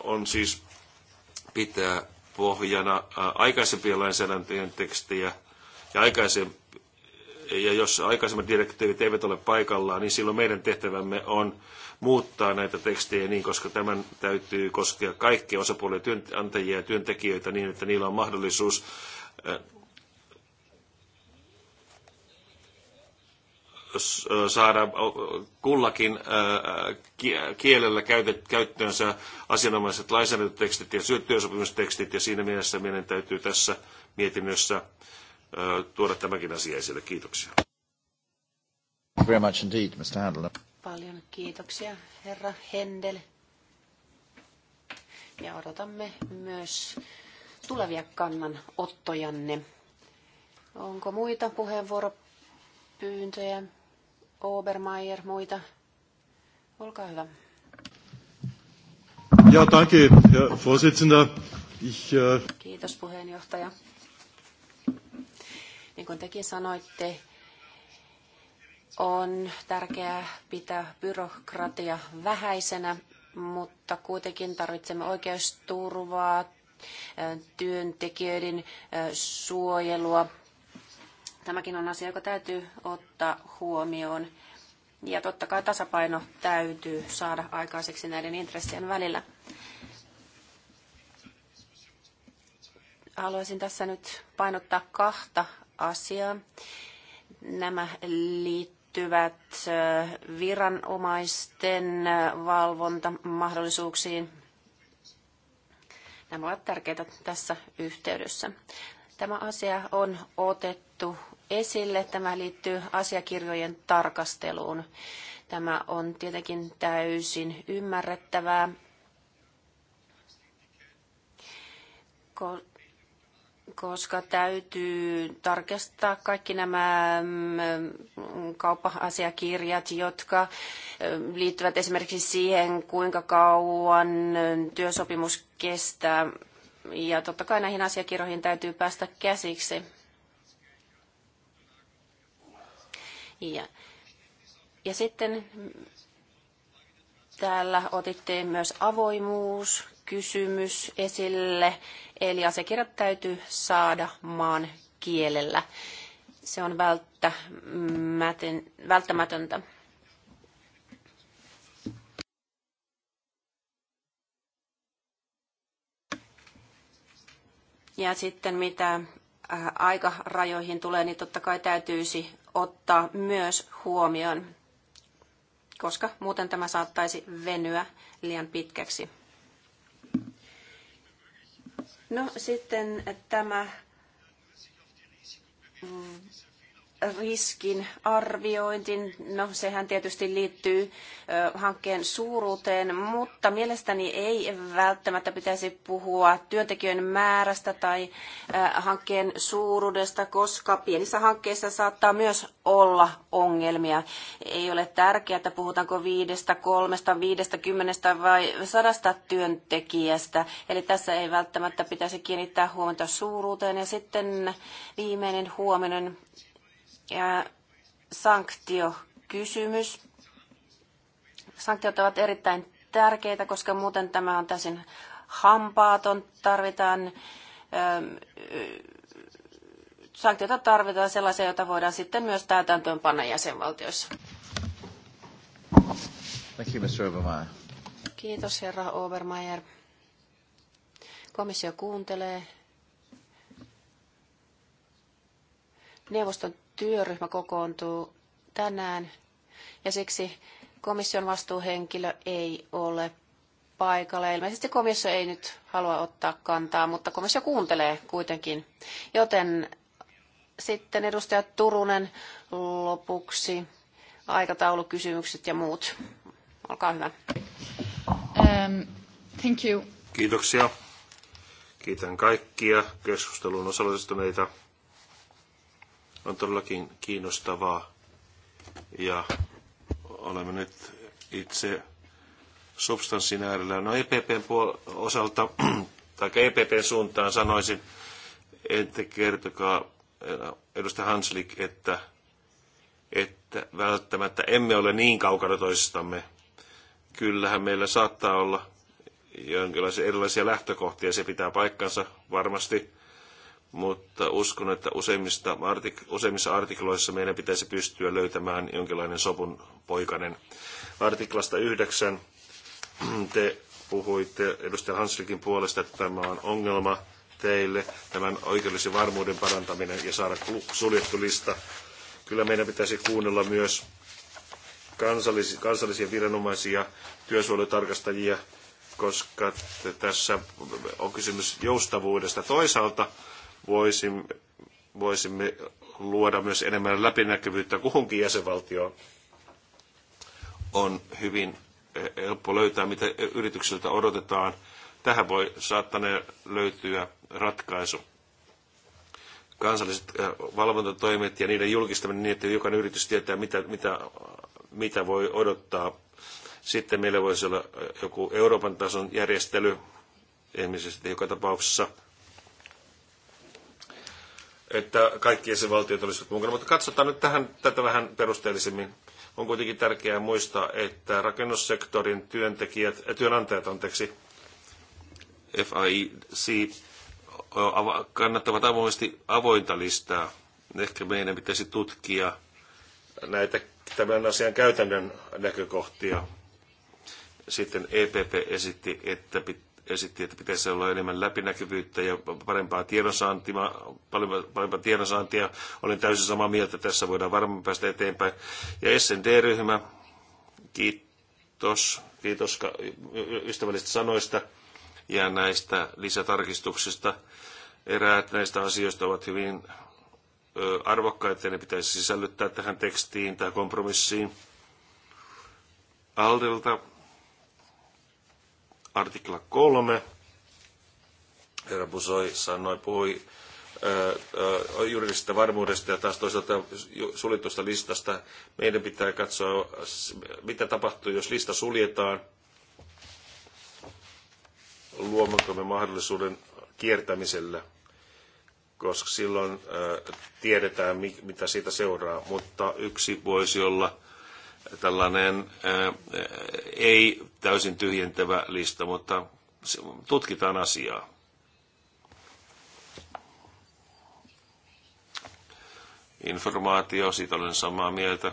on siis pitää pohjana aikaisempien lainsäädäntöjen tekstejä ja aikaisempien ja jos aikaisemmat direktiivit eivät ole paikallaan, niin silloin meidän tehtävämme on muuttaa näitä tekstejä niin, koska tämän täytyy koskea kaikkia osapuolia, työnantajia ja työntekijöitä niin, että niillä on mahdollisuus saada kullakin kielellä käyttöönsä asianomaiset lainsäädäntötekstit ja työsopimustekstit, ja siinä mielessä meidän täytyy tässä mietinnössä tuoda tämäkin asia esille. Kiitoksia. Very much indeed, Mr. Handler. Paljon kiitoksia, herra Hendel. Ja odotamme myös tulevia kannanottojanne. Onko muita puheenvuoropyyntöjä? Obermeier, muita. Olkaa hyvä. Ja, danke, Herr Ich, äh... Kiitos puheenjohtaja. Niin kuin tekin sanoitte, on tärkeää pitää byrokratia vähäisenä, mutta kuitenkin tarvitsemme oikeusturvaa, työntekijöiden äh, suojelua Tämäkin on asia, joka täytyy ottaa huomioon. Ja totta kai tasapaino täytyy saada aikaiseksi näiden intressien välillä. Haluaisin tässä nyt painottaa kahta asiaa. Nämä liittyvät äh, viranomaisten äh, valvontamahdollisuuksiin. Nämä ovat tärkeitä tässä yhteydessä. Tämä asia on otettu esille. Tämä liittyy asiakirjojen tarkasteluun. Tämä on tietenkin täysin ymmärrettävää, koska täytyy tarkastaa kaikki nämä mm, kauppa-asiakirjat, jotka mm, liittyvät esimerkiksi siihen, kuinka kauan mm, työsopimus kestää. Ja totta kai näihin asiakirjoihin täytyy päästä käsiksi. Ja, ja sitten täällä otitte myös avoimuus, kysymys esille, eli asiakirjat täytyy saada maan kielellä. Se on välttämätöntä. Ja sitten mitä äh, aikarajoihin tulee, niin totta kai täytyisi ottaa myös huomioon, koska muuten tämä saattaisi venyä liian pitkäksi. No sitten tämä riskin arviointi, No, sehän tietysti liittyy hankkeen suuruuteen, mutta mielestäni ei välttämättä pitäisi puhua työntekijöiden määrästä tai hankkeen suuruudesta, koska pienissä hankkeissa saattaa myös olla ongelmia. Ei ole tärkeää, että puhutaanko viidestä, kolmesta, viidestä, kymmenestä vai sadasta työntekijästä. Eli tässä ei välttämättä pitäisi kiinnittää huomiota suuruuteen. Ja sitten viimeinen huominen sanktiokysymys. Sanktiot ovat erittäin tärkeitä, koska muuten tämä on täysin hampaaton. Tarvitaan ähm, sanktioita tarvitaan sellaisia, joita voidaan sitten myös täytäntöönpanna jäsenvaltioissa. Thank you, Mr. Kiitos, herra Obermeier. Komissio kuuntelee. Neuvoston työryhmä kokoontuu tänään ja siksi komission vastuuhenkilö ei ole paikalla. Ilmeisesti komissio ei nyt halua ottaa kantaa, mutta komissio kuuntelee kuitenkin. Joten sitten edustaja Turunen lopuksi aikataulukysymykset ja muut. Olkaa hyvä. Um, thank you. Kiitoksia. Kiitän kaikkia keskusteluun osallistuneita on todellakin kiinnostavaa ja olemme nyt itse substanssin äärellä. No EPPn puol- osalta, tai EPPn suuntaan sanoisin, että kertokaa edustaja Hanslik, että, että välttämättä emme ole niin kaukana toisistamme. Kyllähän meillä saattaa olla jonkinlaisia erilaisia lähtökohtia, se pitää paikkansa varmasti mutta uskon, että useimmista artik- useimmissa artikloissa meidän pitäisi pystyä löytämään jonkinlainen sopun poikainen. Artiklasta 9 te puhuitte edustaja Hanslikin puolesta, että tämä on ongelma teille, tämän oikeudellisen varmuuden parantaminen ja saada suljettu lista. Kyllä meidän pitäisi kuunnella myös kansallisia, kansallisia viranomaisia, työsuojelutarkastajia, koska tässä on kysymys joustavuudesta. Toisaalta voisimme, voisimme luoda myös enemmän läpinäkyvyyttä kuhunkin jäsenvaltioon. On hyvin eh, helppo löytää, mitä yrityksiltä odotetaan. Tähän voi saattaneen löytyä ratkaisu. Kansalliset eh, valvontatoimet ja niiden julkistaminen niin, että jokainen yritys tietää, mitä, mitä, mitä voi odottaa. Sitten meillä voisi olla eh, joku Euroopan tason järjestely, ilmeisesti joka tapauksessa – että kaikki jäsenvaltiot olisivat mukana. Mutta katsotaan nyt tähän, tätä vähän perusteellisemmin. On kuitenkin tärkeää muistaa, että rakennussektorin työntekijät, äh, työnantajat anteeksi, FIC kannattavat avoimesti avointa listaa. Ehkä meidän pitäisi tutkia näitä tämän asian käytännön näkökohtia. Sitten EPP esitti, että esitti, että pitäisi olla enemmän läpinäkyvyyttä ja parempaa tiedonsaantia, parempaa tiedonsaantia. Olen täysin samaa mieltä, tässä voidaan varmaan päästä eteenpäin. Ja SND-ryhmä, kiitos, kiitos ystävällisistä sanoista ja näistä lisätarkistuksista. Eräät näistä asioista ovat hyvin arvokkaita ja ne pitäisi sisällyttää tähän tekstiin tai kompromissiin. Aldelta Artikla 3. Herra Busoi sanoi, puhui juridisesta varmuudesta ja taas toisaalta suljetusta listasta. Meidän pitää katsoa, mitä tapahtuu, jos lista suljetaan. Luommeko me mahdollisuuden kiertämiselle, koska silloin tiedetään, mitä siitä seuraa. Mutta yksi voisi olla tällainen ei täysin tyhjentävä lista, mutta tutkitaan asiaa. Informaatio, siitä olen samaa mieltä.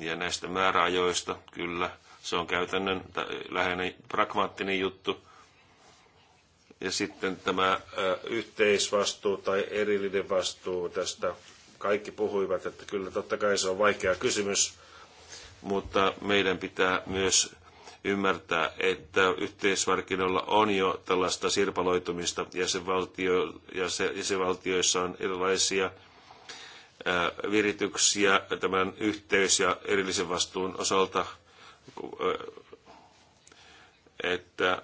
Ja näistä määräajoista, kyllä, se on käytännön läheinen pragmaattinen juttu. Ja sitten tämä yhteisvastuu tai erillinen vastuu tästä. Kaikki puhuivat, että kyllä totta kai se on vaikea kysymys mutta meidän pitää myös ymmärtää, että yhteismarkkinoilla on jo tällaista sirpaloitumista jäsenvaltio, jäsenvaltioissa on erilaisia virityksiä tämän yhteys- ja erillisen vastuun osalta, että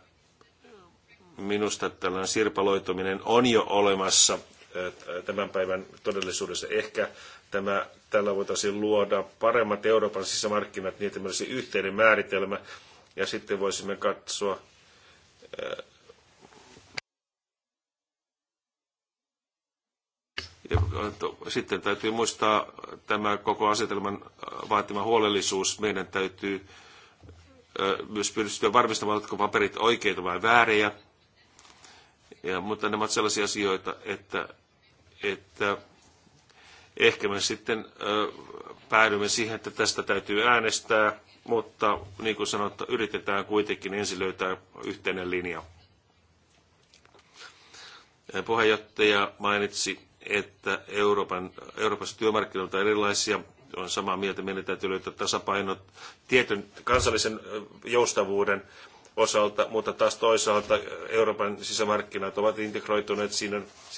minusta tällainen sirpaloituminen on jo olemassa tämän päivän todellisuudessa. Ehkä tämä, tällä voitaisiin luoda paremmat Euroopan sisämarkkinat, niin että meillä olisi yhteinen määritelmä, ja sitten voisimme katsoa, ja sitten täytyy muistaa tämä koko asetelman vaatima huolellisuus. Meidän täytyy myös pystyä varmistamaan, ovatko paperit oikeita vai vääriä. Ja, mutta nämä ovat sellaisia asioita, että, että Ehkä me sitten päädymme siihen, että tästä täytyy äänestää, mutta niin kuin sanottu, yritetään kuitenkin ensin löytää yhteinen linja. Puheenjohtaja mainitsi, että Euroopan, Euroopassa työmarkkinoilta erilaisia on samaa mieltä, meidän täytyy löytää tasapaino tietyn kansallisen joustavuuden osalta, mutta taas toisaalta Euroopan sisämarkkinat ovat integroituneet, siinä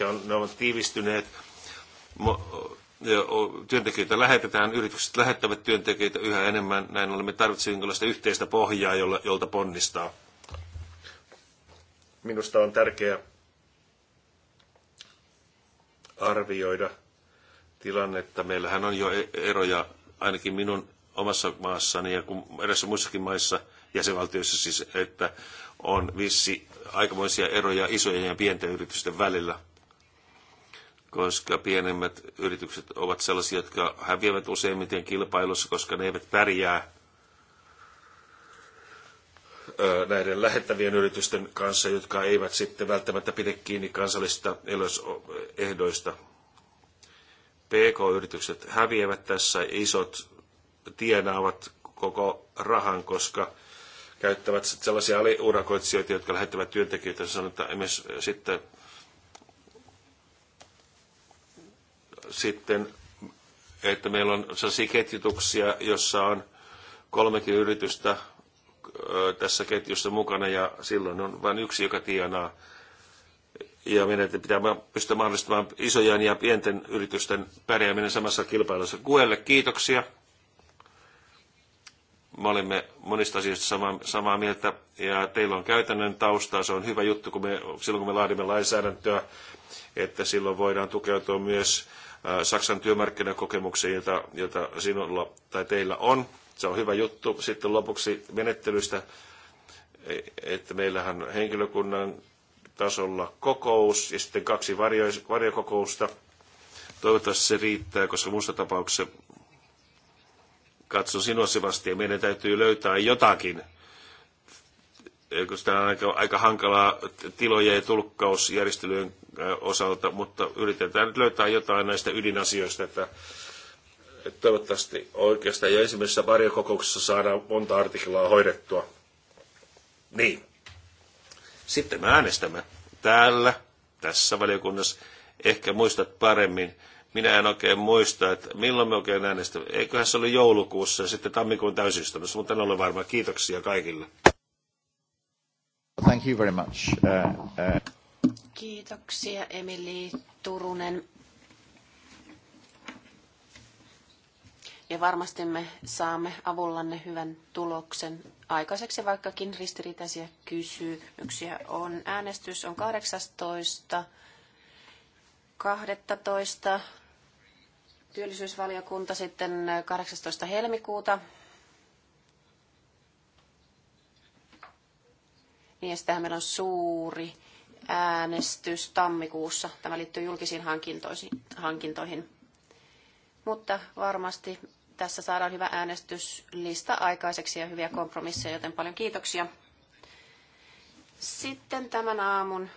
on, ne ovat tiivistyneet työntekijöitä lähetetään, yritykset lähettävät työntekijöitä yhä enemmän. Näin ollen me tarvitsemme jonkinlaista yhteistä pohjaa, jolla, jolta ponnistaa. Minusta on tärkeää arvioida tilannetta. Meillähän on jo e-, eroja ainakin minun omassa maassani ja kun edessä muissakin maissa, jäsenvaltioissa siis, että on vissi aikamoisia eroja isojen ja pienten yritysten välillä – koska pienemmät yritykset ovat sellaisia, jotka häviävät useimmiten kilpailussa, koska ne eivät pärjää näiden lähettävien yritysten kanssa, jotka eivät sitten välttämättä pidä kiinni kansallista ehdoista. PK-yritykset häviävät tässä, isot tienaavat koko rahan, koska käyttävät sellaisia aliurakoitsijoita, jotka lähettävät työntekijöitä sanotaan, että esimerkiksi sitten sitten, että meillä on sellaisia ketjutuksia, jossa on kolmekin yritystä tässä ketjussa mukana ja silloin on vain yksi, joka tienaa. Ja meidän pitää pystyä mahdollistamaan isojen ja pienten yritysten pärjääminen samassa kilpailussa. Kuelle kiitoksia. Me olemme monista asioista samaa, samaa mieltä ja teillä on käytännön taustaa. Se on hyvä juttu kun me, silloin, kun me laadimme lainsäädäntöä, että silloin voidaan tukeutua myös Saksan työmarkkinakokemuksiin, jota, jota sinulla tai teillä on. Se on hyvä juttu. Sitten lopuksi menettelystä, e, että meillähän henkilökunnan tasolla kokous ja sitten kaksi varjo, varjokokousta. Toivottavasti se riittää, koska muussa tapauksessa katson sinua Sebastian, meidän täytyy löytää jotakin Tämä on aika, aika hankalaa tilojen ja tulkkausjärjestelyjen äh, osalta, mutta yritetään nyt löytää jotain näistä ydinasioista, että, että toivottavasti oikeastaan jo ensimmäisessä varjokokouksessa saadaan monta artiklaa hoidettua. Niin. Sitten me äänestämme täällä, tässä valiokunnassa. Ehkä muistat paremmin. Minä en oikein muista, että milloin me oikein äänestämme. Eiköhän se oli joulukuussa ja sitten tammikuun täysistunnossa, mutta en ole varma. Kiitoksia kaikille. Thank you very much. Uh, uh... Kiitoksia Emili Turunen. Ja varmasti me saamme avullanne hyvän tuloksen aikaiseksi, vaikkakin ristiriitaisia kysymyksiä on. Äänestys on 18. 12. Työllisyysvaliokunta sitten 18. helmikuuta niin sitähän meillä on suuri äänestys tammikuussa. Tämä liittyy julkisiin hankintoihin. Mutta varmasti tässä saadaan hyvä äänestyslista aikaiseksi ja hyviä kompromisseja, joten paljon kiitoksia. Sitten tämän aamun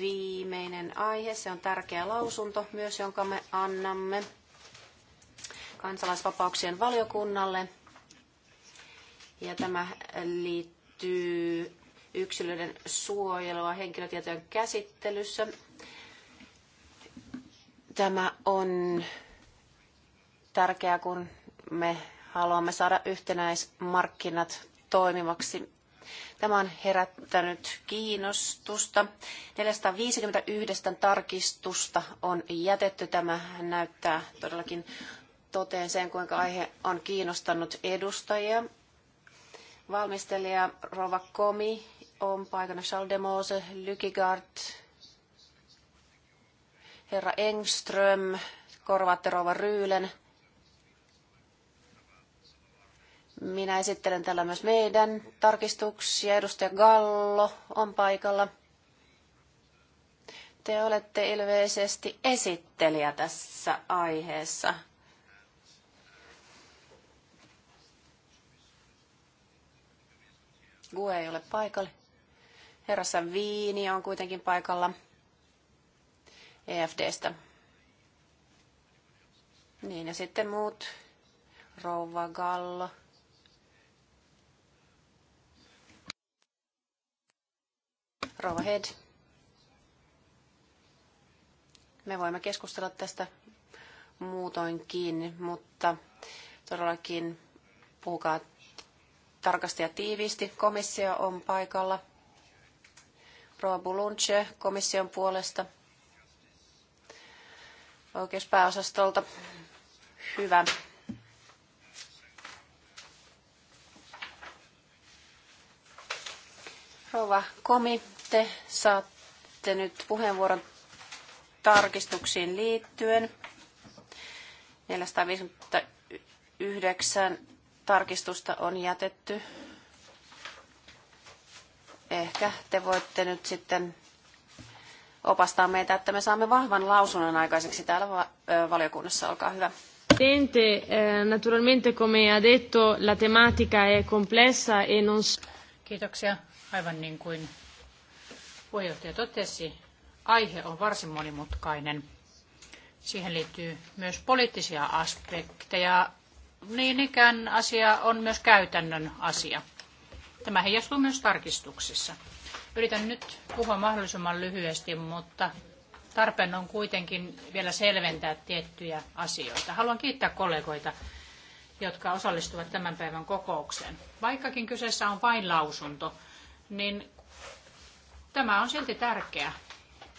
viimeinen aihe, se on tärkeä lausunto myös, jonka me annamme kansalaisvapauksien valiokunnalle. Ja tämä liittyy yksilöiden suojelua henkilötietojen käsittelyssä. Tämä on tärkeää, kun me haluamme saada yhtenäismarkkinat toimivaksi. Tämä on herättänyt kiinnostusta. 451 tarkistusta on jätetty. Tämä näyttää todellakin toteen sen, kuinka aihe on kiinnostanut edustajia. Valmistelija Rova Komi on paikana Charles de Mose, Lykigard, herra Engström, korvaatte rouva Ryylen. Minä esittelen täällä myös meidän tarkistuksia. Edustaja Gallo on paikalla. Te olette ilmeisesti esittelijä tässä aiheessa. Gue ei ole paikalla. Herrassa Viini on kuitenkin paikalla EFDstä. Niin, ja sitten muut. Rouva Gallo. Rouva Head. Me voimme keskustella tästä muutoinkin, mutta todellakin puhukaa tarkasti ja tiiviisti. Komissio on paikalla. Rouva Bulunce komission puolesta oikeuspääosastolta. Hyvä. Rova Komi, te saatte nyt puheenvuoron tarkistuksiin liittyen. 459 tarkistusta on jätetty ehkä te voitte nyt sitten opastaa meitä, että me saamme vahvan lausunnon aikaiseksi täällä valiokunnassa. Olkaa hyvä. Presidente, eh, naturalmente come ha detto la tematica è complessa e non... Kiitoksia. Aivan niin kuin puheenjohtaja totesi, aihe on varsin monimutkainen. Siihen liittyy myös poliittisia aspekteja. Niin ikään asia on myös käytännön asia. Tämä heijastuu myös tarkistuksissa. Yritän nyt puhua mahdollisimman lyhyesti, mutta tarpeen on kuitenkin vielä selventää tiettyjä asioita. Haluan kiittää kollegoita, jotka osallistuvat tämän päivän kokoukseen. Vaikkakin kyseessä on vain lausunto, niin tämä on silti tärkeä.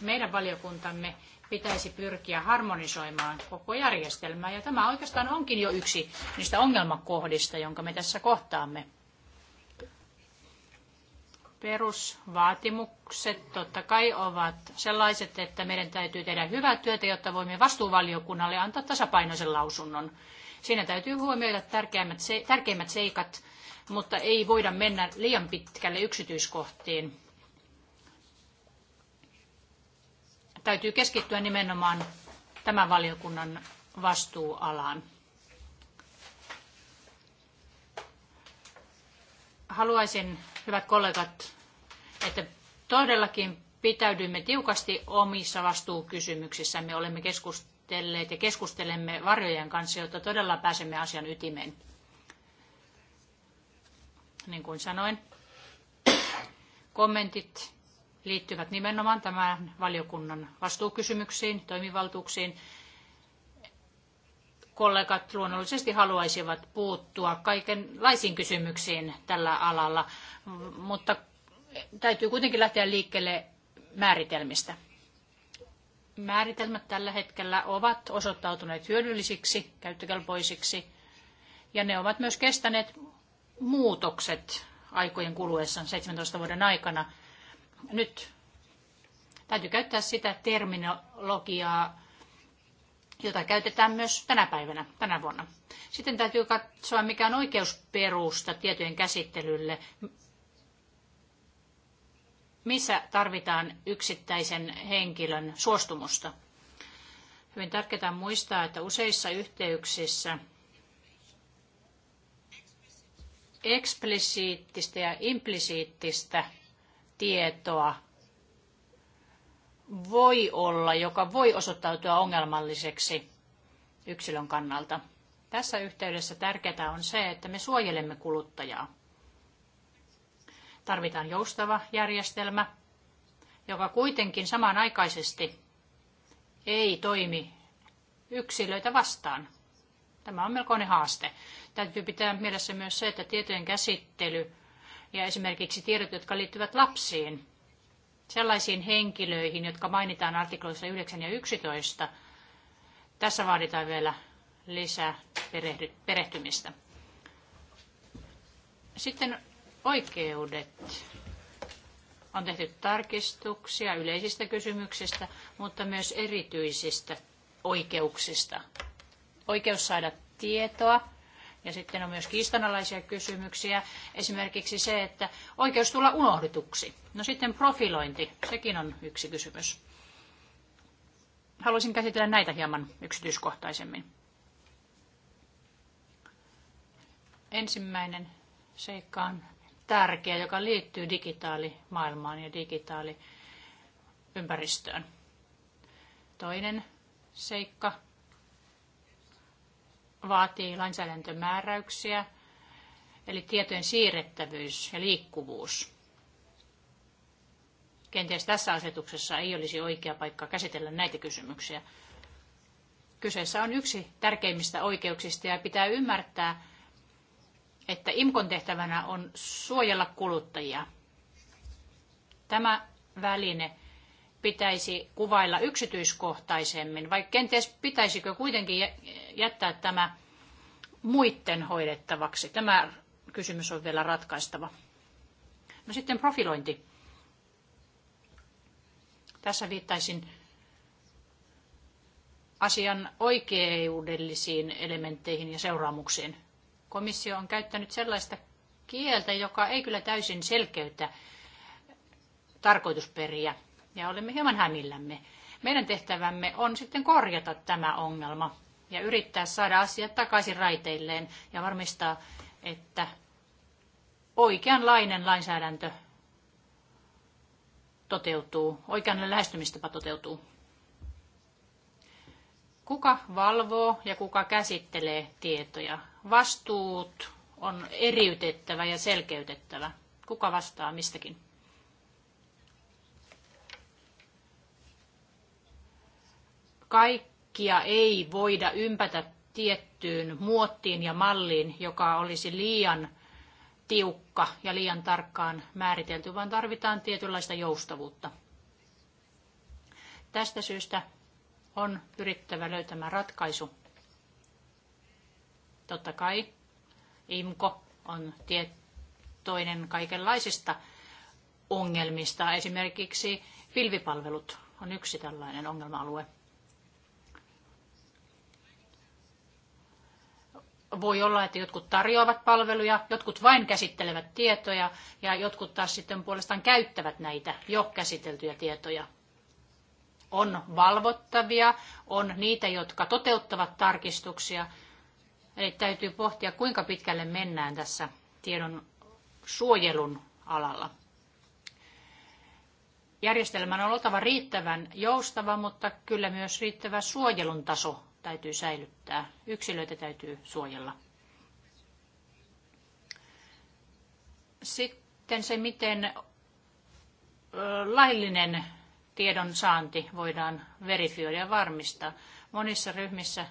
Meidän valiokuntamme pitäisi pyrkiä harmonisoimaan koko järjestelmää, ja tämä oikeastaan onkin jo yksi niistä ongelmakohdista, jonka me tässä kohtaamme perusvaatimukset totta kai ovat sellaiset, että meidän täytyy tehdä hyvää työtä, jotta voimme vastuuvaliokunnalle antaa tasapainoisen lausunnon. Siinä täytyy huomioida tärkeimmät, se, tärkeimmät seikat, mutta ei voida mennä liian pitkälle yksityiskohtiin. Täytyy keskittyä nimenomaan tämän valiokunnan vastuualaan. Haluaisin hyvät kollegat, että todellakin pitäydymme tiukasti omissa vastuukysymyksissämme. Olemme keskustelleet ja keskustelemme varjojen kanssa, jotta todella pääsemme asian ytimeen. Niin kuin sanoin, kommentit liittyvät nimenomaan tämän valiokunnan vastuukysymyksiin, toimivaltuuksiin kollegat luonnollisesti haluaisivat puuttua kaikenlaisiin kysymyksiin tällä alalla, mutta täytyy kuitenkin lähteä liikkeelle määritelmistä. Määritelmät tällä hetkellä ovat osoittautuneet hyödyllisiksi, käyttökelpoisiksi, ja ne ovat myös kestäneet muutokset aikojen kuluessa 17 vuoden aikana. Nyt täytyy käyttää sitä terminologiaa, jota käytetään myös tänä päivänä, tänä vuonna. Sitten täytyy katsoa, mikä on oikeusperusta tietojen käsittelylle, missä tarvitaan yksittäisen henkilön suostumusta. Hyvin tärkeää muistaa, että useissa yhteyksissä eksplisiittistä ja implisiittistä tietoa voi olla, joka voi osoittautua ongelmalliseksi yksilön kannalta. Tässä yhteydessä tärkeää on se, että me suojelemme kuluttajaa. Tarvitaan joustava järjestelmä, joka kuitenkin samanaikaisesti ei toimi yksilöitä vastaan. Tämä on melkoinen haaste. Täytyy pitää mielessä myös se, että tietojen käsittely ja esimerkiksi tiedot, jotka liittyvät lapsiin, sellaisiin henkilöihin, jotka mainitaan artikloissa 9 ja 11. Tässä vaaditaan vielä lisää perehtymistä. Sitten oikeudet. On tehty tarkistuksia yleisistä kysymyksistä, mutta myös erityisistä oikeuksista. Oikeus saada tietoa ja sitten on myös kiistanalaisia kysymyksiä, esimerkiksi se, että oikeus tulla unohdetuksi. No sitten profilointi, sekin on yksi kysymys. Haluaisin käsitellä näitä hieman yksityiskohtaisemmin. Ensimmäinen seikka on tärkeä, joka liittyy digitaalimaailmaan ja digitaaliympäristöön. Toinen seikka vaatii lainsäädäntömääräyksiä, eli tietojen siirrettävyys ja liikkuvuus. Kenties tässä asetuksessa ei olisi oikea paikka käsitellä näitä kysymyksiä. Kyseessä on yksi tärkeimmistä oikeuksista ja pitää ymmärtää, että IMKON tehtävänä on suojella kuluttajia. Tämä väline – pitäisi kuvailla yksityiskohtaisemmin, vai kenties pitäisikö kuitenkin jättää tämä muiden hoidettavaksi? Tämä kysymys on vielä ratkaistava. No sitten profilointi. Tässä viittaisin asian oikeudellisiin elementteihin ja seuraamuksiin. Komissio on käyttänyt sellaista kieltä, joka ei kyllä täysin selkeytä tarkoitusperiä ja olemme hieman hämillämme. Meidän tehtävämme on sitten korjata tämä ongelma ja yrittää saada asiat takaisin raiteilleen ja varmistaa, että oikeanlainen lainsäädäntö toteutuu, oikeanlainen lähestymistapa toteutuu. Kuka valvoo ja kuka käsittelee tietoja? Vastuut on eriytettävä ja selkeytettävä. Kuka vastaa mistäkin? kaikkia ei voida ympätä tiettyyn muottiin ja malliin, joka olisi liian tiukka ja liian tarkkaan määritelty, vaan tarvitaan tietynlaista joustavuutta. Tästä syystä on pyrittävä löytämään ratkaisu. Totta kai IMKO on tietoinen kaikenlaisista ongelmista. Esimerkiksi pilvipalvelut on yksi tällainen ongelma-alue. voi olla, että jotkut tarjoavat palveluja, jotkut vain käsittelevät tietoja ja jotkut taas sitten puolestaan käyttävät näitä jo käsiteltyjä tietoja. On valvottavia, on niitä, jotka toteuttavat tarkistuksia. Eli täytyy pohtia, kuinka pitkälle mennään tässä tiedon suojelun alalla. Järjestelmän on oltava riittävän joustava, mutta kyllä myös riittävä suojelun taso täytyy säilyttää, yksilöitä täytyy suojella. Sitten se, miten laillinen tiedon saanti voidaan verifioida ja varmistaa. Monissa ryhmissä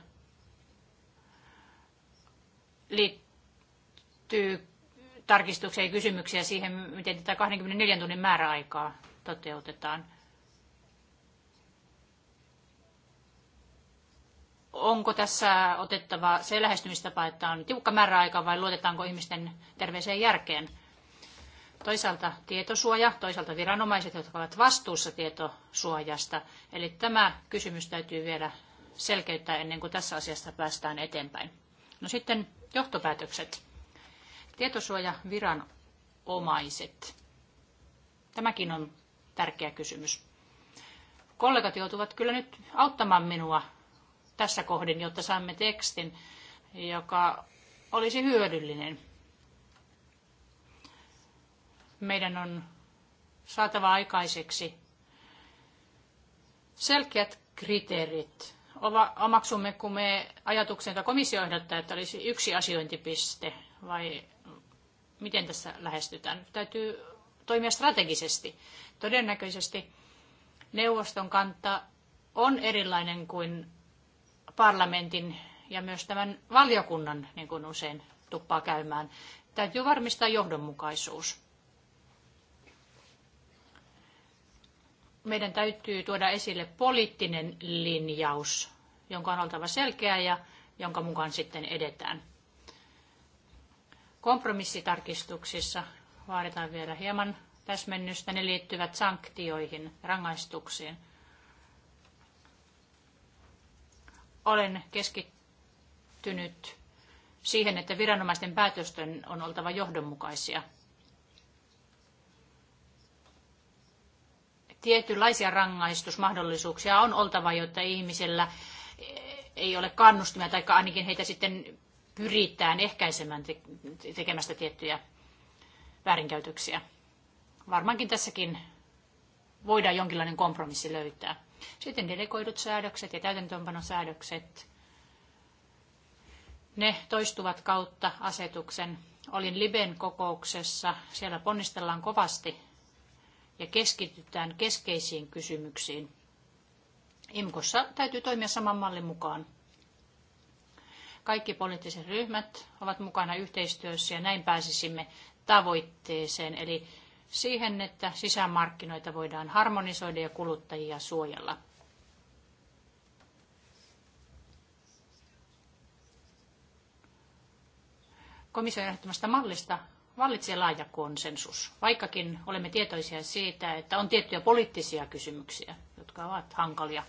liittyy tarkistuksia ja kysymyksiä siihen, miten tätä 24 tunnin määräaikaa toteutetaan. onko tässä otettava se lähestymistapa, että on tiukka määräaika vai luotetaanko ihmisten terveeseen järkeen? Toisaalta tietosuoja, toisaalta viranomaiset, jotka ovat vastuussa tietosuojasta. Eli tämä kysymys täytyy vielä selkeyttää ennen kuin tässä asiasta päästään eteenpäin. No sitten johtopäätökset. Tietosuoja, viranomaiset. Tämäkin on tärkeä kysymys. Kollegat joutuvat kyllä nyt auttamaan minua tässä kohdin, jotta saamme tekstin, joka olisi hyödyllinen. Meidän on saatava aikaiseksi selkeät kriteerit. Omaksumme, kun me ajatuksen, että komissio ehdottaa, että olisi yksi asiointipiste, vai miten tässä lähestytään? Täytyy toimia strategisesti. Todennäköisesti neuvoston kanta on erilainen kuin parlamentin ja myös tämän valiokunnan, niin kuin usein tuppaa käymään. Täytyy varmistaa johdonmukaisuus. Meidän täytyy tuoda esille poliittinen linjaus, jonka on oltava selkeä ja jonka mukaan sitten edetään. Kompromissitarkistuksissa vaaditaan vielä hieman täsmennystä. Ne liittyvät sanktioihin, rangaistuksiin. olen keskittynyt siihen, että viranomaisten päätösten on oltava johdonmukaisia. Tietynlaisia rangaistusmahdollisuuksia on oltava, jotta ihmisellä ei ole kannustimia, tai ainakin heitä sitten pyritään ehkäisemään tekemästä tiettyjä väärinkäytöksiä. Varmaankin tässäkin voidaan jonkinlainen kompromissi löytää. Sitten delegoidut säädökset ja täytäntöönpanosäädökset. Ne toistuvat kautta asetuksen. Olin Liben kokouksessa. Siellä ponnistellaan kovasti ja keskitytään keskeisiin kysymyksiin. IMKossa täytyy toimia saman mallin mukaan. Kaikki poliittiset ryhmät ovat mukana yhteistyössä ja näin pääsisimme tavoitteeseen, eli siihen, että sisämarkkinoita voidaan harmonisoida ja kuluttajia suojella. Komission ehdottomasta mallista vallitsee laaja konsensus, vaikkakin olemme tietoisia siitä, että on tiettyjä poliittisia kysymyksiä, jotka ovat hankalia.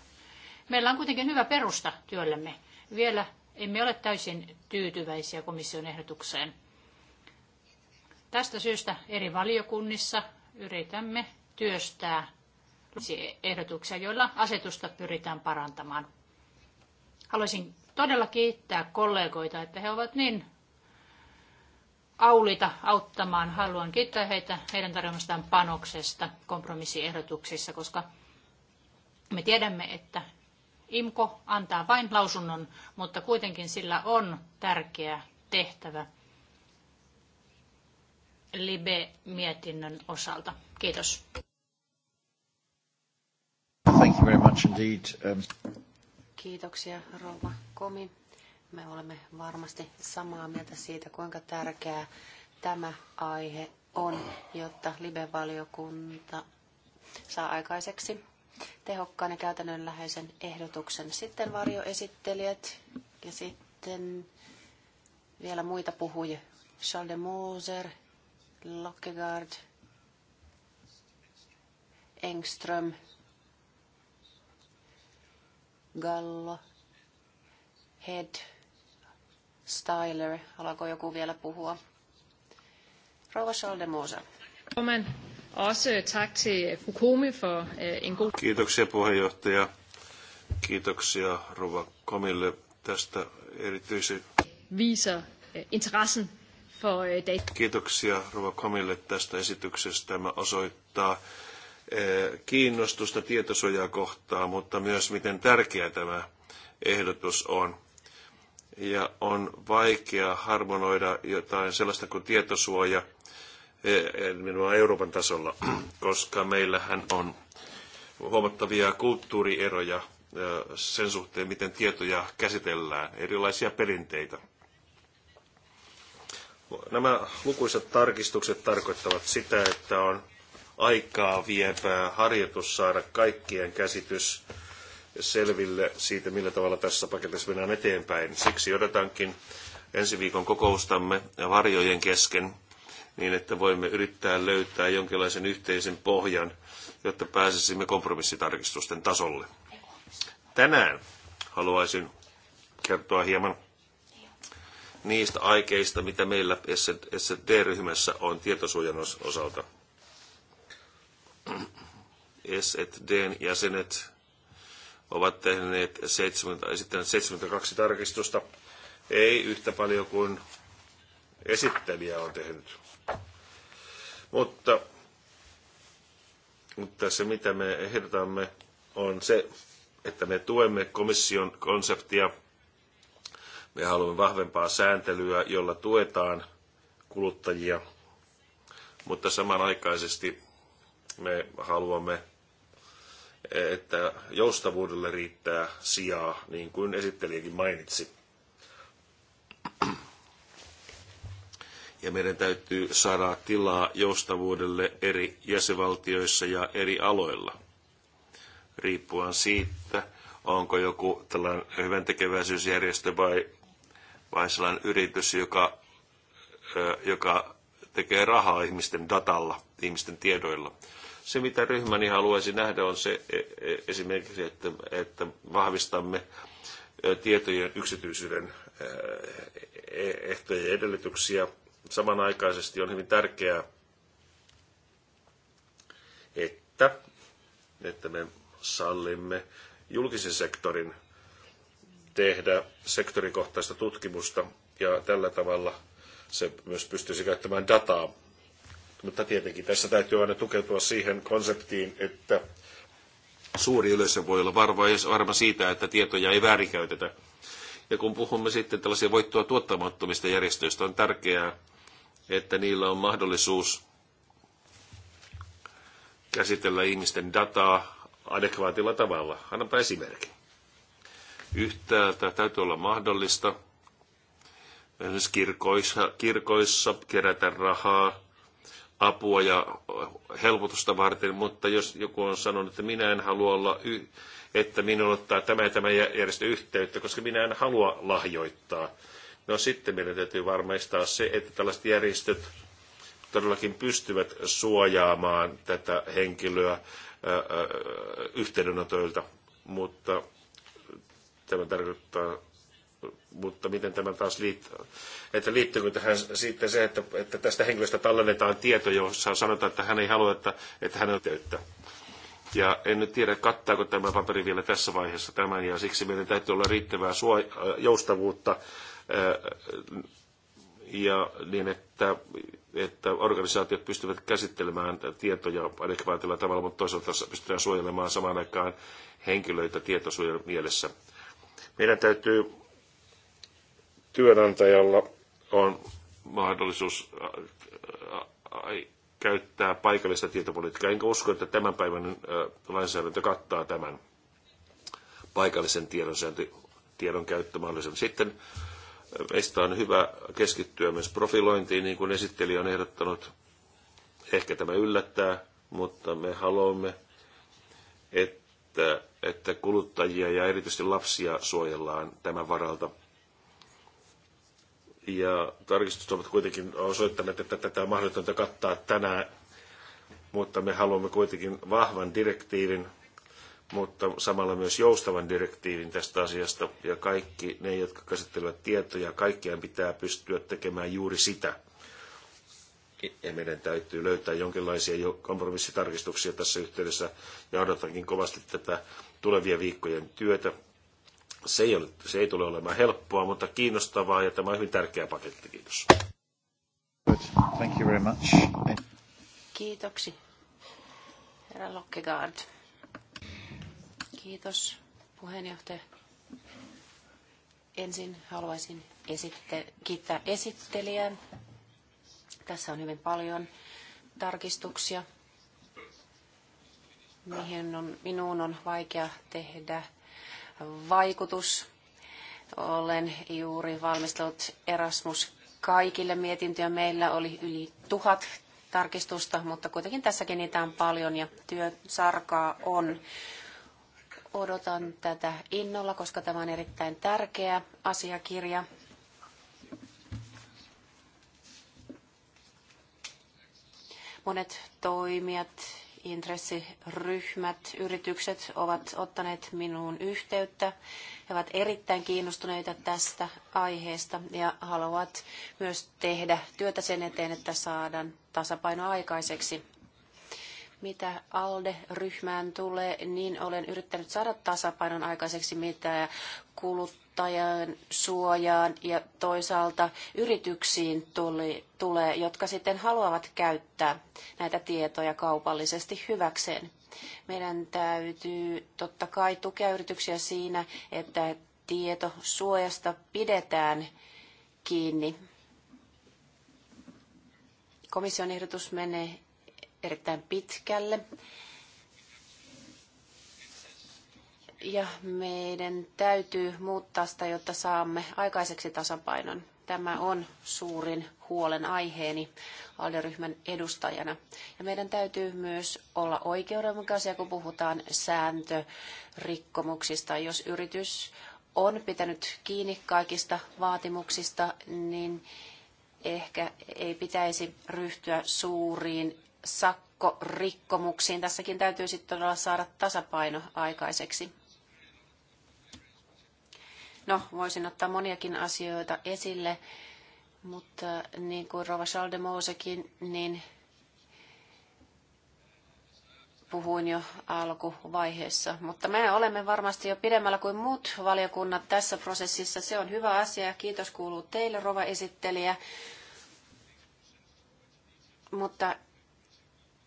Meillä on kuitenkin hyvä perusta työllemme. Vielä emme ole täysin tyytyväisiä komission ehdotukseen. Tästä syystä eri valiokunnissa yritämme työstää ehdotuksia, joilla asetusta pyritään parantamaan. Haluaisin todella kiittää kollegoita, että he ovat niin aulita auttamaan. Haluan kiittää heitä heidän tarjoamastaan panoksesta kompromissiehdotuksissa, koska me tiedämme, että IMKO antaa vain lausunnon, mutta kuitenkin sillä on tärkeä tehtävä – Libe-mietinnön osalta. Kiitos. Thank you very much indeed. Um, Kiitoksia, rouva Komi. Me olemme varmasti samaa mieltä siitä, kuinka tärkeää tämä aihe on, jotta libe valiokunta saa aikaiseksi tehokkaan ja käytännönläheisen ehdotuksen. Sitten varjoesittelijät ja sitten vielä muita puhujia. Charles de Moser, Lockegaard, Engström, Gallo, Head, Styler. Haluaako joku vielä puhua? Rova Scholdemosa. Øh, øh, Kiitoksia puheenjohtaja. Kiitoksia Rova Komille tästä erityisen viisa øh, interessen Kiitoksia Rova Komille tästä esityksestä. Tämä osoittaa eh, kiinnostusta tietosuojaa kohtaan, mutta myös miten tärkeä tämä ehdotus on. Ja on vaikea harmonoida jotain sellaista kuin tietosuoja eh, minua Euroopan tasolla, koska meillähän on huomattavia kulttuurieroja eh, sen suhteen, miten tietoja käsitellään, erilaisia perinteitä. Nämä lukuisat tarkistukset tarkoittavat sitä, että on aikaa vievää harjoitus saada kaikkien käsitys selville siitä, millä tavalla tässä paketissa mennään eteenpäin. Siksi odotankin ensi viikon kokoustamme ja varjojen kesken niin, että voimme yrittää löytää jonkinlaisen yhteisen pohjan, jotta pääsisimme kompromissitarkistusten tasolle. Tänään haluaisin kertoa hieman niistä aikeista, mitä meillä SD-ryhmässä on tietosuojan osalta. SDn jäsenet ovat tehneet 72 tarkistusta, ei yhtä paljon kuin esittelijä on tehnyt. Mutta, mutta se, mitä me ehdotamme, on se, että me tuemme komission konseptia – me haluamme vahvempaa sääntelyä, jolla tuetaan kuluttajia, mutta samanaikaisesti me haluamme, että joustavuudelle riittää sijaa, niin kuin esittelijäkin mainitsi. Ja meidän täytyy saada tilaa joustavuudelle eri jäsenvaltioissa ja eri aloilla, riippuen siitä, onko joku tällainen hyvän tekeväisyysjärjestö vai vaan sellainen yritys, joka, joka tekee rahaa ihmisten datalla, ihmisten tiedoilla. Se, mitä ryhmäni haluaisi nähdä, on se e, e, esimerkiksi, että, että vahvistamme tietojen yksityisyyden e, ehtoja ja edellytyksiä. Samanaikaisesti on hyvin tärkeää, että, että me sallimme julkisen sektorin tehdä sektorikohtaista tutkimusta ja tällä tavalla se myös pystyisi käyttämään dataa. Mutta tietenkin tässä täytyy aina tukeutua siihen konseptiin, että suuri yleisö voi olla varma, varma siitä, että tietoja ei väärinkäytetä. Ja kun puhumme sitten tällaisia voittoa tuottamattomista järjestöistä, on tärkeää, että niillä on mahdollisuus käsitellä ihmisten dataa adekvaatilla tavalla. Annapa esimerkki. Yhtäältä täytyy olla mahdollista esimerkiksi kirkoissa, kirkoissa kerätä rahaa, apua ja helpotusta varten, mutta jos joku on sanonut, että minä en halua olla, että minun ottaa tämä ja tämä järjestö yhteyttä, koska minä en halua lahjoittaa, no sitten meidän täytyy varmistaa se, että tällaiset järjestöt todellakin pystyvät suojaamaan tätä henkilöä yhteydenotoilta, mutta tämä tarkoittaa, mutta miten tämä taas liittyy, että liittyykö tähän sitten se, että, että tästä henkilöstä tallennetaan tieto, jossa sanotaan, että hän ei halua, että, että hän on yhteyttä. Ja en nyt tiedä, kattaako tämä paperi vielä tässä vaiheessa tämän, ja siksi meidän täytyy olla riittävää suoj- äh, joustavuutta, äh, ja niin, että, että organisaatiot pystyvät käsittelemään tietoja adekvaatilla tavalla, mutta toisaalta pystytään suojelemaan samaan aikaan henkilöitä tietosuojan mielessä. Meidän täytyy työnantajalla on mahdollisuus käyttää paikallista tietopolitiikkaa. Enkä usko, että tämän päivän lainsäädäntö kattaa tämän paikallisen tiedon, tiedon käyttömahdollisuuden. Sitten meistä on hyvä keskittyä myös profilointiin, niin kuin esittelijä on ehdottanut. Ehkä tämä yllättää, mutta me haluamme, että että, että kuluttajia ja erityisesti lapsia suojellaan tämän varalta. Ja tarkistukset ovat kuitenkin osoittaneet, että tätä on mahdotonta kattaa tänään, mutta me haluamme kuitenkin vahvan direktiivin, mutta samalla myös joustavan direktiivin tästä asiasta. Ja kaikki ne, jotka käsittelevät tietoja, kaikkien pitää pystyä tekemään juuri sitä ja meidän täytyy löytää jonkinlaisia kompromissitarkistuksia tässä yhteydessä ja odotankin kovasti tätä tulevia viikkojen työtä. Se ei, ole, se ei tule olemaan helppoa, mutta kiinnostavaa ja tämä on hyvin tärkeä paketti. Kiitos. Good. Thank you very much. Kiitoksi. Herra Lokkegaard. Kiitos puheenjohtaja. Ensin haluaisin esitte- kiittää esittelijän tässä on hyvin paljon tarkistuksia. Mihin on, minuun on vaikea tehdä vaikutus. Olen juuri valmistellut Erasmus kaikille mietintöjä. Meillä oli yli tuhat tarkistusta, mutta kuitenkin tässäkin niitä on paljon ja työsarkaa on. Odotan tätä innolla, koska tämä on erittäin tärkeä asiakirja. Monet toimijat, intressiryhmät, yritykset ovat ottaneet minuun yhteyttä. He ovat erittäin kiinnostuneita tästä aiheesta ja haluavat myös tehdä työtä sen eteen, että saadaan tasapaino aikaiseksi mitä ALDE-ryhmään tulee, niin olen yrittänyt saada tasapainon aikaiseksi, mitä kuluttajan suojaan ja toisaalta yrityksiin tuli, tulee, jotka sitten haluavat käyttää näitä tietoja kaupallisesti hyväkseen. Meidän täytyy totta kai tukea yrityksiä siinä, että tietosuojasta pidetään kiinni. Komission ehdotus menee erittäin pitkälle. Ja meidän täytyy muuttaa sitä, jotta saamme aikaiseksi tasapainon. Tämä on suurin huolen aiheeni alderyhmän edustajana. Ja meidän täytyy myös olla oikeudenmukaisia, kun puhutaan sääntörikkomuksista. Jos yritys on pitänyt kiinni kaikista vaatimuksista, niin ehkä ei pitäisi ryhtyä suuriin sakkorikkomuksiin. Tässäkin täytyy sitten todella saada tasapaino aikaiseksi. No, voisin ottaa moniakin asioita esille, mutta äh, niin kuin Rova Mosekin, niin puhuin jo alkuvaiheessa. Mutta me olemme varmasti jo pidemmällä kuin muut valiokunnat tässä prosessissa. Se on hyvä asia kiitos kuuluu teille, Rova esittelijä. Mutta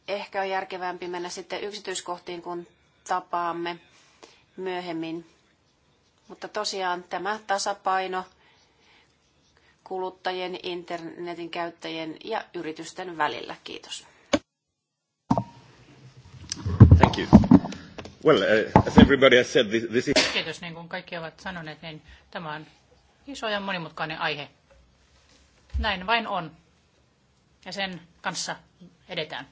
ehkä on järkevämpi mennä sitten yksityiskohtiin, kun tapaamme myöhemmin. Mutta tosiaan tämä tasapaino kuluttajien, internetin käyttäjien ja yritysten välillä. Kiitos. Thank you. Well, uh, as everybody has said, this, this is... Kiitos, niin kuin kaikki ovat sanoneet, niin tämä on iso ja monimutkainen aihe. Näin vain on. Ja sen kanssa edetään.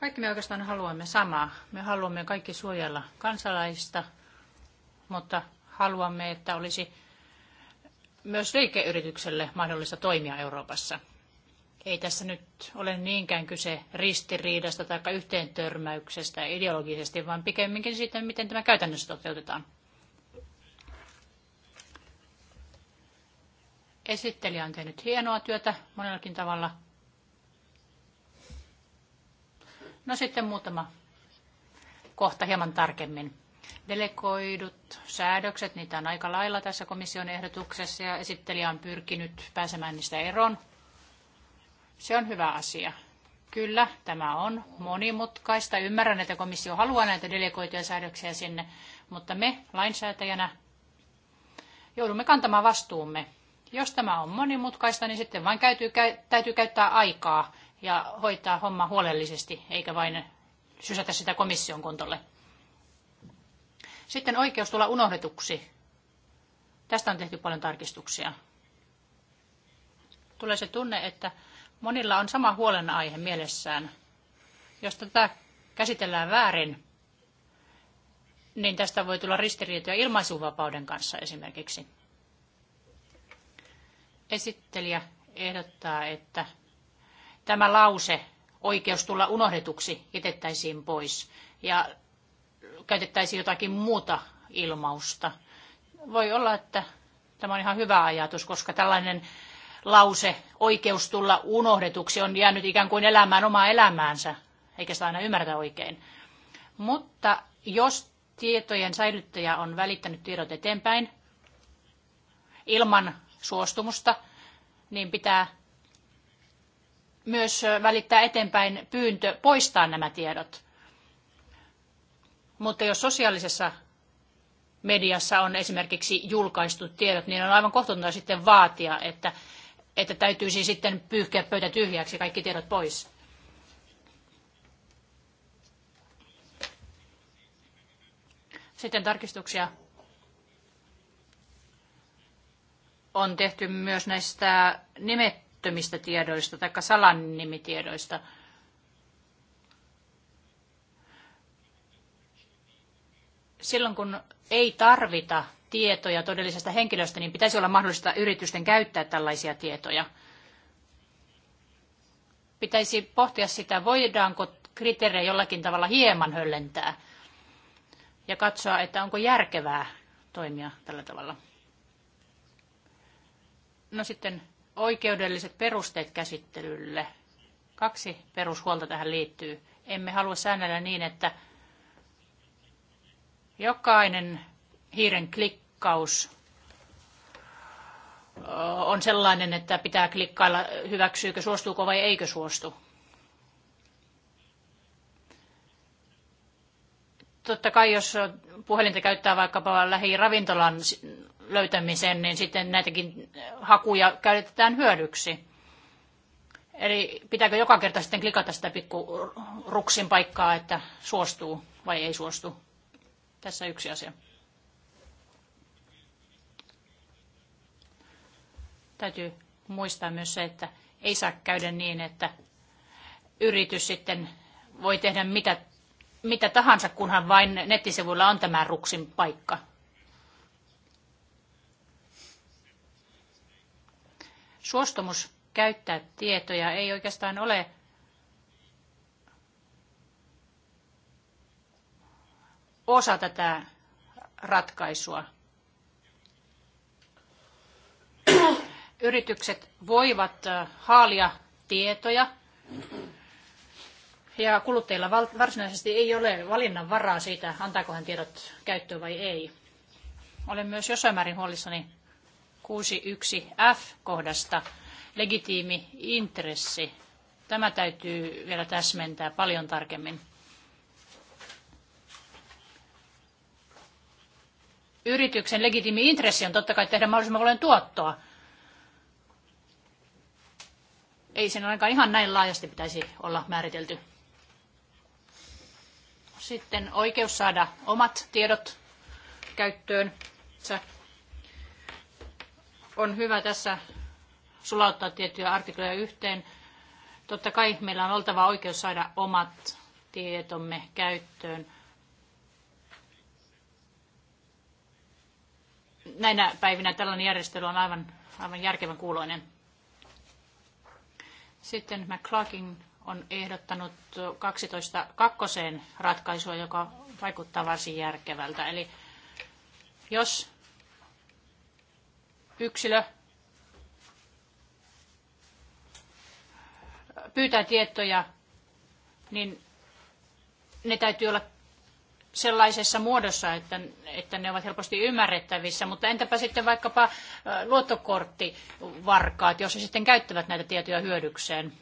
Kaikki me oikeastaan haluamme samaa. Me haluamme kaikki suojella kansalaista, mutta haluamme, että olisi myös liikeyritykselle mahdollista toimia Euroopassa. Ei tässä nyt ole niinkään kyse ristiriidasta tai törmäyksestä ideologisesti, vaan pikemminkin siitä, miten tämä käytännössä toteutetaan. Esittelijä on tehnyt hienoa työtä monellakin tavalla – No sitten muutama kohta hieman tarkemmin. Delegoidut säädökset, niitä on aika lailla tässä komission ehdotuksessa ja esittelijä on pyrkinyt pääsemään niistä eroon. Se on hyvä asia. Kyllä, tämä on monimutkaista. Ymmärrän, että komissio haluaa näitä delegoituja säädöksiä sinne, mutta me lainsäätäjänä joudumme kantamaan vastuumme. Jos tämä on monimutkaista, niin sitten vain täytyy, käyttää aikaa ja hoitaa homma huolellisesti, eikä vain sysätä sitä komission kontolle. Sitten oikeus tulla unohdetuksi. Tästä on tehty paljon tarkistuksia. Tulee se tunne, että monilla on sama huolenaihe mielessään. Jos tätä käsitellään väärin, niin tästä voi tulla ristiriitoja ilmaisuvapauden kanssa esimerkiksi. Esittelijä ehdottaa, että tämä lause oikeus tulla unohdetuksi jätettäisiin pois ja käytettäisiin jotakin muuta ilmausta. Voi olla, että tämä on ihan hyvä ajatus, koska tällainen lause oikeus tulla unohdetuksi on jäänyt ikään kuin elämään omaa elämäänsä, eikä sitä aina ymmärtä oikein. Mutta jos tietojen säilyttäjä on välittänyt tiedot eteenpäin ilman suostumusta, niin pitää myös välittää eteenpäin pyyntö poistaa nämä tiedot. Mutta jos sosiaalisessa mediassa on esimerkiksi julkaistut tiedot, niin on aivan kohtuutonta sitten vaatia, että, että täytyisi sitten pyyhkiä pöytä tyhjäksi kaikki tiedot pois. Sitten tarkistuksia on tehty myös näistä nimet välittömistä tiedoista tai salanimitiedoista. Silloin kun ei tarvita tietoja todellisesta henkilöstä, niin pitäisi olla mahdollista yritysten käyttää tällaisia tietoja. Pitäisi pohtia sitä, voidaanko kriteerejä jollakin tavalla hieman höllentää ja katsoa, että onko järkevää toimia tällä tavalla. No sitten oikeudelliset perusteet käsittelylle. Kaksi perushuolta tähän liittyy. Emme halua säännellä niin, että jokainen hiiren klikkaus on sellainen, että pitää klikkailla hyväksyykö, suostuuko vai eikö suostu. Totta kai jos puhelinta käyttää vaikkapa lähiravintolan löytämisen, niin sitten näitäkin hakuja käytetään hyödyksi. Eli pitääkö joka kerta sitten klikata sitä pikku ruksin paikkaa, että suostuu vai ei suostu? Tässä yksi asia. Täytyy muistaa myös se, että ei saa käydä niin, että yritys sitten voi tehdä mitä, mitä tahansa, kunhan vain nettisivuilla on tämä ruksin paikka. Suostumus käyttää tietoja ei oikeastaan ole osa tätä ratkaisua. Yritykset voivat äh, haalia tietoja ja kuluttajilla varsinaisesti ei ole valinnan varaa siitä, antaako hän tiedot käyttöön vai ei. Olen myös jossain määrin huolissani 61F-kohdasta legitiimi intressi. Tämä täytyy vielä täsmentää paljon tarkemmin. Yrityksen legitiimi intressi on totta kai tehdä mahdollisimman paljon tuottoa. Ei sen ainakaan ihan näin laajasti pitäisi olla määritelty. Sitten oikeus saada omat tiedot käyttöön on hyvä tässä sulauttaa tiettyjä artikloja yhteen. Totta kai meillä on oltava oikeus saada omat tietomme käyttöön. Näinä päivinä tällainen järjestely on aivan, aivan järkevän kuuloinen. Sitten McClarkin on ehdottanut 12.2. ratkaisua, joka vaikuttaa varsin järkevältä. Eli jos yksilö pyytää tietoja, niin ne täytyy olla sellaisessa muodossa, että, että ne ovat helposti ymmärrettävissä, mutta entäpä sitten vaikkapa luottokorttivarkaat, jos he sitten käyttävät näitä tietoja hyödykseen.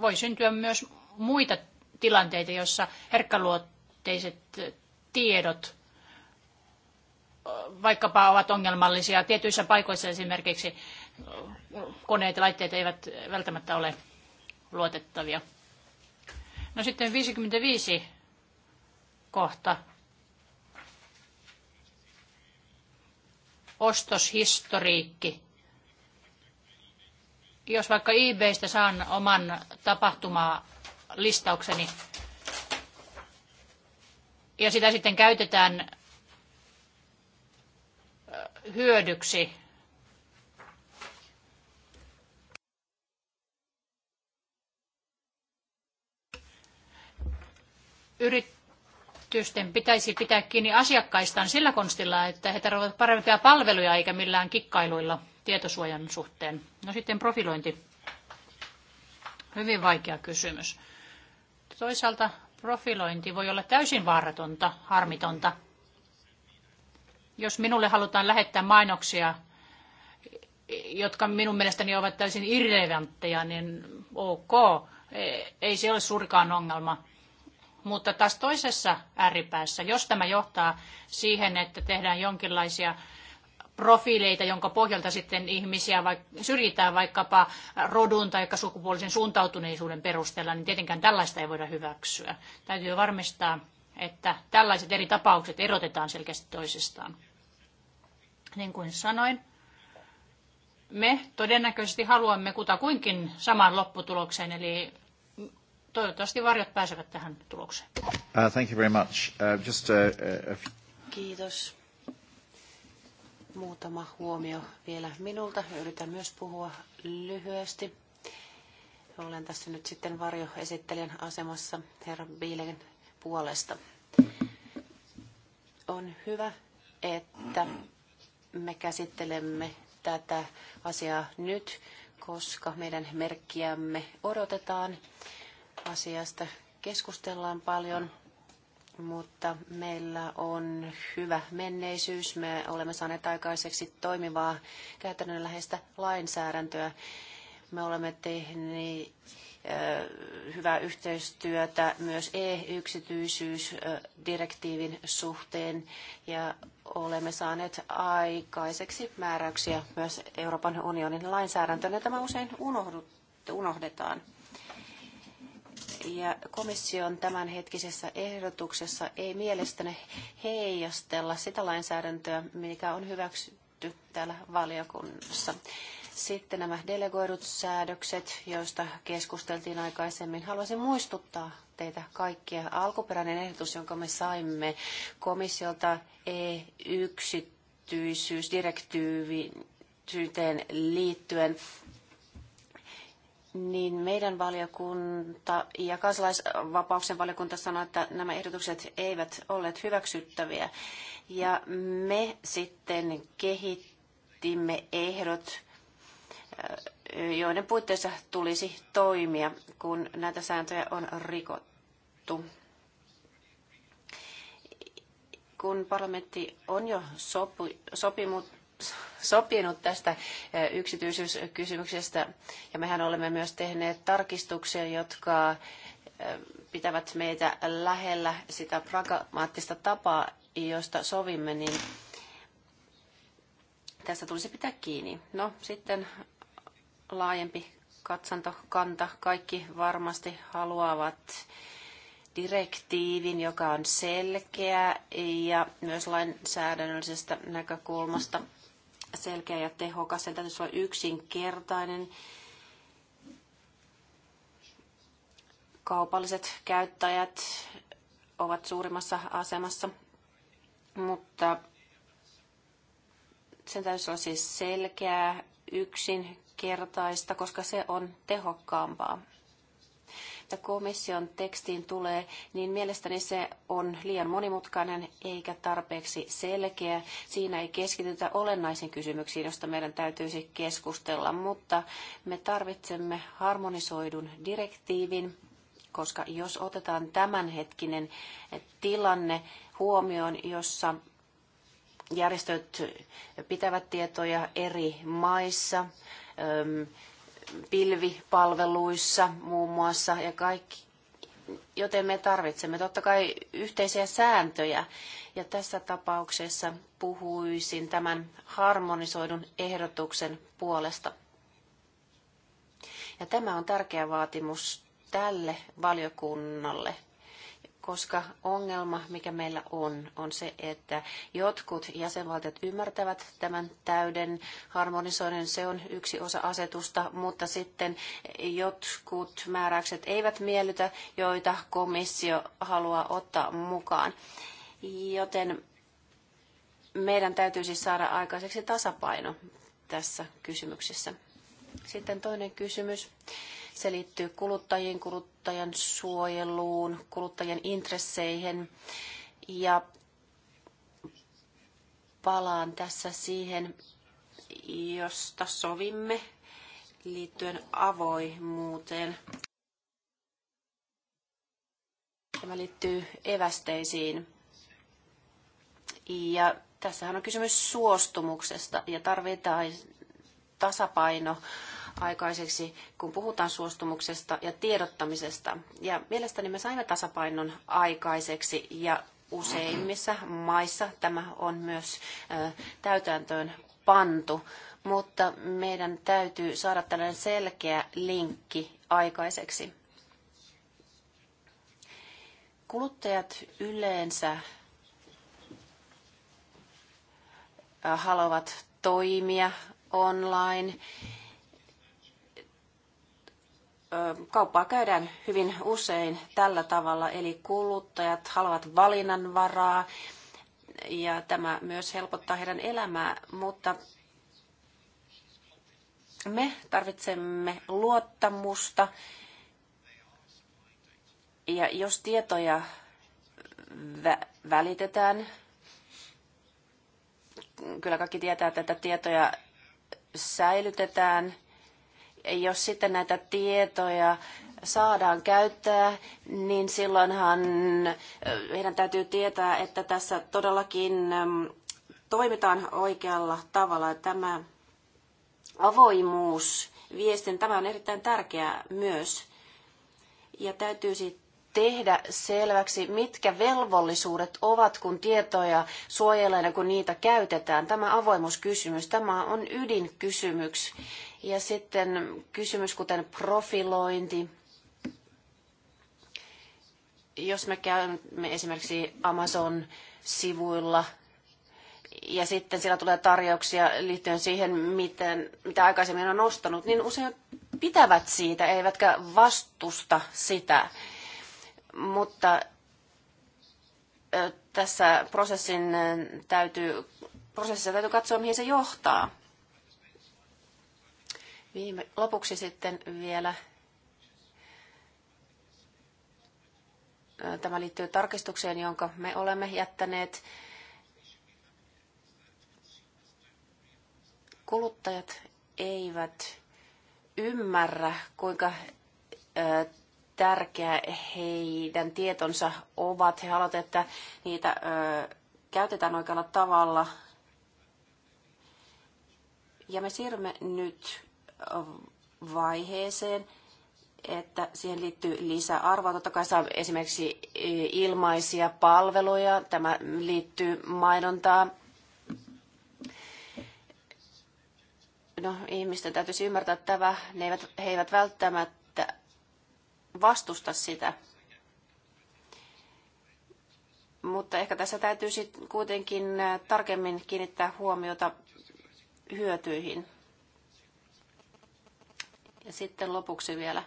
Voi syntyä myös muita tilanteita, joissa herkkaluotteiset tiedot vaikkapa ovat ongelmallisia. Tietyissä paikoissa esimerkiksi koneet ja laitteet eivät välttämättä ole luotettavia. No sitten 55 kohta. Ostoshistoriikki. Jos vaikka eBaystä saan oman tapahtumaa listaukseni ja sitä sitten käytetään hyödyksi yritysten pitäisi pitää kiinni asiakkaistaan sillä konstilla, että he tarvitsevat parempia palveluja eikä millään kikkailuilla tietosuojan suhteen. No sitten profilointi. Hyvin vaikea kysymys. Toisaalta profilointi voi olla täysin vaaratonta, harmitonta. Jos minulle halutaan lähettää mainoksia, jotka minun mielestäni ovat täysin irrelevantteja, niin ok, e, ei se ole suurikaan ongelma. Mutta taas toisessa ääripäässä, jos tämä johtaa siihen, että tehdään jonkinlaisia profiileita, jonka pohjalta sitten ihmisiä syrjitään vaikkapa rodun tai sukupuolisen suuntautuneisuuden perusteella, niin tietenkään tällaista ei voida hyväksyä. Täytyy varmistaa, että tällaiset eri tapaukset erotetaan selkeästi toisistaan. Niin kuin sanoin, me todennäköisesti haluamme kutakuinkin saman lopputulokseen, eli toivottavasti varjot pääsevät tähän tulokseen. Uh, thank you very much. Uh, just uh, uh, Kiitos. Muutama huomio vielä minulta. Yritän myös puhua lyhyesti. Olen tässä nyt sitten varjoesittelijän asemassa. Herra Biilen puolesta. On hyvä, että me käsittelemme tätä asiaa nyt, koska meidän merkkiämme odotetaan. Asiasta keskustellaan paljon, mutta meillä on hyvä menneisyys. Me olemme saaneet aikaiseksi toimivaa käytännönläheistä lainsäädäntöä. Me olemme tehneet hyvää yhteistyötä myös e-yksityisyysdirektiivin suhteen ja olemme saaneet aikaiseksi määräyksiä myös Euroopan unionin lainsäädäntöön ja tämä usein unohdetaan. Ja komission tämänhetkisessä ehdotuksessa ei mielestäni heijastella sitä lainsäädäntöä, mikä on hyväksytty täällä valiokunnassa. Sitten nämä delegoidut säädökset, joista keskusteltiin aikaisemmin. Haluaisin muistuttaa teitä kaikkia. Alkuperäinen ehdotus, jonka me saimme komissiolta E-yksityisyysdirektiivityteen liittyen, niin meidän valiokunta ja kansalaisvapauksen valiokunta sanoi, että nämä ehdotukset eivät olleet hyväksyttäviä. Ja me sitten kehittimme ehdot joiden puitteissa tulisi toimia, kun näitä sääntöjä on rikottu. Kun parlamentti on jo sopi, sopimut, sopinut tästä yksityisyyskysymyksestä, ja mehän olemme myös tehneet tarkistuksia, jotka pitävät meitä lähellä sitä pragmaattista tapaa, josta sovimme, niin tästä tulisi pitää kiinni. No sitten laajempi katsantokanta. Kaikki varmasti haluavat direktiivin, joka on selkeä ja myös lainsäädännöllisestä näkökulmasta selkeä ja tehokas. Sen täytyisi olla yksinkertainen. Kaupalliset käyttäjät ovat suurimmassa asemassa, mutta sen täytyisi olla siis selkeää, yksin kertaista, koska se on tehokkaampaa. Ja komission tekstiin tulee, niin mielestäni se on liian monimutkainen eikä tarpeeksi selkeä. Siinä ei keskitytä olennaisiin kysymyksiin, joista meidän täytyisi keskustella, mutta me tarvitsemme harmonisoidun direktiivin, koska jos otetaan tämänhetkinen tilanne huomioon, jossa järjestöt pitävät tietoja eri maissa, pilvipalveluissa muun muassa ja kaikki. Joten me tarvitsemme totta kai yhteisiä sääntöjä. Ja tässä tapauksessa puhuisin tämän harmonisoidun ehdotuksen puolesta. Ja tämä on tärkeä vaatimus tälle valiokunnalle koska ongelma, mikä meillä on, on se, että jotkut jäsenvaltiot ymmärtävät tämän täyden harmonisoinnin, se on yksi osa asetusta, mutta sitten jotkut määräykset eivät miellytä, joita komissio haluaa ottaa mukaan. Joten meidän täytyy siis saada aikaiseksi tasapaino tässä kysymyksessä. Sitten toinen kysymys. Se liittyy kuluttajien, kuluttajan suojeluun, kuluttajien intresseihin. Ja palaan tässä siihen, josta sovimme liittyen avoimuuteen. Tämä liittyy evästeisiin. Ja tässähän on kysymys suostumuksesta ja tarvitaan tasapaino aikaiseksi, kun puhutaan suostumuksesta ja tiedottamisesta. Ja mielestäni me saimme tasapainon aikaiseksi ja useimmissa maissa tämä on myös täytäntöön pantu, mutta meidän täytyy saada tällainen selkeä linkki aikaiseksi. Kuluttajat yleensä haluavat toimia online kauppaa käydään hyvin usein tällä tavalla, eli kuluttajat haluavat valinnanvaraa ja tämä myös helpottaa heidän elämää, mutta me tarvitsemme luottamusta ja jos tietoja vä- välitetään, kyllä kaikki tietää, että tietoja säilytetään – jos sitten näitä tietoja saadaan käyttää, niin silloinhan heidän täytyy tietää, että tässä todellakin toimitaan oikealla tavalla. Tämä avoimuus, viestin, tämä on erittäin tärkeää myös. Ja täytyisi tehdä selväksi, mitkä velvollisuudet ovat, kun tietoja suojellaan ja kun niitä käytetään. Tämä avoimuuskysymys, tämä on ydinkysymys. Ja sitten kysymys kuten profilointi. Jos me käymme esimerkiksi Amazon-sivuilla ja sitten siellä tulee tarjouksia liittyen siihen, miten, mitä aikaisemmin on ostanut, niin usein pitävät siitä, eivätkä vastusta sitä. Mutta tässä prosessin täytyy, prosessissa täytyy katsoa, mihin se johtaa. Viime, lopuksi sitten vielä tämä liittyy tarkistukseen, jonka me olemme jättäneet. Kuluttajat eivät ymmärrä, kuinka tärkeä heidän tietonsa ovat. He haluavat, että niitä käytetään oikealla tavalla. Ja me siirrymme nyt vaiheeseen, että siihen liittyy lisäarvoa. Totta kai saa esimerkiksi e, ilmaisia palveluja. Tämä liittyy mainontaan. No, ihmisten täytyisi ymmärtää, että tämä, ne eivät, he eivät välttämättä vastusta sitä. Mutta ehkä tässä täytyy sitten kuitenkin tarkemmin kiinnittää huomiota hyötyihin. Ja sitten lopuksi vielä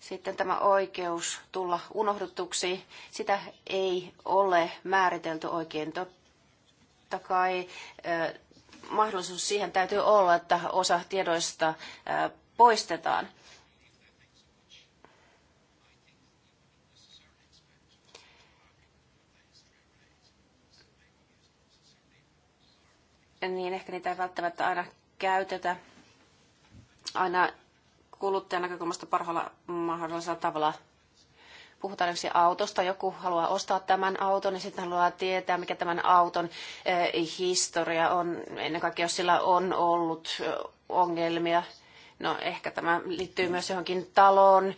sitten tämä oikeus tulla unohdutuksi, sitä ei ole määritelty oikein. Totta kai eh, mahdollisuus siihen täytyy olla, että osa tiedoista eh, poistetaan. Niin ehkä niitä ei välttämättä aina käytetä aina kuluttajan näkökulmasta parhaalla mahdollisella tavalla. Puhutaan yksi autosta, joku haluaa ostaa tämän auton ja niin sitten haluaa tietää, mikä tämän auton eh, historia on, ennen kaikkea jos sillä on ollut eh, ongelmia. No ehkä tämä liittyy myös johonkin taloon, eh,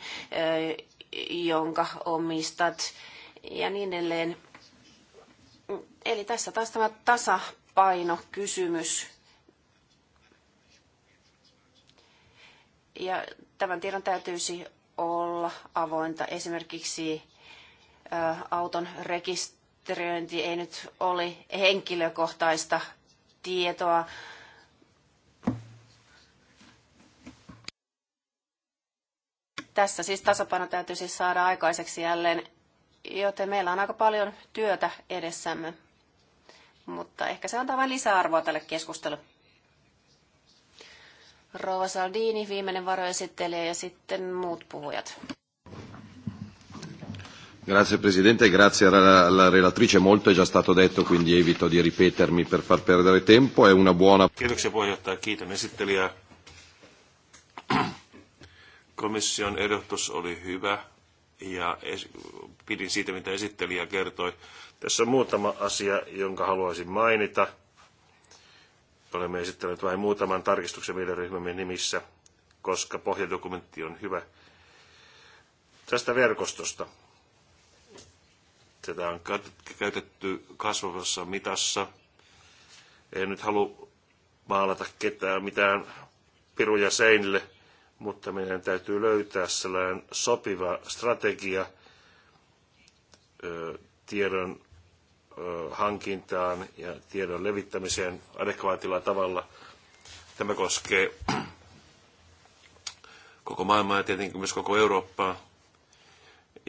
jonka omistat ja niin edelleen. Eli tässä taas tämä tasapainokysymys. Ja tämän tiedon täytyisi olla avointa. Esimerkiksi auton rekisteröinti ei nyt ole henkilökohtaista tietoa. Tässä siis tasapaino täytyisi siis saada aikaiseksi jälleen, joten meillä on aika paljon työtä edessämme. Mutta ehkä se antaa vain lisäarvoa tälle keskustelulle. Rova Saldini, viimeinen varoesittelijä ja sitten muut puhujat. Grazie Presidente, grazie alla relatrice, molto è già stato detto, quindi evito di ripetermi per far perdere tempo, è una buona... Kiitoksia puheenjohtaja, kiitän esittelijää. Komission ehdotus oli hyvä ja pidin siitä, mitä esittelijä kertoi. Tässä on muutama asia, jonka haluaisin mainita Olemme esittäneet vain muutaman tarkistuksen meidän ryhmämme nimissä, koska pohjadokumentti on hyvä. Tästä verkostosta. Tätä on käytetty kasvavassa mitassa. En nyt halua maalata ketään mitään piruja seinille, mutta meidän täytyy löytää sellainen sopiva strategia tiedon hankintaan ja tiedon levittämiseen adekvaatilla tavalla. Tämä koskee koko maailmaa ja tietenkin myös koko Eurooppaa.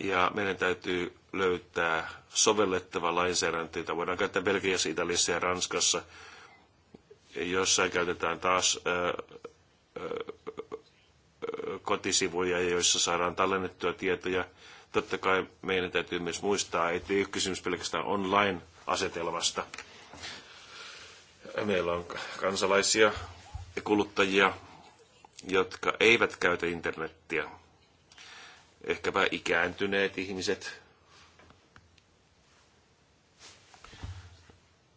Ja meidän täytyy löytää sovellettava lainsäädäntö, jota voidaan käyttää Belgiassa, Italiassa ja Ranskassa. Jossain käytetään taas kotisivuja, joissa saadaan tallennettua tietoja Totta kai meidän täytyy myös muistaa, että ei ole kysymys pelkästään online-asetelmasta. Meillä on kansalaisia ja kuluttajia, jotka eivät käytä internettiä. Ehkäpä ikääntyneet ihmiset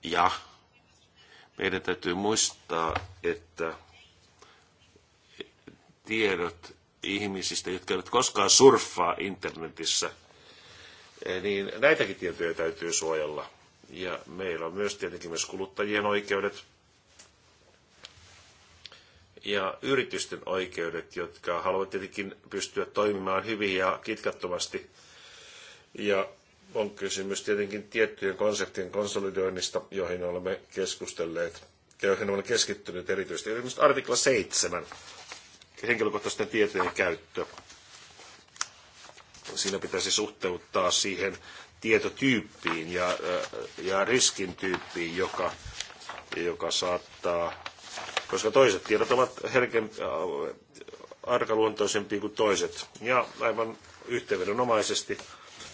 ja meidän täytyy muistaa, että tiedot ihmisistä, jotka eivät koskaan surffaa internetissä, eh, niin näitäkin tietoja täytyy suojella. Ja meillä on myös tietenkin myös kuluttajien oikeudet ja yritysten oikeudet, jotka haluavat tietenkin pystyä toimimaan hyvin ja kitkattomasti. Ja on kysymys tietenkin tiettyjen konseptien konsolidoinnista, joihin olemme keskustelleet, joihin olemme keskittyneet erityisesti. Esimerkiksi artikla 7 henkilökohtaisten tietojen käyttö. Siinä pitäisi suhteuttaa siihen tietotyyppiin ja, äh, ja riskin tyyppiin, joka, joka saattaa, koska toiset tiedot ovat arkaluontoisempi äh, arkaluontoisempia kuin toiset. Ja aivan yhteenvedonomaisesti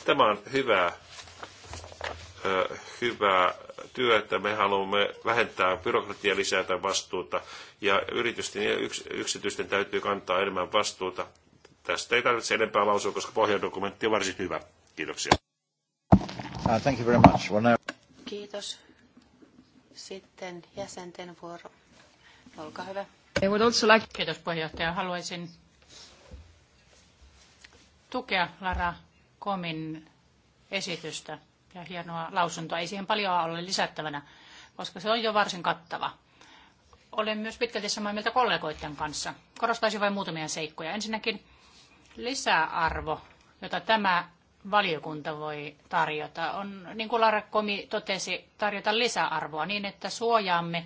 tämä on hyvää, äh, hyvää työtä. Me haluamme vähentää byrokratiaa, lisätä vastuuta ja yritysten ja yksityisten täytyy kantaa enemmän vastuuta. Tästä ei tarvitse enempää lausua, koska pohjadokumentti on varsin hyvä. Kiitoksia. Uh, thank you very much. Well, now... Kiitos. Sitten jäsenten vuoro. Olkaa hyvä. I would also like... Kiitos puheenjohtaja. Haluaisin tukea Lara Komin esitystä ja hienoa lausuntoa. Ei siihen paljon ole lisättävänä, koska se on jo varsin kattava. Olen myös pitkälti samaa mieltä kollegoiden kanssa. Korostaisin vain muutamia seikkoja. Ensinnäkin lisäarvo, jota tämä valiokunta voi tarjota, on, niin kuin Lara Komi totesi, tarjota lisäarvoa niin, että suojaamme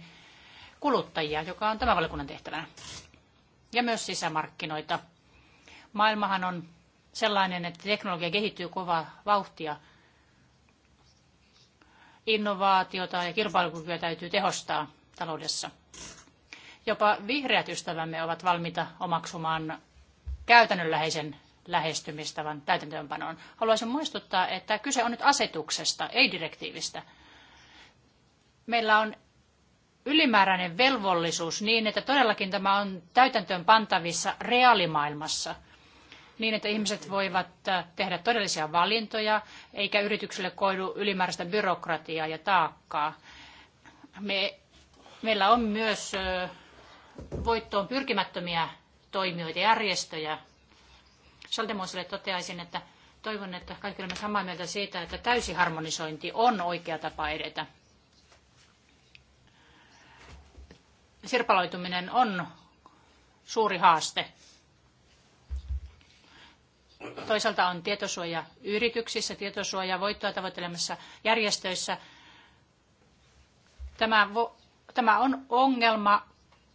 kuluttajia, joka on tämän valiokunnan tehtävänä. Ja myös sisämarkkinoita. Maailmahan on sellainen, että teknologia kehittyy kovaa vauhtia – innovaatiota ja kilpailukykyä täytyy tehostaa taloudessa. Jopa vihreät ystävämme ovat valmiita omaksumaan käytännönläheisen lähestymistavan täytäntöönpanoon. Haluaisin muistuttaa, että kyse on nyt asetuksesta, ei direktiivistä. Meillä on ylimääräinen velvollisuus niin, että todellakin tämä on täytäntöön pantavissa reaalimaailmassa – niin, että ihmiset voivat äh, tehdä todellisia valintoja, eikä yrityksille koidu ylimääräistä byrokratiaa ja taakkaa. Me, meillä on myös äh, voittoon pyrkimättömiä toimijoita, ja järjestöjä. Saldemoiselle toteaisin, että toivon, että kaikki olemme samaa mieltä siitä, että täysi harmonisointi on oikea tapa edetä. Sirpaloituminen on suuri haaste. Toisaalta on tietosuoja yrityksissä, tietosuoja voittoa tavoittelemassa järjestöissä. Tämä, tämä on ongelma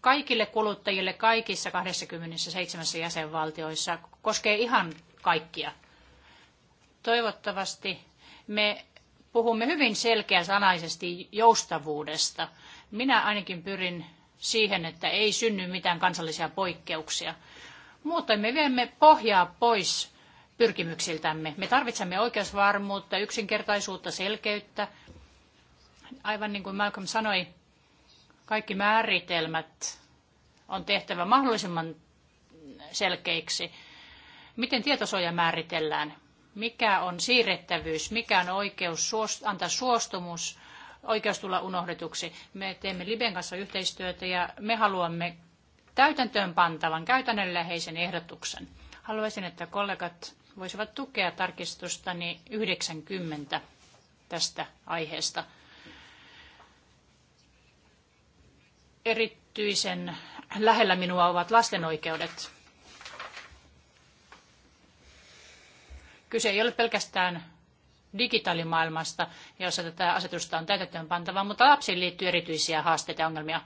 kaikille kuluttajille kaikissa 27 jäsenvaltioissa. Koskee ihan kaikkia. Toivottavasti me puhumme hyvin selkeäsanaisesti joustavuudesta. Minä ainakin pyrin siihen, että ei synny mitään kansallisia poikkeuksia. Muuten me viemme pohjaa pois pyrkimyksiltämme. Me tarvitsemme oikeusvarmuutta, yksinkertaisuutta, selkeyttä. Aivan niin kuin Malcolm sanoi, kaikki määritelmät on tehtävä mahdollisimman selkeiksi. Miten tietosuoja määritellään? Mikä on siirrettävyys? Mikä on oikeus antaa suostumus? Oikeus tulla unohdetuksi? Me teemme Liben kanssa yhteistyötä ja me haluamme täytäntöön pantavan käytännönläheisen ehdotuksen. Haluaisin, että kollegat voisivat tukea tarkistustani 90 tästä aiheesta. Erityisen lähellä minua ovat lasten oikeudet. Kyse ei ole pelkästään digitaalimaailmasta, jossa tätä asetusta on täytettyön pantava, mutta lapsiin liittyy erityisiä haasteita ja ongelmia.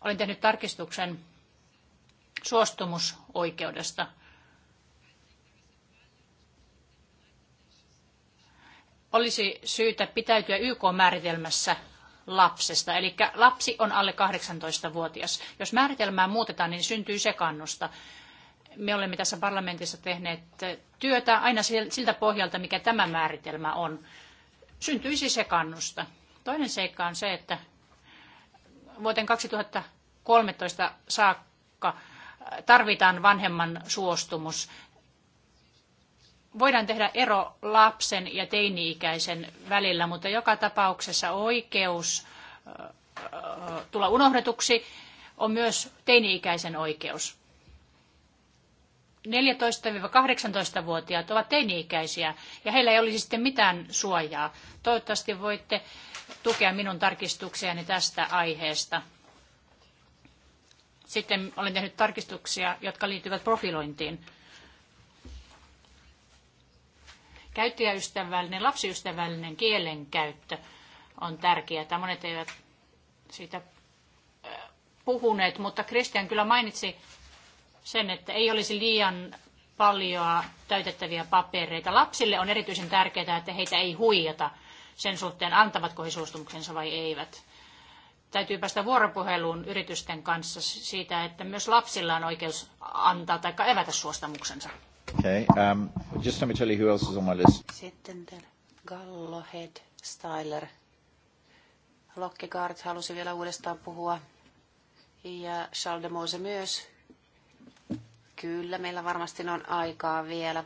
Olen tehnyt tarkistuksen suostumusoikeudesta. olisi syytä pitäytyä YK-määritelmässä lapsesta. Eli lapsi on alle 18-vuotias. Jos määritelmää muutetaan, niin syntyy sekannusta. Me olemme tässä parlamentissa tehneet työtä aina siltä pohjalta, mikä tämä määritelmä on. Syntyisi sekannusta. Toinen seikka on se, että vuoteen 2013 saakka tarvitaan vanhemman suostumus voidaan tehdä ero lapsen ja teini-ikäisen välillä, mutta joka tapauksessa oikeus äh, äh, tulla unohdetuksi on myös teini-ikäisen oikeus. 14-18-vuotiaat ovat teini-ikäisiä ja heillä ei olisi sitten mitään suojaa. Toivottavasti voitte tukea minun tarkistuksiani tästä aiheesta. Sitten olen tehnyt tarkistuksia, jotka liittyvät profilointiin. käyttäjäystävällinen, lapsiystävällinen kielenkäyttö on tärkeää. Monet eivät siitä puhuneet, mutta Christian kyllä mainitsi sen, että ei olisi liian paljon täytettäviä papereita. Lapsille on erityisen tärkeää, että heitä ei huijata sen suhteen, antavatko he suostumuksensa vai eivät. Täytyy päästä vuoropuheluun yritysten kanssa siitä, että myös lapsilla on oikeus antaa tai evätä suostumuksensa. Okay, um, just let me tell you who else is on my list. Sitten täällä Head Styler. Lockegaard halusi vielä uudestaan puhua. Ja Charles de Mose myös. Kyllä, meillä varmasti on aikaa vielä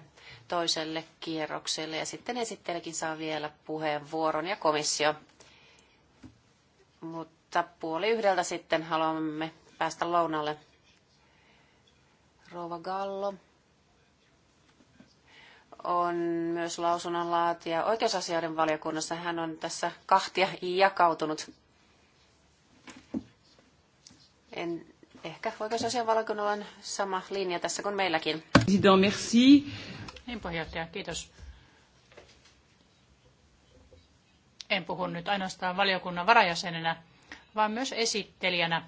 toiselle kierrokselle. Ja sitten esittelekin saa vielä puheenvuoron ja komissio. Mutta puoli yhdeltä sitten haluamme päästä lounalle. Rova Gallo on myös lausunnonlaatija oikeusasioiden valiokunnassa. Hän on tässä kahtia jakautunut. En, ehkä oikeusasian valiokunnalla on sama linja tässä kuin meilläkin. Merci. Niin puheenjohtaja, kiitos. En puhu nyt ainoastaan valiokunnan varajäsenenä, vaan myös esittelijänä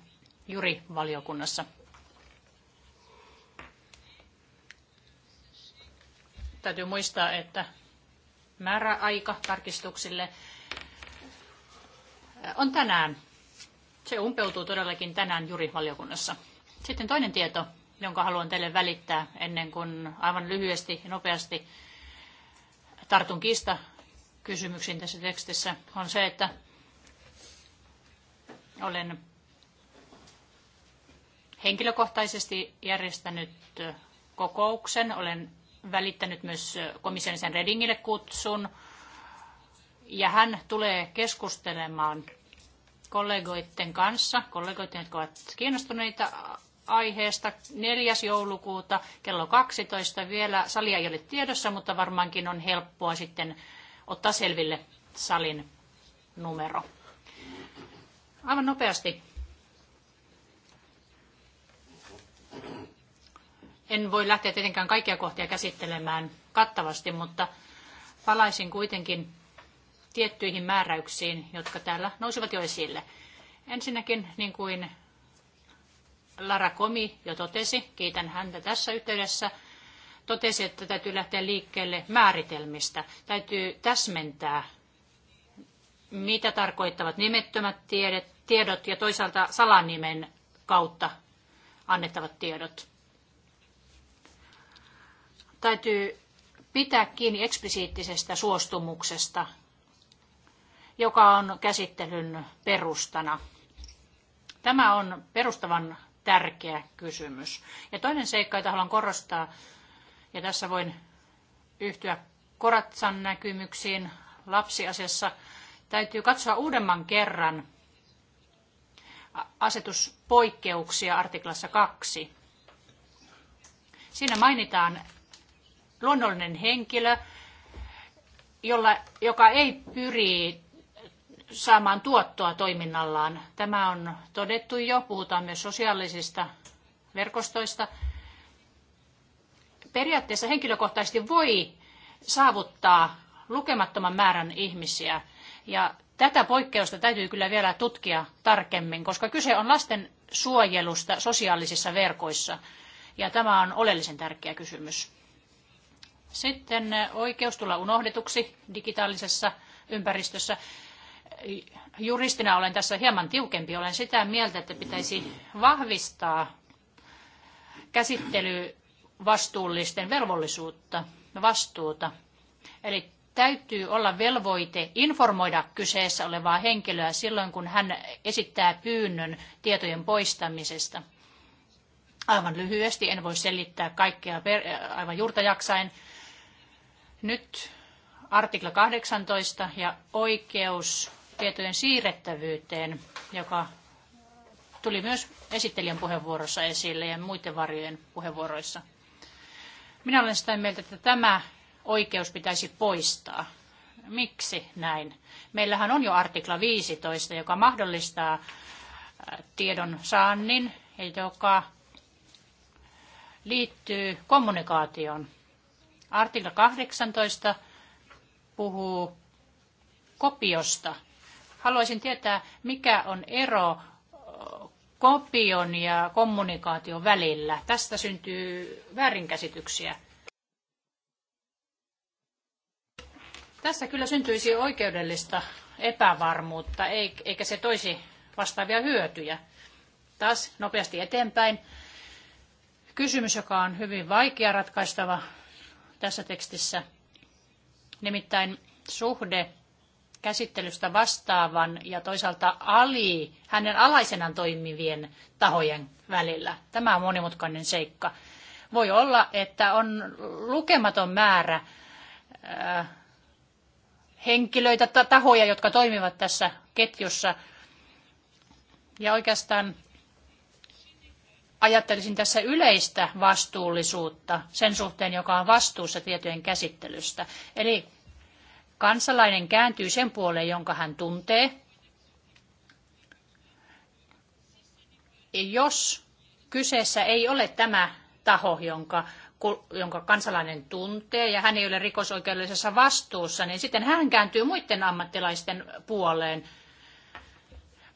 juri valiokunnassa. Täytyy muistaa, että määräaika tarkistuksille äh, on tänään. Se umpeutuu todellakin tänään juuri valiokunnassa. Sitten toinen tieto, jonka haluan teille välittää ennen kuin aivan lyhyesti ja nopeasti tartun kiista kysymyksiin tässä tekstissä, on se, että olen henkilökohtaisesti järjestänyt kokouksen. Olen välittänyt myös komission sen Redingille kutsun. Ja hän tulee keskustelemaan kollegoiden kanssa, kollegoiden, jotka ovat kiinnostuneita aiheesta 4. joulukuuta kello 12. Vielä salia ei ole tiedossa, mutta varmaankin on helppoa sitten ottaa selville salin numero. Aivan nopeasti En voi lähteä tietenkään kaikkia kohtia käsittelemään kattavasti, mutta palaisin kuitenkin tiettyihin määräyksiin, jotka täällä nousivat jo esille. Ensinnäkin, niin kuin Lara Komi jo totesi, kiitän häntä tässä yhteydessä, totesi, että täytyy lähteä liikkeelle määritelmistä. Täytyy täsmentää, mitä tarkoittavat nimettömät tiedot ja toisaalta salanimen kautta annettavat tiedot täytyy pitää kiinni eksplisiittisestä suostumuksesta, joka on käsittelyn perustana. Tämä on perustavan tärkeä kysymys. Ja toinen seikka, jota haluan korostaa, ja tässä voin yhtyä Koratsan näkymyksiin lapsiasiassa, täytyy katsoa uudemman kerran asetuspoikkeuksia artiklassa 2. Siinä mainitaan luonnollinen henkilö, jolla, joka ei pyri saamaan tuottoa toiminnallaan. Tämä on todettu jo, puhutaan myös sosiaalisista verkostoista. Periaatteessa henkilökohtaisesti voi saavuttaa lukemattoman määrän ihmisiä. Ja tätä poikkeusta täytyy kyllä vielä tutkia tarkemmin, koska kyse on lasten suojelusta sosiaalisissa verkoissa. Ja tämä on oleellisen tärkeä kysymys. Sitten eh, oikeus tulla unohdetuksi digitaalisessa ympäristössä. Juristina olen tässä hieman tiukempi. Olen sitä mieltä, että pitäisi vahvistaa käsittelyvastuullisten velvollisuutta, vastuuta. Eli täytyy olla velvoite informoida kyseessä olevaa henkilöä silloin, kun hän esittää pyynnön tietojen poistamisesta. Aivan lyhyesti, en voi selittää kaikkea aivan juurta jaksain nyt artikla 18 ja oikeus tietojen siirrettävyyteen, joka tuli myös esittelijän puheenvuorossa esille ja muiden varjojen puheenvuoroissa. Minä olen sitä mieltä, että tämä oikeus pitäisi poistaa. Miksi näin? Meillähän on jo artikla 15, joka mahdollistaa äh, tiedon saannin ja joka liittyy kommunikaatioon Artikla 18 puhuu kopiosta. Haluaisin tietää, mikä on ero kopion ja kommunikaation välillä. Tästä syntyy väärinkäsityksiä. Tässä kyllä syntyisi oikeudellista epävarmuutta, eikä se toisi vastaavia hyötyjä. Taas nopeasti eteenpäin. Kysymys, joka on hyvin vaikea ratkaistava, tässä tekstissä. Nimittäin suhde käsittelystä vastaavan ja toisaalta ali, hänen alaisenaan toimivien tahojen välillä. Tämä on monimutkainen seikka. Voi olla, että on lukematon määrä äh, henkilöitä, tahoja, jotka toimivat tässä ketjussa. Ja oikeastaan ajattelisin tässä yleistä vastuullisuutta sen suhteen, joka on vastuussa tietojen käsittelystä. Eli kansalainen kääntyy sen puoleen, jonka hän tuntee. Jos kyseessä ei ole tämä taho, jonka, jonka kansalainen tuntee ja hän ei ole rikosoikeudellisessa vastuussa, niin sitten hän kääntyy muiden ammattilaisten puoleen –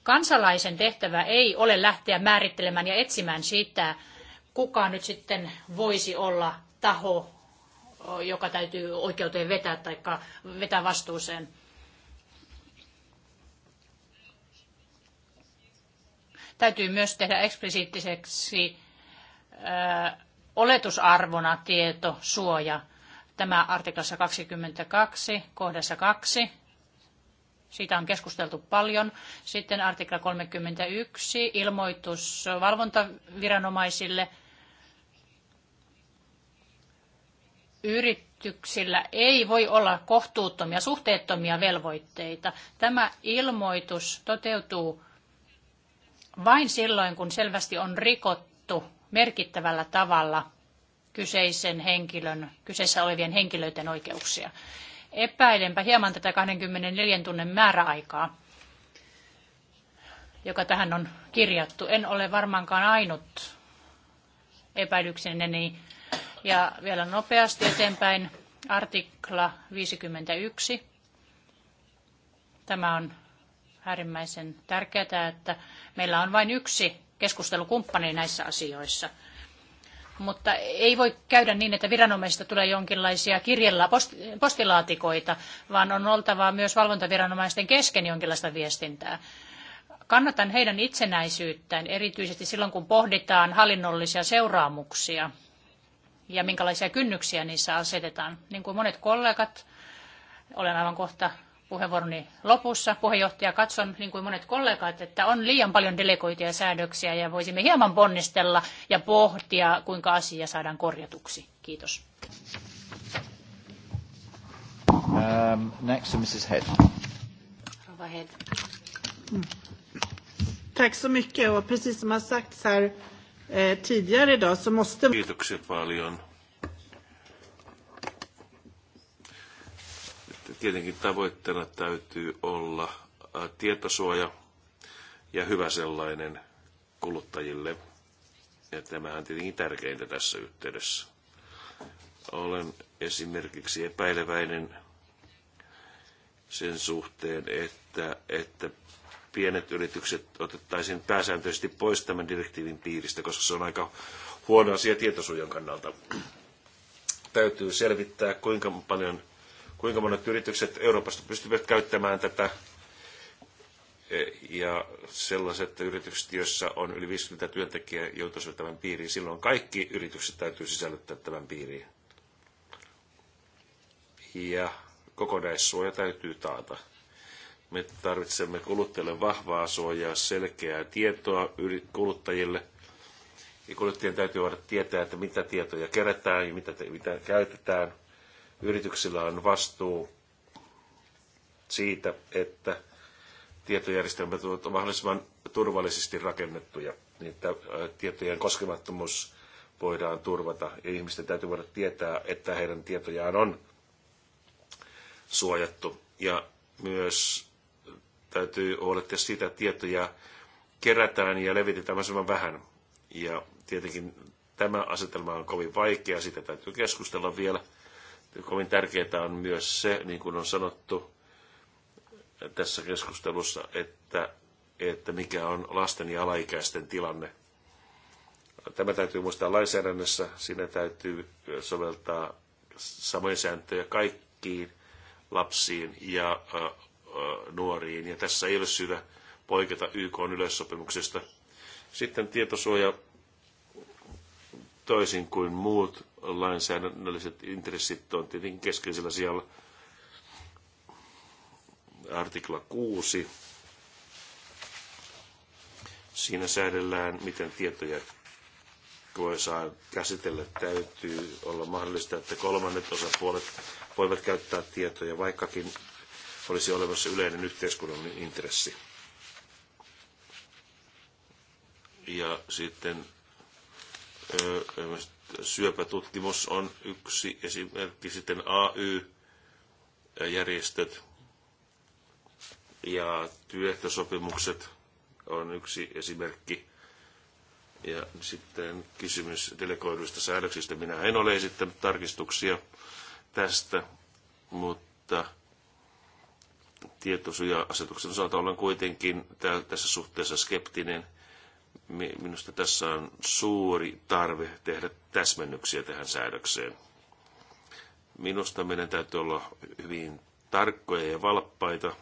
Kansalaisen tehtävä ei ole lähteä määrittelemään ja etsimään sitä, kuka nyt sitten voisi olla taho, joka täytyy oikeuteen vetää tai vetää vastuuseen. Täytyy myös tehdä eksplisiittiseksi oletusarvona tietosuoja. Tämä artiklassa 22 kohdassa 2 siitä on keskusteltu paljon. Sitten artikla 31, ilmoitus valvontaviranomaisille. Yrityksillä ei voi olla kohtuuttomia, suhteettomia velvoitteita. Tämä ilmoitus toteutuu vain silloin, kun selvästi on rikottu merkittävällä tavalla kyseisen henkilön, kyseessä olevien henkilöiden oikeuksia. Epäilenpä hieman tätä 24 tunnin määräaikaa, joka tähän on kirjattu. En ole varmaankaan ainut epäilykseni. Ja vielä nopeasti eteenpäin artikla 51. Tämä on äärimmäisen tärkeää, että meillä on vain yksi keskustelukumppani näissä asioissa – mutta ei voi käydä niin, että viranomaisista tulee jonkinlaisia kirjella postilaatikoita, vaan on oltava myös valvontaviranomaisten kesken jonkinlaista viestintää. Kannatan heidän itsenäisyyttään, erityisesti silloin kun pohditaan hallinnollisia seuraamuksia ja minkälaisia kynnyksiä niissä asetetaan. Niin kuin monet kollegat, olen aivan kohta puheenvuoroni lopussa. Puheenjohtaja, katson niin kuin monet kollegat, että on liian paljon delegoituja säädöksiä ja voisimme hieman ponnistella ja pohtia, kuinka asia saadaan korjatuksi. Kiitos. Um, next to Mrs. Head. Head. Mm. Tack så mycket och precis som har sagts här eh, tidigare idag så måste... Kiitoksia paljon tietenkin tavoitteena täytyy olla tietosuoja ja hyvä sellainen kuluttajille. Ja tämähän on tietenkin tärkeintä tässä yhteydessä. Olen esimerkiksi epäileväinen sen suhteen, että, että pienet yritykset otettaisiin pääsääntöisesti pois tämän direktiivin piiristä, koska se on aika huono asia tietosuojan kannalta. Täytyy selvittää, kuinka paljon kuinka monet yritykset Euroopasta pystyvät käyttämään tätä e, ja sellaiset yritykset, joissa on yli 50 työntekijää, joutuisivat tämän piiriin. Silloin kaikki yritykset täytyy sisällyttää tämän piiriin. Ja kokonaissuoja täytyy taata. Me tarvitsemme kuluttajille vahvaa suojaa, selkeää tietoa kuluttajille. Ja kuluttajien täytyy voida tietää, että mitä tietoja kerätään ja mitä, te, mitä käytetään – Yrityksillä on vastuu siitä, että tietojärjestelmät ovat mahdollisimman turvallisesti rakennettuja, niin että tietojen koskemattomuus voidaan turvata ja ihmisten täytyy voida tietää, että heidän tietojaan on suojattu. Ja myös täytyy huolehtia siitä, että tietoja kerätään ja levitetään mahdollisimman vähän. Ja tietenkin tämä asetelma on kovin vaikea, sitä täytyy keskustella vielä. Kovin tärkeää on myös se, niin kuin on sanottu tässä keskustelussa, että, että mikä on lasten ja alaikäisten tilanne. Tämä täytyy muistaa lainsäädännössä. Siinä täytyy soveltaa samoja sääntöjä kaikkiin lapsiin ja nuoriin. Ja tässä ei ole syytä poiketa YK yleissopimuksesta. Sitten tietosuoja toisin kuin muut lainsäädännölliset intressit on tietenkin keskeisellä sijalla. Artikla 6. Siinä säädellään, miten tietoja voi saa käsitellä. Täytyy olla mahdollista, että kolmannet osapuolet voivat käyttää tietoja, vaikkakin olisi olemassa yleinen yhteiskunnallinen intressi. Ja sitten syöpätutkimus on yksi esimerkki, sitten AY-järjestöt ja työehtosopimukset on yksi esimerkki. Ja sitten kysymys delegoiduista säädöksistä. Minä en ole esittänyt tarkistuksia tästä, mutta tietosuoja-asetuksen osalta olen kuitenkin tässä suhteessa skeptinen – Minusta tässä on suuri tarve tehdä täsmennyksiä tähän säädökseen. Minusta meidän täytyy olla hyvin tarkkoja ja valppaita.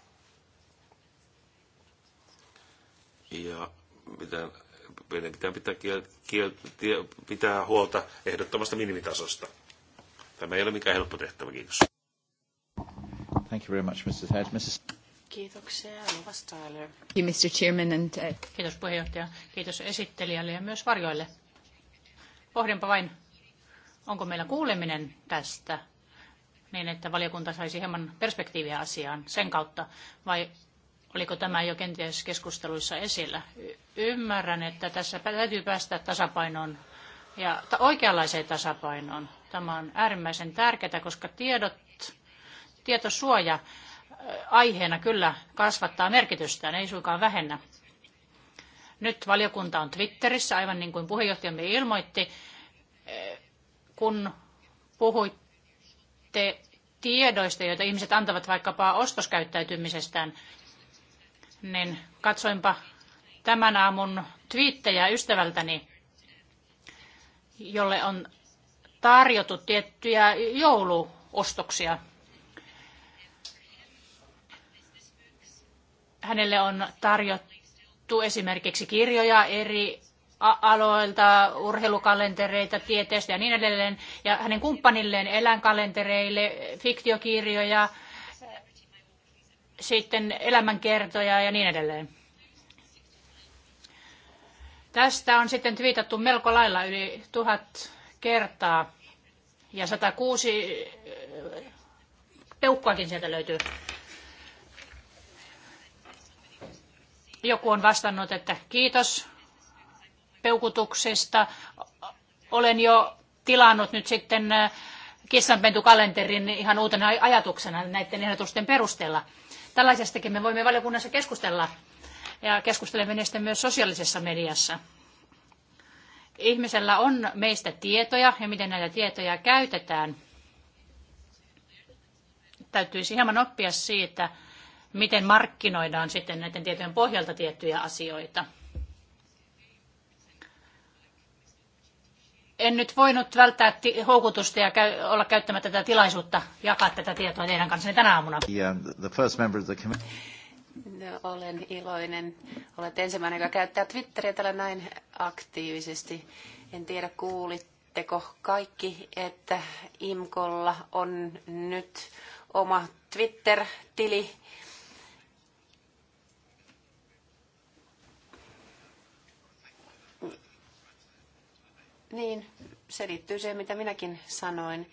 Ja pitää, meidän pitää pitää, kiel, kiel, tie, pitää huolta ehdottomasta minimitasosta. Tämä ei ole mikään helppo tehtävä, kiitos. Thank you very much, Mrs. Head. Mrs. Kiitoksia Anu Mr. Chairman and, uh, Kiitos puheenjohtaja. Kiitos esittelijälle ja myös varjoille. Pohdinpa vain, onko meillä kuuleminen tästä niin, että valiokunta saisi hieman perspektiiviä asiaan sen kautta, vai oliko tämä jo kenties keskusteluissa esillä? ymmärrän, että tässä täytyy päästä tasapainoon ja oikeanlaiseen tasapainoon. Tämä on äärimmäisen tärkeää, koska tiedot, tietosuoja aiheena kyllä kasvattaa merkitystään, ei suinkaan vähennä. Nyt valiokunta on Twitterissä, aivan niin kuin puheenjohtajamme ilmoitti, kun puhuitte tiedoista, joita ihmiset antavat vaikkapa ostoskäyttäytymisestään, niin katsoinpa tämän aamun twiittejä ystävältäni, jolle on tarjottu tiettyjä jouluostoksia hänelle on tarjottu esimerkiksi kirjoja eri aloilta, urheilukalentereita, tieteestä ja niin edelleen, ja hänen kumppanilleen eläinkalentereille, fiktiokirjoja, sitten elämänkertoja ja niin edelleen. Tästä on sitten twiitattu melko lailla yli tuhat kertaa, ja 106 peukkuakin sieltä löytyy. Joku on vastannut, että kiitos peukutuksesta. Olen jo tilannut nyt sitten äh, kissanpentukalenterin ihan uutena ajatuksena näiden ehdotusten perusteella. Tällaisestakin me voimme valiokunnassa keskustella ja keskustelemme niistä myös sosiaalisessa mediassa. Ihmisellä on meistä tietoja ja miten näitä tietoja käytetään. Täytyisi hieman oppia siitä, miten markkinoidaan sitten näiden tietojen pohjalta tiettyjä asioita. En nyt voinut välttää houkutusta ja käy, olla käyttämättä tätä tilaisuutta jakaa tätä tietoa teidän kanssanne tänä aamuna. the first member of the No, olen iloinen. Olet ensimmäinen, joka käyttää Twitteriä tällä näin aktiivisesti. En tiedä, kuulitteko kaikki, että IMKolla on nyt oma Twitter-tili Niin, se liittyy siihen, mitä minäkin sanoin.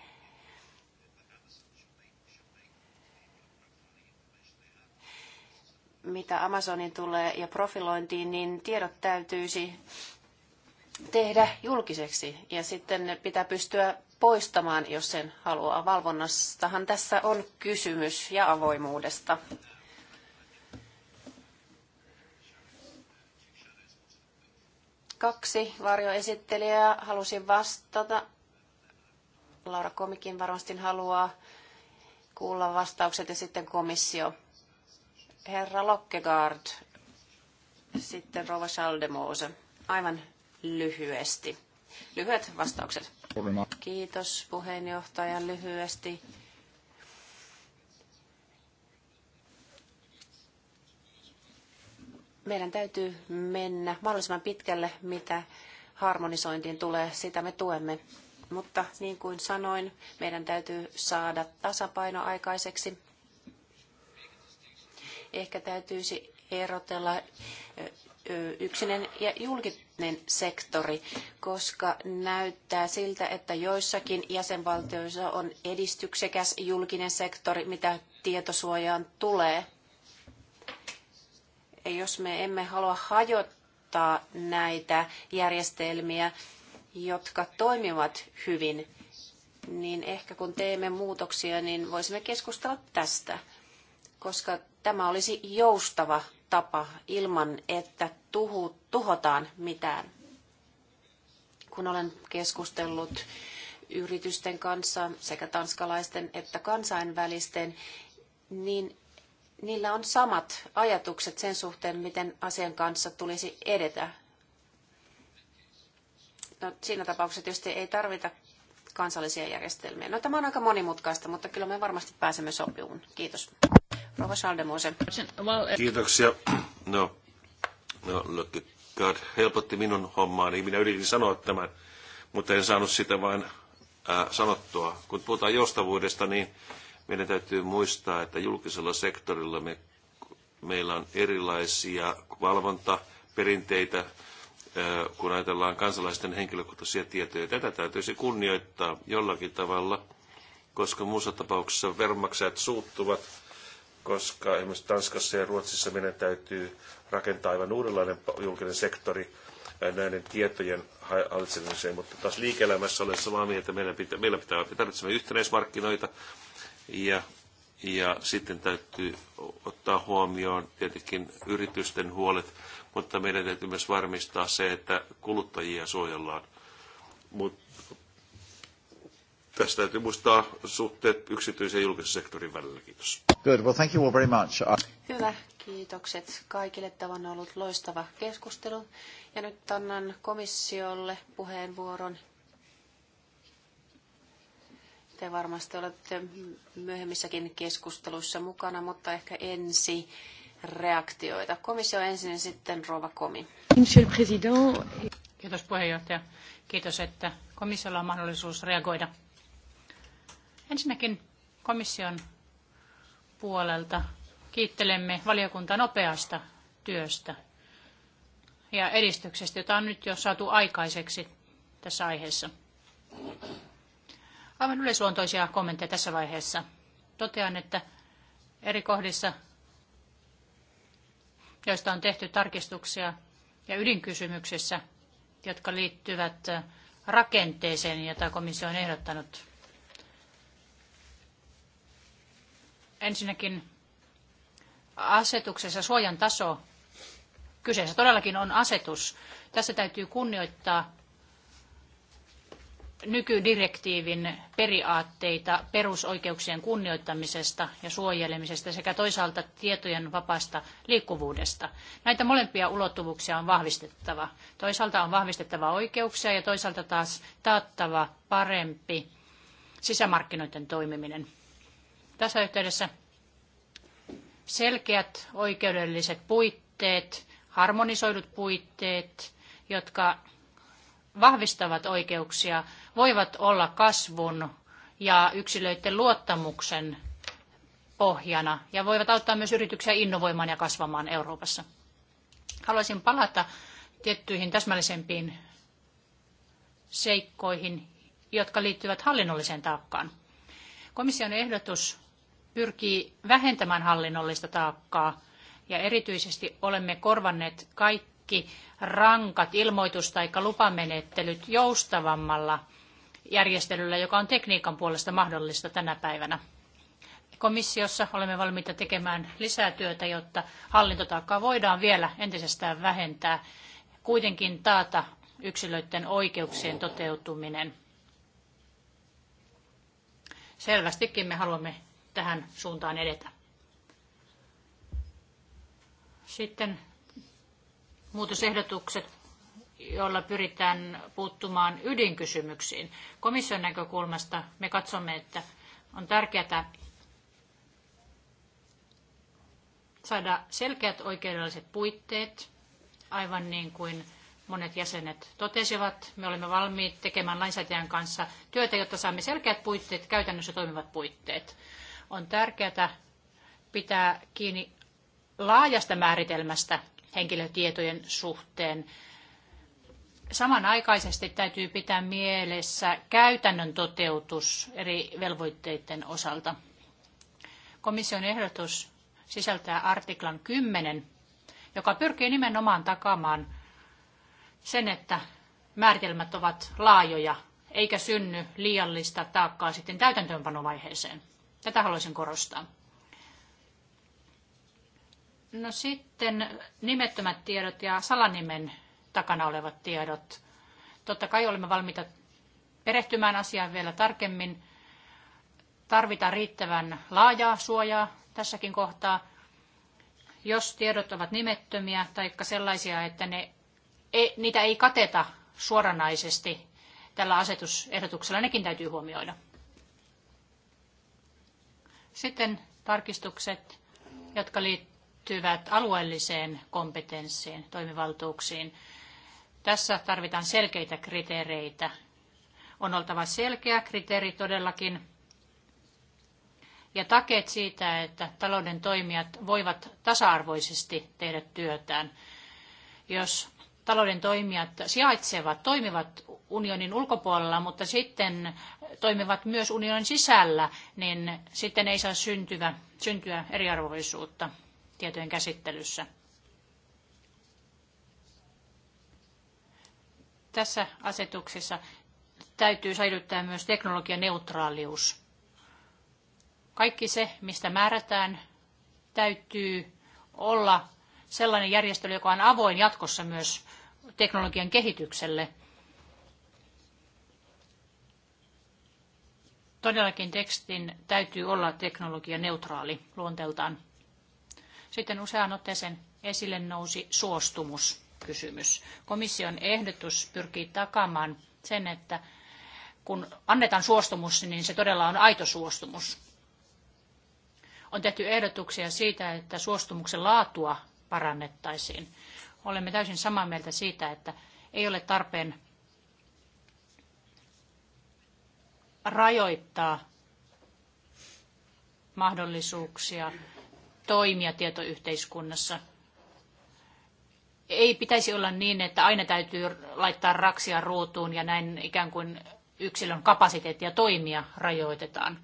Mitä Amazonin tulee ja profilointiin, niin tiedot täytyisi tehdä julkiseksi ja sitten ne pitää pystyä poistamaan, jos sen haluaa. Valvonnastahan tässä on kysymys ja avoimuudesta. kaksi varjoesittelijää halusi vastata. Laura Komikin varmasti haluaa kuulla vastaukset ja sitten komissio. Herra Lokkegaard, sitten Rova Schaldemose. Aivan lyhyesti. Lyhyet vastaukset. Kiitos puheenjohtajan lyhyesti. meidän täytyy mennä mahdollisimman pitkälle, mitä harmonisointiin tulee, sitä me tuemme. Mutta niin kuin sanoin, meidän täytyy saada tasapaino aikaiseksi. Ehkä täytyisi erotella yksinen ja julkinen sektori, koska näyttää siltä, että joissakin jäsenvaltioissa on edistyksekäs julkinen sektori, mitä tietosuojaan tulee – jos me emme halua hajottaa näitä järjestelmiä, jotka toimivat hyvin, niin ehkä kun teemme muutoksia, niin voisimme keskustella tästä, koska tämä olisi joustava tapa ilman, että tuhu, tuhotaan mitään. Kun olen keskustellut yritysten kanssa, sekä tanskalaisten että kansainvälisten, niin niillä on samat ajatukset sen suhteen, miten asian kanssa tulisi edetä. No, siinä tapauksessa tietysti ei tarvita kansallisia järjestelmiä. No, tämä on aika monimutkaista, mutta kyllä me varmasti pääsemme sopuun. Kiitos. Rova Schaldemose. Kiitoksia. No, no look, God helpotti minun hommaani. Minä yritin sanoa tämän, mutta en saanut sitä vain äh, sanottua. Kun puhutaan joustavuudesta, niin meidän täytyy muistaa, että julkisella sektorilla me, meillä on erilaisia valvontaperinteitä, kun ajatellaan kansalaisten henkilökohtaisia tietoja. Tätä täytyisi kunnioittaa jollakin tavalla, koska muussa tapauksessa veronmaksajat suuttuvat, koska esimerkiksi Tanskassa ja Ruotsissa meidän täytyy rakentaa aivan uudenlainen julkinen sektori näiden tietojen hallitsemiseen, mutta taas liike-elämässä olen samaa mieltä, meillä pitää, meillä pitää, me tarvitsemme yhtenäismarkkinoita, ja, ja sitten täytyy ottaa huomioon tietenkin yritysten huolet, mutta meidän täytyy myös varmistaa se, että kuluttajia suojellaan. Mut tästä täytyy muistaa suhteet yksityisen ja julkisen sektorin välillä. Kiitos. Good. Well, thank you all very much. Hyvä. Kiitokset kaikille. Tämä on ollut loistava keskustelu. Ja nyt annan komissiolle puheenvuoron te varmasti olette myöhemmissäkin keskusteluissa mukana, mutta ehkä ensi reaktioita. Komissio ensin sitten Rova Komi. Monsieur le Président. Kiitos puheenjohtaja. Kiitos, että komissiolla on mahdollisuus reagoida. Ensinnäkin komission puolelta kiittelemme valiokuntaa nopeasta työstä ja edistyksestä, jota on nyt jo saatu aikaiseksi tässä aiheessa. Aivan yleisluontoisia kommentteja tässä vaiheessa. Totean, että eri kohdissa, joista on tehty tarkistuksia ja ydinkysymyksissä, jotka liittyvät rakenteeseen, jota komissio on ehdottanut. Ensinnäkin asetuksessa suojan taso. Kyseessä todellakin on asetus. Tässä täytyy kunnioittaa nykydirektiivin periaatteita perusoikeuksien kunnioittamisesta ja suojelemisesta sekä toisaalta tietojen vapaasta liikkuvuudesta. Näitä molempia ulottuvuuksia on vahvistettava. Toisaalta on vahvistettava oikeuksia ja toisaalta taas taattava parempi sisämarkkinoiden toimiminen. Tässä yhteydessä selkeät oikeudelliset puitteet, harmonisoidut puitteet, jotka vahvistavat oikeuksia voivat olla kasvun ja yksilöiden luottamuksen pohjana ja voivat auttaa myös yrityksiä innovoimaan ja kasvamaan Euroopassa. Haluaisin palata tiettyihin täsmällisempiin seikkoihin, jotka liittyvät hallinnolliseen taakkaan. Komission ehdotus pyrkii vähentämään hallinnollista taakkaa ja erityisesti olemme korvanneet kaikki kaikki rankat ilmoitus- tai lupamenettelyt joustavammalla järjestelyllä, joka on tekniikan puolesta mahdollista tänä päivänä. Komissiossa olemme valmiita tekemään lisää työtä, jotta hallintotaakkaa voidaan vielä entisestään vähentää, kuitenkin taata yksilöiden oikeuksien toteutuminen. Selvästikin me haluamme tähän suuntaan edetä. Sitten muutosehdotukset, joilla pyritään puuttumaan ydinkysymyksiin. Komission näkökulmasta me katsomme, että on tärkeää saada selkeät oikeudelliset puitteet, aivan niin kuin monet jäsenet totesivat. Me olemme valmiit tekemään lainsäätäjän kanssa työtä, jotta saamme selkeät puitteet, käytännössä toimivat puitteet. On tärkeää pitää kiinni laajasta määritelmästä henkilötietojen suhteen. Samanaikaisesti täytyy pitää mielessä käytännön toteutus eri velvoitteiden osalta. Komission ehdotus sisältää artiklan 10, joka pyrkii nimenomaan takaamaan sen, että määritelmät ovat laajoja eikä synny liiallista taakkaa sitten täytäntöönpanovaiheeseen. Tätä haluaisin korostaa. No sitten nimettömät tiedot ja salanimen takana olevat tiedot. Totta kai olemme valmiita perehtymään asiaan vielä tarkemmin. Tarvitaan riittävän laajaa suojaa tässäkin kohtaa. Jos tiedot ovat nimettömiä tai sellaisia, että ne, ei, niitä ei kateta suoranaisesti tällä asetusehdotuksella, nekin täytyy huomioida. Sitten tarkistukset, jotka liittyvät liittyvät alueelliseen kompetenssiin, toimivaltuuksiin. Tässä tarvitaan selkeitä kriteereitä. On oltava selkeä kriteeri todellakin ja takeet siitä, että talouden toimijat voivat tasa-arvoisesti tehdä työtään. Jos talouden toimijat sijaitsevat, toimivat unionin ulkopuolella, mutta sitten toimivat myös unionin sisällä, niin sitten ei saa syntyä, syntyä eriarvoisuutta tietojen käsittelyssä. Tässä asetuksessa täytyy säilyttää myös teknologianeutraalius. Kaikki se, mistä määrätään, täytyy olla sellainen järjestely, joka on avoin jatkossa myös teknologian kehitykselle. Todellakin tekstin täytyy olla teknologianeutraali luonteeltaan. Sitten useaan otteeseen esille nousi suostumuskysymys. Komission ehdotus pyrkii takaamaan sen, että kun annetaan suostumus, niin se todella on aito suostumus. On tehty ehdotuksia siitä, että suostumuksen laatua parannettaisiin. Olemme täysin samaa mieltä siitä, että ei ole tarpeen rajoittaa mahdollisuuksia toimia tietoyhteiskunnassa. Ei pitäisi olla niin, että aina täytyy laittaa raksia ruutuun ja näin ikään kuin yksilön kapasiteettia toimia rajoitetaan.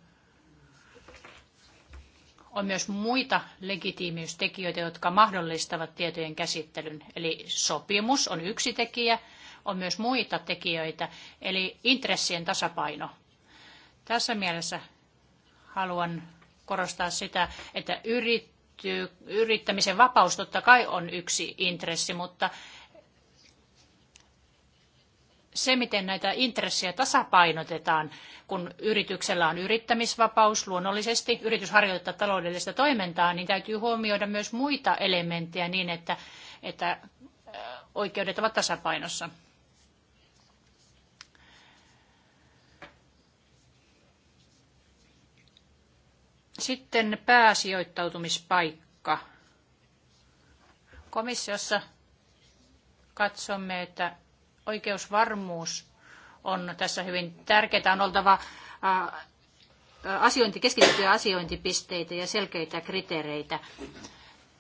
On myös muita legitiimiystekijöitä, jotka mahdollistavat tietojen käsittelyn. Eli sopimus on yksi tekijä, on myös muita tekijöitä, eli intressien tasapaino. Tässä mielessä haluan korostaa sitä, että yrit, liittyy yrittämisen vapaus, totta kai on yksi intressi, mutta se, miten näitä intressejä tasapainotetaan, kun yrityksellä on yrittämisvapaus luonnollisesti, yritys harjoittaa taloudellista toimintaa, niin täytyy huomioida myös muita elementtejä niin, että, että oikeudet ovat tasapainossa. Sitten pääsijoittautumispaikka. Komissiossa katsomme, että oikeusvarmuus on tässä hyvin tärkeää. On oltava asiointi, keskitettyjä asiointipisteitä ja selkeitä kriteereitä.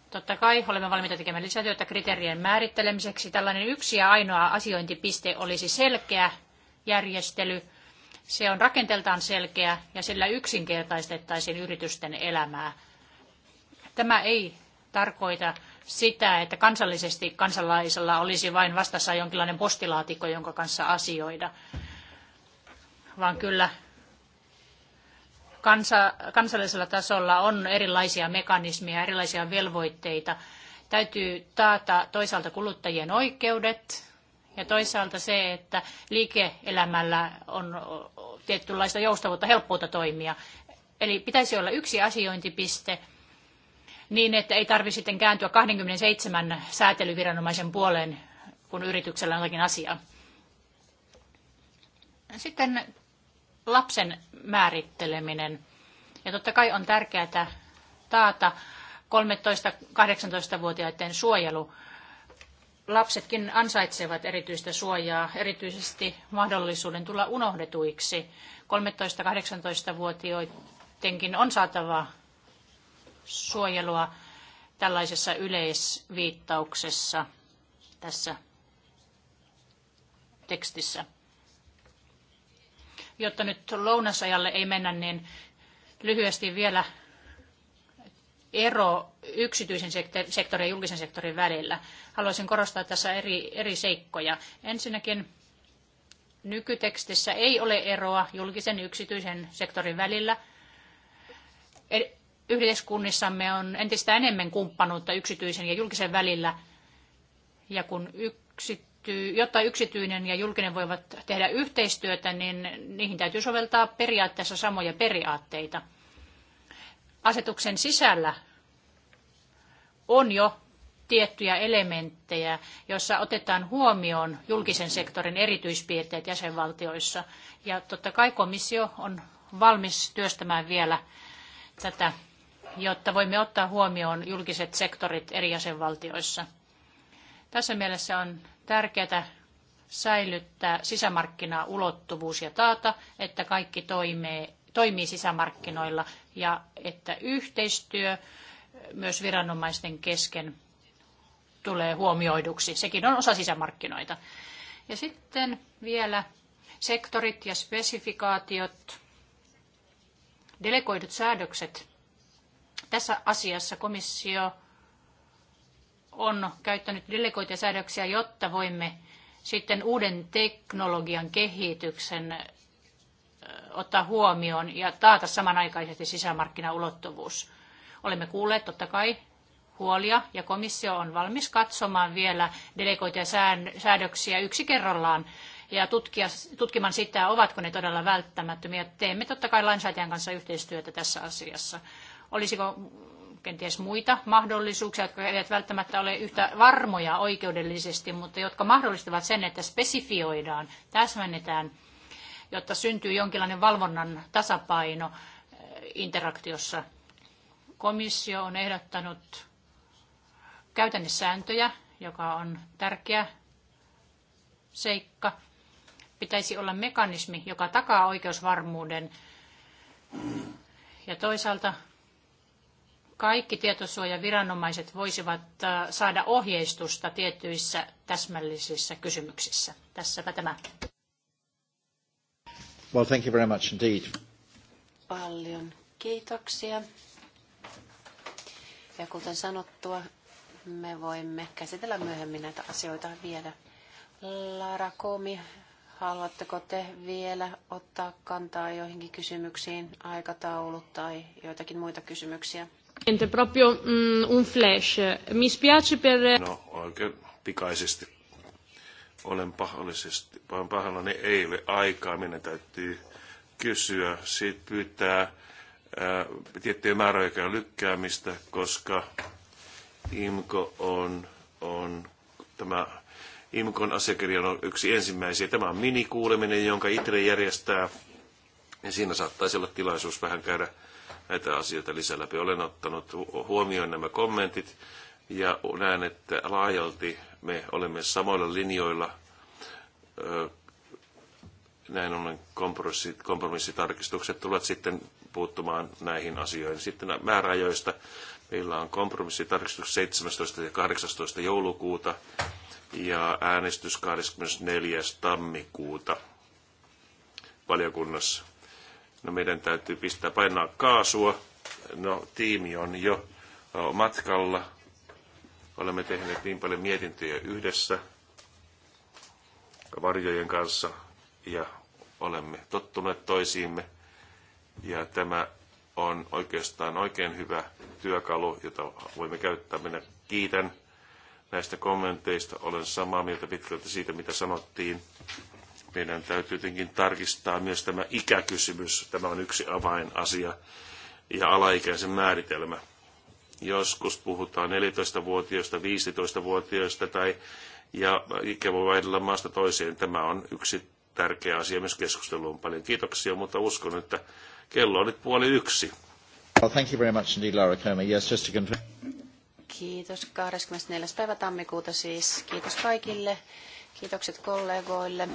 Totta kai olemme valmiita tekemään lisätyötä kriteerien määrittelemiseksi. Tällainen yksi ja ainoa asiointipiste olisi selkeä järjestely – se on rakenteeltaan selkeä ja sillä yksinkertaistettaisiin yritysten elämää. Tämä ei tarkoita sitä, että kansallisesti kansalaisella olisi vain vastassa jonkinlainen postilaatikko, jonka kanssa asioida, vaan kyllä kansa, kansallisella tasolla on erilaisia mekanismeja, erilaisia velvoitteita. Täytyy taata toisaalta kuluttajien oikeudet, ja toisaalta se, että liike-elämällä on tietynlaista joustavuutta, helppoutta toimia. Eli pitäisi olla yksi asiointipiste niin, että ei tarvitse sitten kääntyä 27 säätelyviranomaisen puoleen, kun yrityksellä on jotakin asiaa. Sitten lapsen määritteleminen. Ja totta kai on tärkeää taata 13-18-vuotiaiden suojelu lapsetkin ansaitsevat erityistä suojaa, erityisesti mahdollisuuden tulla unohdetuiksi. 13-18-vuotiaidenkin on saatava suojelua tällaisessa yleisviittauksessa tässä tekstissä. Jotta nyt lounasajalle ei mennä, niin lyhyesti vielä ero yksityisen sektorin ja julkisen sektorin välillä. Haluaisin korostaa tässä eri, eri seikkoja. Ensinnäkin nykytekstissä ei ole eroa julkisen ja yksityisen sektorin välillä. E, Yhteiskunnissamme on entistä enemmän kumppanuutta yksityisen ja julkisen välillä. Ja kun yksity, jotta yksityinen ja julkinen voivat tehdä yhteistyötä, niin niihin täytyy soveltaa periaatteessa samoja periaatteita – asetuksen sisällä on jo tiettyjä elementtejä, joissa otetaan huomioon julkisen sektorin erityispiirteet jäsenvaltioissa. Ja totta kai komissio on valmis työstämään vielä tätä, jotta voimme ottaa huomioon julkiset sektorit eri jäsenvaltioissa. Tässä mielessä on tärkeää säilyttää sisämarkkinaulottuvuus ja taata, että kaikki toimii, toimii sisämarkkinoilla ja että yhteistyö myös viranomaisten kesken tulee huomioiduksi. Sekin on osa sisämarkkinoita. Ja sitten vielä sektorit ja spesifikaatiot, delegoidut säädökset. Tässä asiassa komissio on käyttänyt delegoituja säädöksiä, jotta voimme sitten uuden teknologian kehityksen ottaa huomioon ja taata samanaikaisesti sisämarkkinaulottuvuus. Olemme kuulleet totta kai huolia ja komissio on valmis katsomaan vielä delegoituja säädöksiä yksi kerrallaan ja tutkia, tutkimaan sitä, ovatko ne todella välttämättömiä. Teemme totta kai lainsäätäjän kanssa yhteistyötä tässä asiassa. Olisiko kenties muita mahdollisuuksia, jotka eivät välttämättä ole yhtä varmoja oikeudellisesti, mutta jotka mahdollistavat sen, että spesifioidaan, täsmennetään – jotta syntyy jonkinlainen valvonnan tasapaino eh, interaktiossa. Komissio on ehdottanut käytännössääntöjä, joka on tärkeä seikka. Pitäisi olla mekanismi, joka takaa oikeusvarmuuden ja toisaalta kaikki tietosuojaviranomaiset voisivat eh, saada ohjeistusta tietyissä täsmällisissä kysymyksissä. Tässäpä tämä. Well, thank you very much indeed. Paljon kiitoksia. Ja kuten sanottua, me voimme käsitellä myöhemmin näitä asioita vielä. Lara Komi, haluatteko te vielä ottaa kantaa joihinkin kysymyksiin, aikataulut tai joitakin muita kysymyksiä? Proprio mm, un flash. Mi spiace per... No, oikein pikaisesti olen pahallisesti, vaan pahoillani ei ole aikaa. minne täytyy kysyä, siitä pyytää ää, tiettyjä määräaikoja lykkäämistä, koska IMKO on, on tämä IMKON asiakirja on yksi ensimmäisiä. Tämä on minikuuleminen, jonka ITRE järjestää. Ja siinä saattaisi olla tilaisuus vähän käydä näitä asioita lisää läpi. Olen ottanut huomioon nämä kommentit ja näen, että laajalti me olemme samoilla linjoilla. Näin ollen kompromissit, kompromissitarkistukset tulevat sitten puuttumaan näihin asioihin. Sitten määräajoista. Meillä on kompromissitarkistus 17. ja 18. joulukuuta ja äänestys 24. tammikuuta valiokunnassa. No meidän täytyy pistää painaa kaasua. No tiimi on jo matkalla Olemme tehneet niin paljon mietintöjä yhdessä varjojen kanssa ja olemme tottuneet toisiimme. Ja tämä on oikeastaan oikein hyvä työkalu, jota voimme käyttää. Minä kiitän näistä kommenteista. Olen samaa mieltä pitkälti siitä, mitä sanottiin. Meidän täytyy tietenkin tarkistaa myös tämä ikäkysymys. Tämä on yksi avainasia ja alaikäisen määritelmä. Joskus puhutaan 14-vuotiaista, 15-vuotiaista tai ja ikä voi vaihdella maasta toiseen. Tämä on yksi tärkeä asia myös keskusteluun. Paljon kiitoksia, mutta uskon, että kello on nyt puoli yksi. Well, thank you very much indeed, Laura Yes, just to confirm. Kiitos. 24. päivä tammikuuta siis. Kiitos kaikille. Kiitokset kollegoille.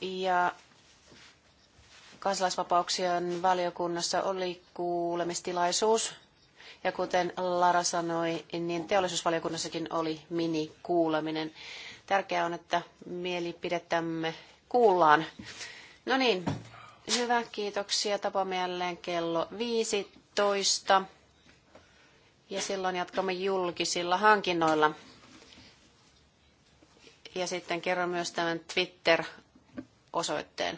Ja kansalaisvapauksien valiokunnassa oli kuulemistilaisuus. Ja kuten Lara sanoi, niin teollisuusvaliokunnassakin oli minikuuleminen. Tärkeää on, että mielipidettämme kuullaan. No niin, hyvä, kiitoksia. Tapaamme jälleen kello 15. Ja silloin jatkamme julkisilla hankinnoilla. Ja sitten kerron myös tämän Twitter-osoitteen.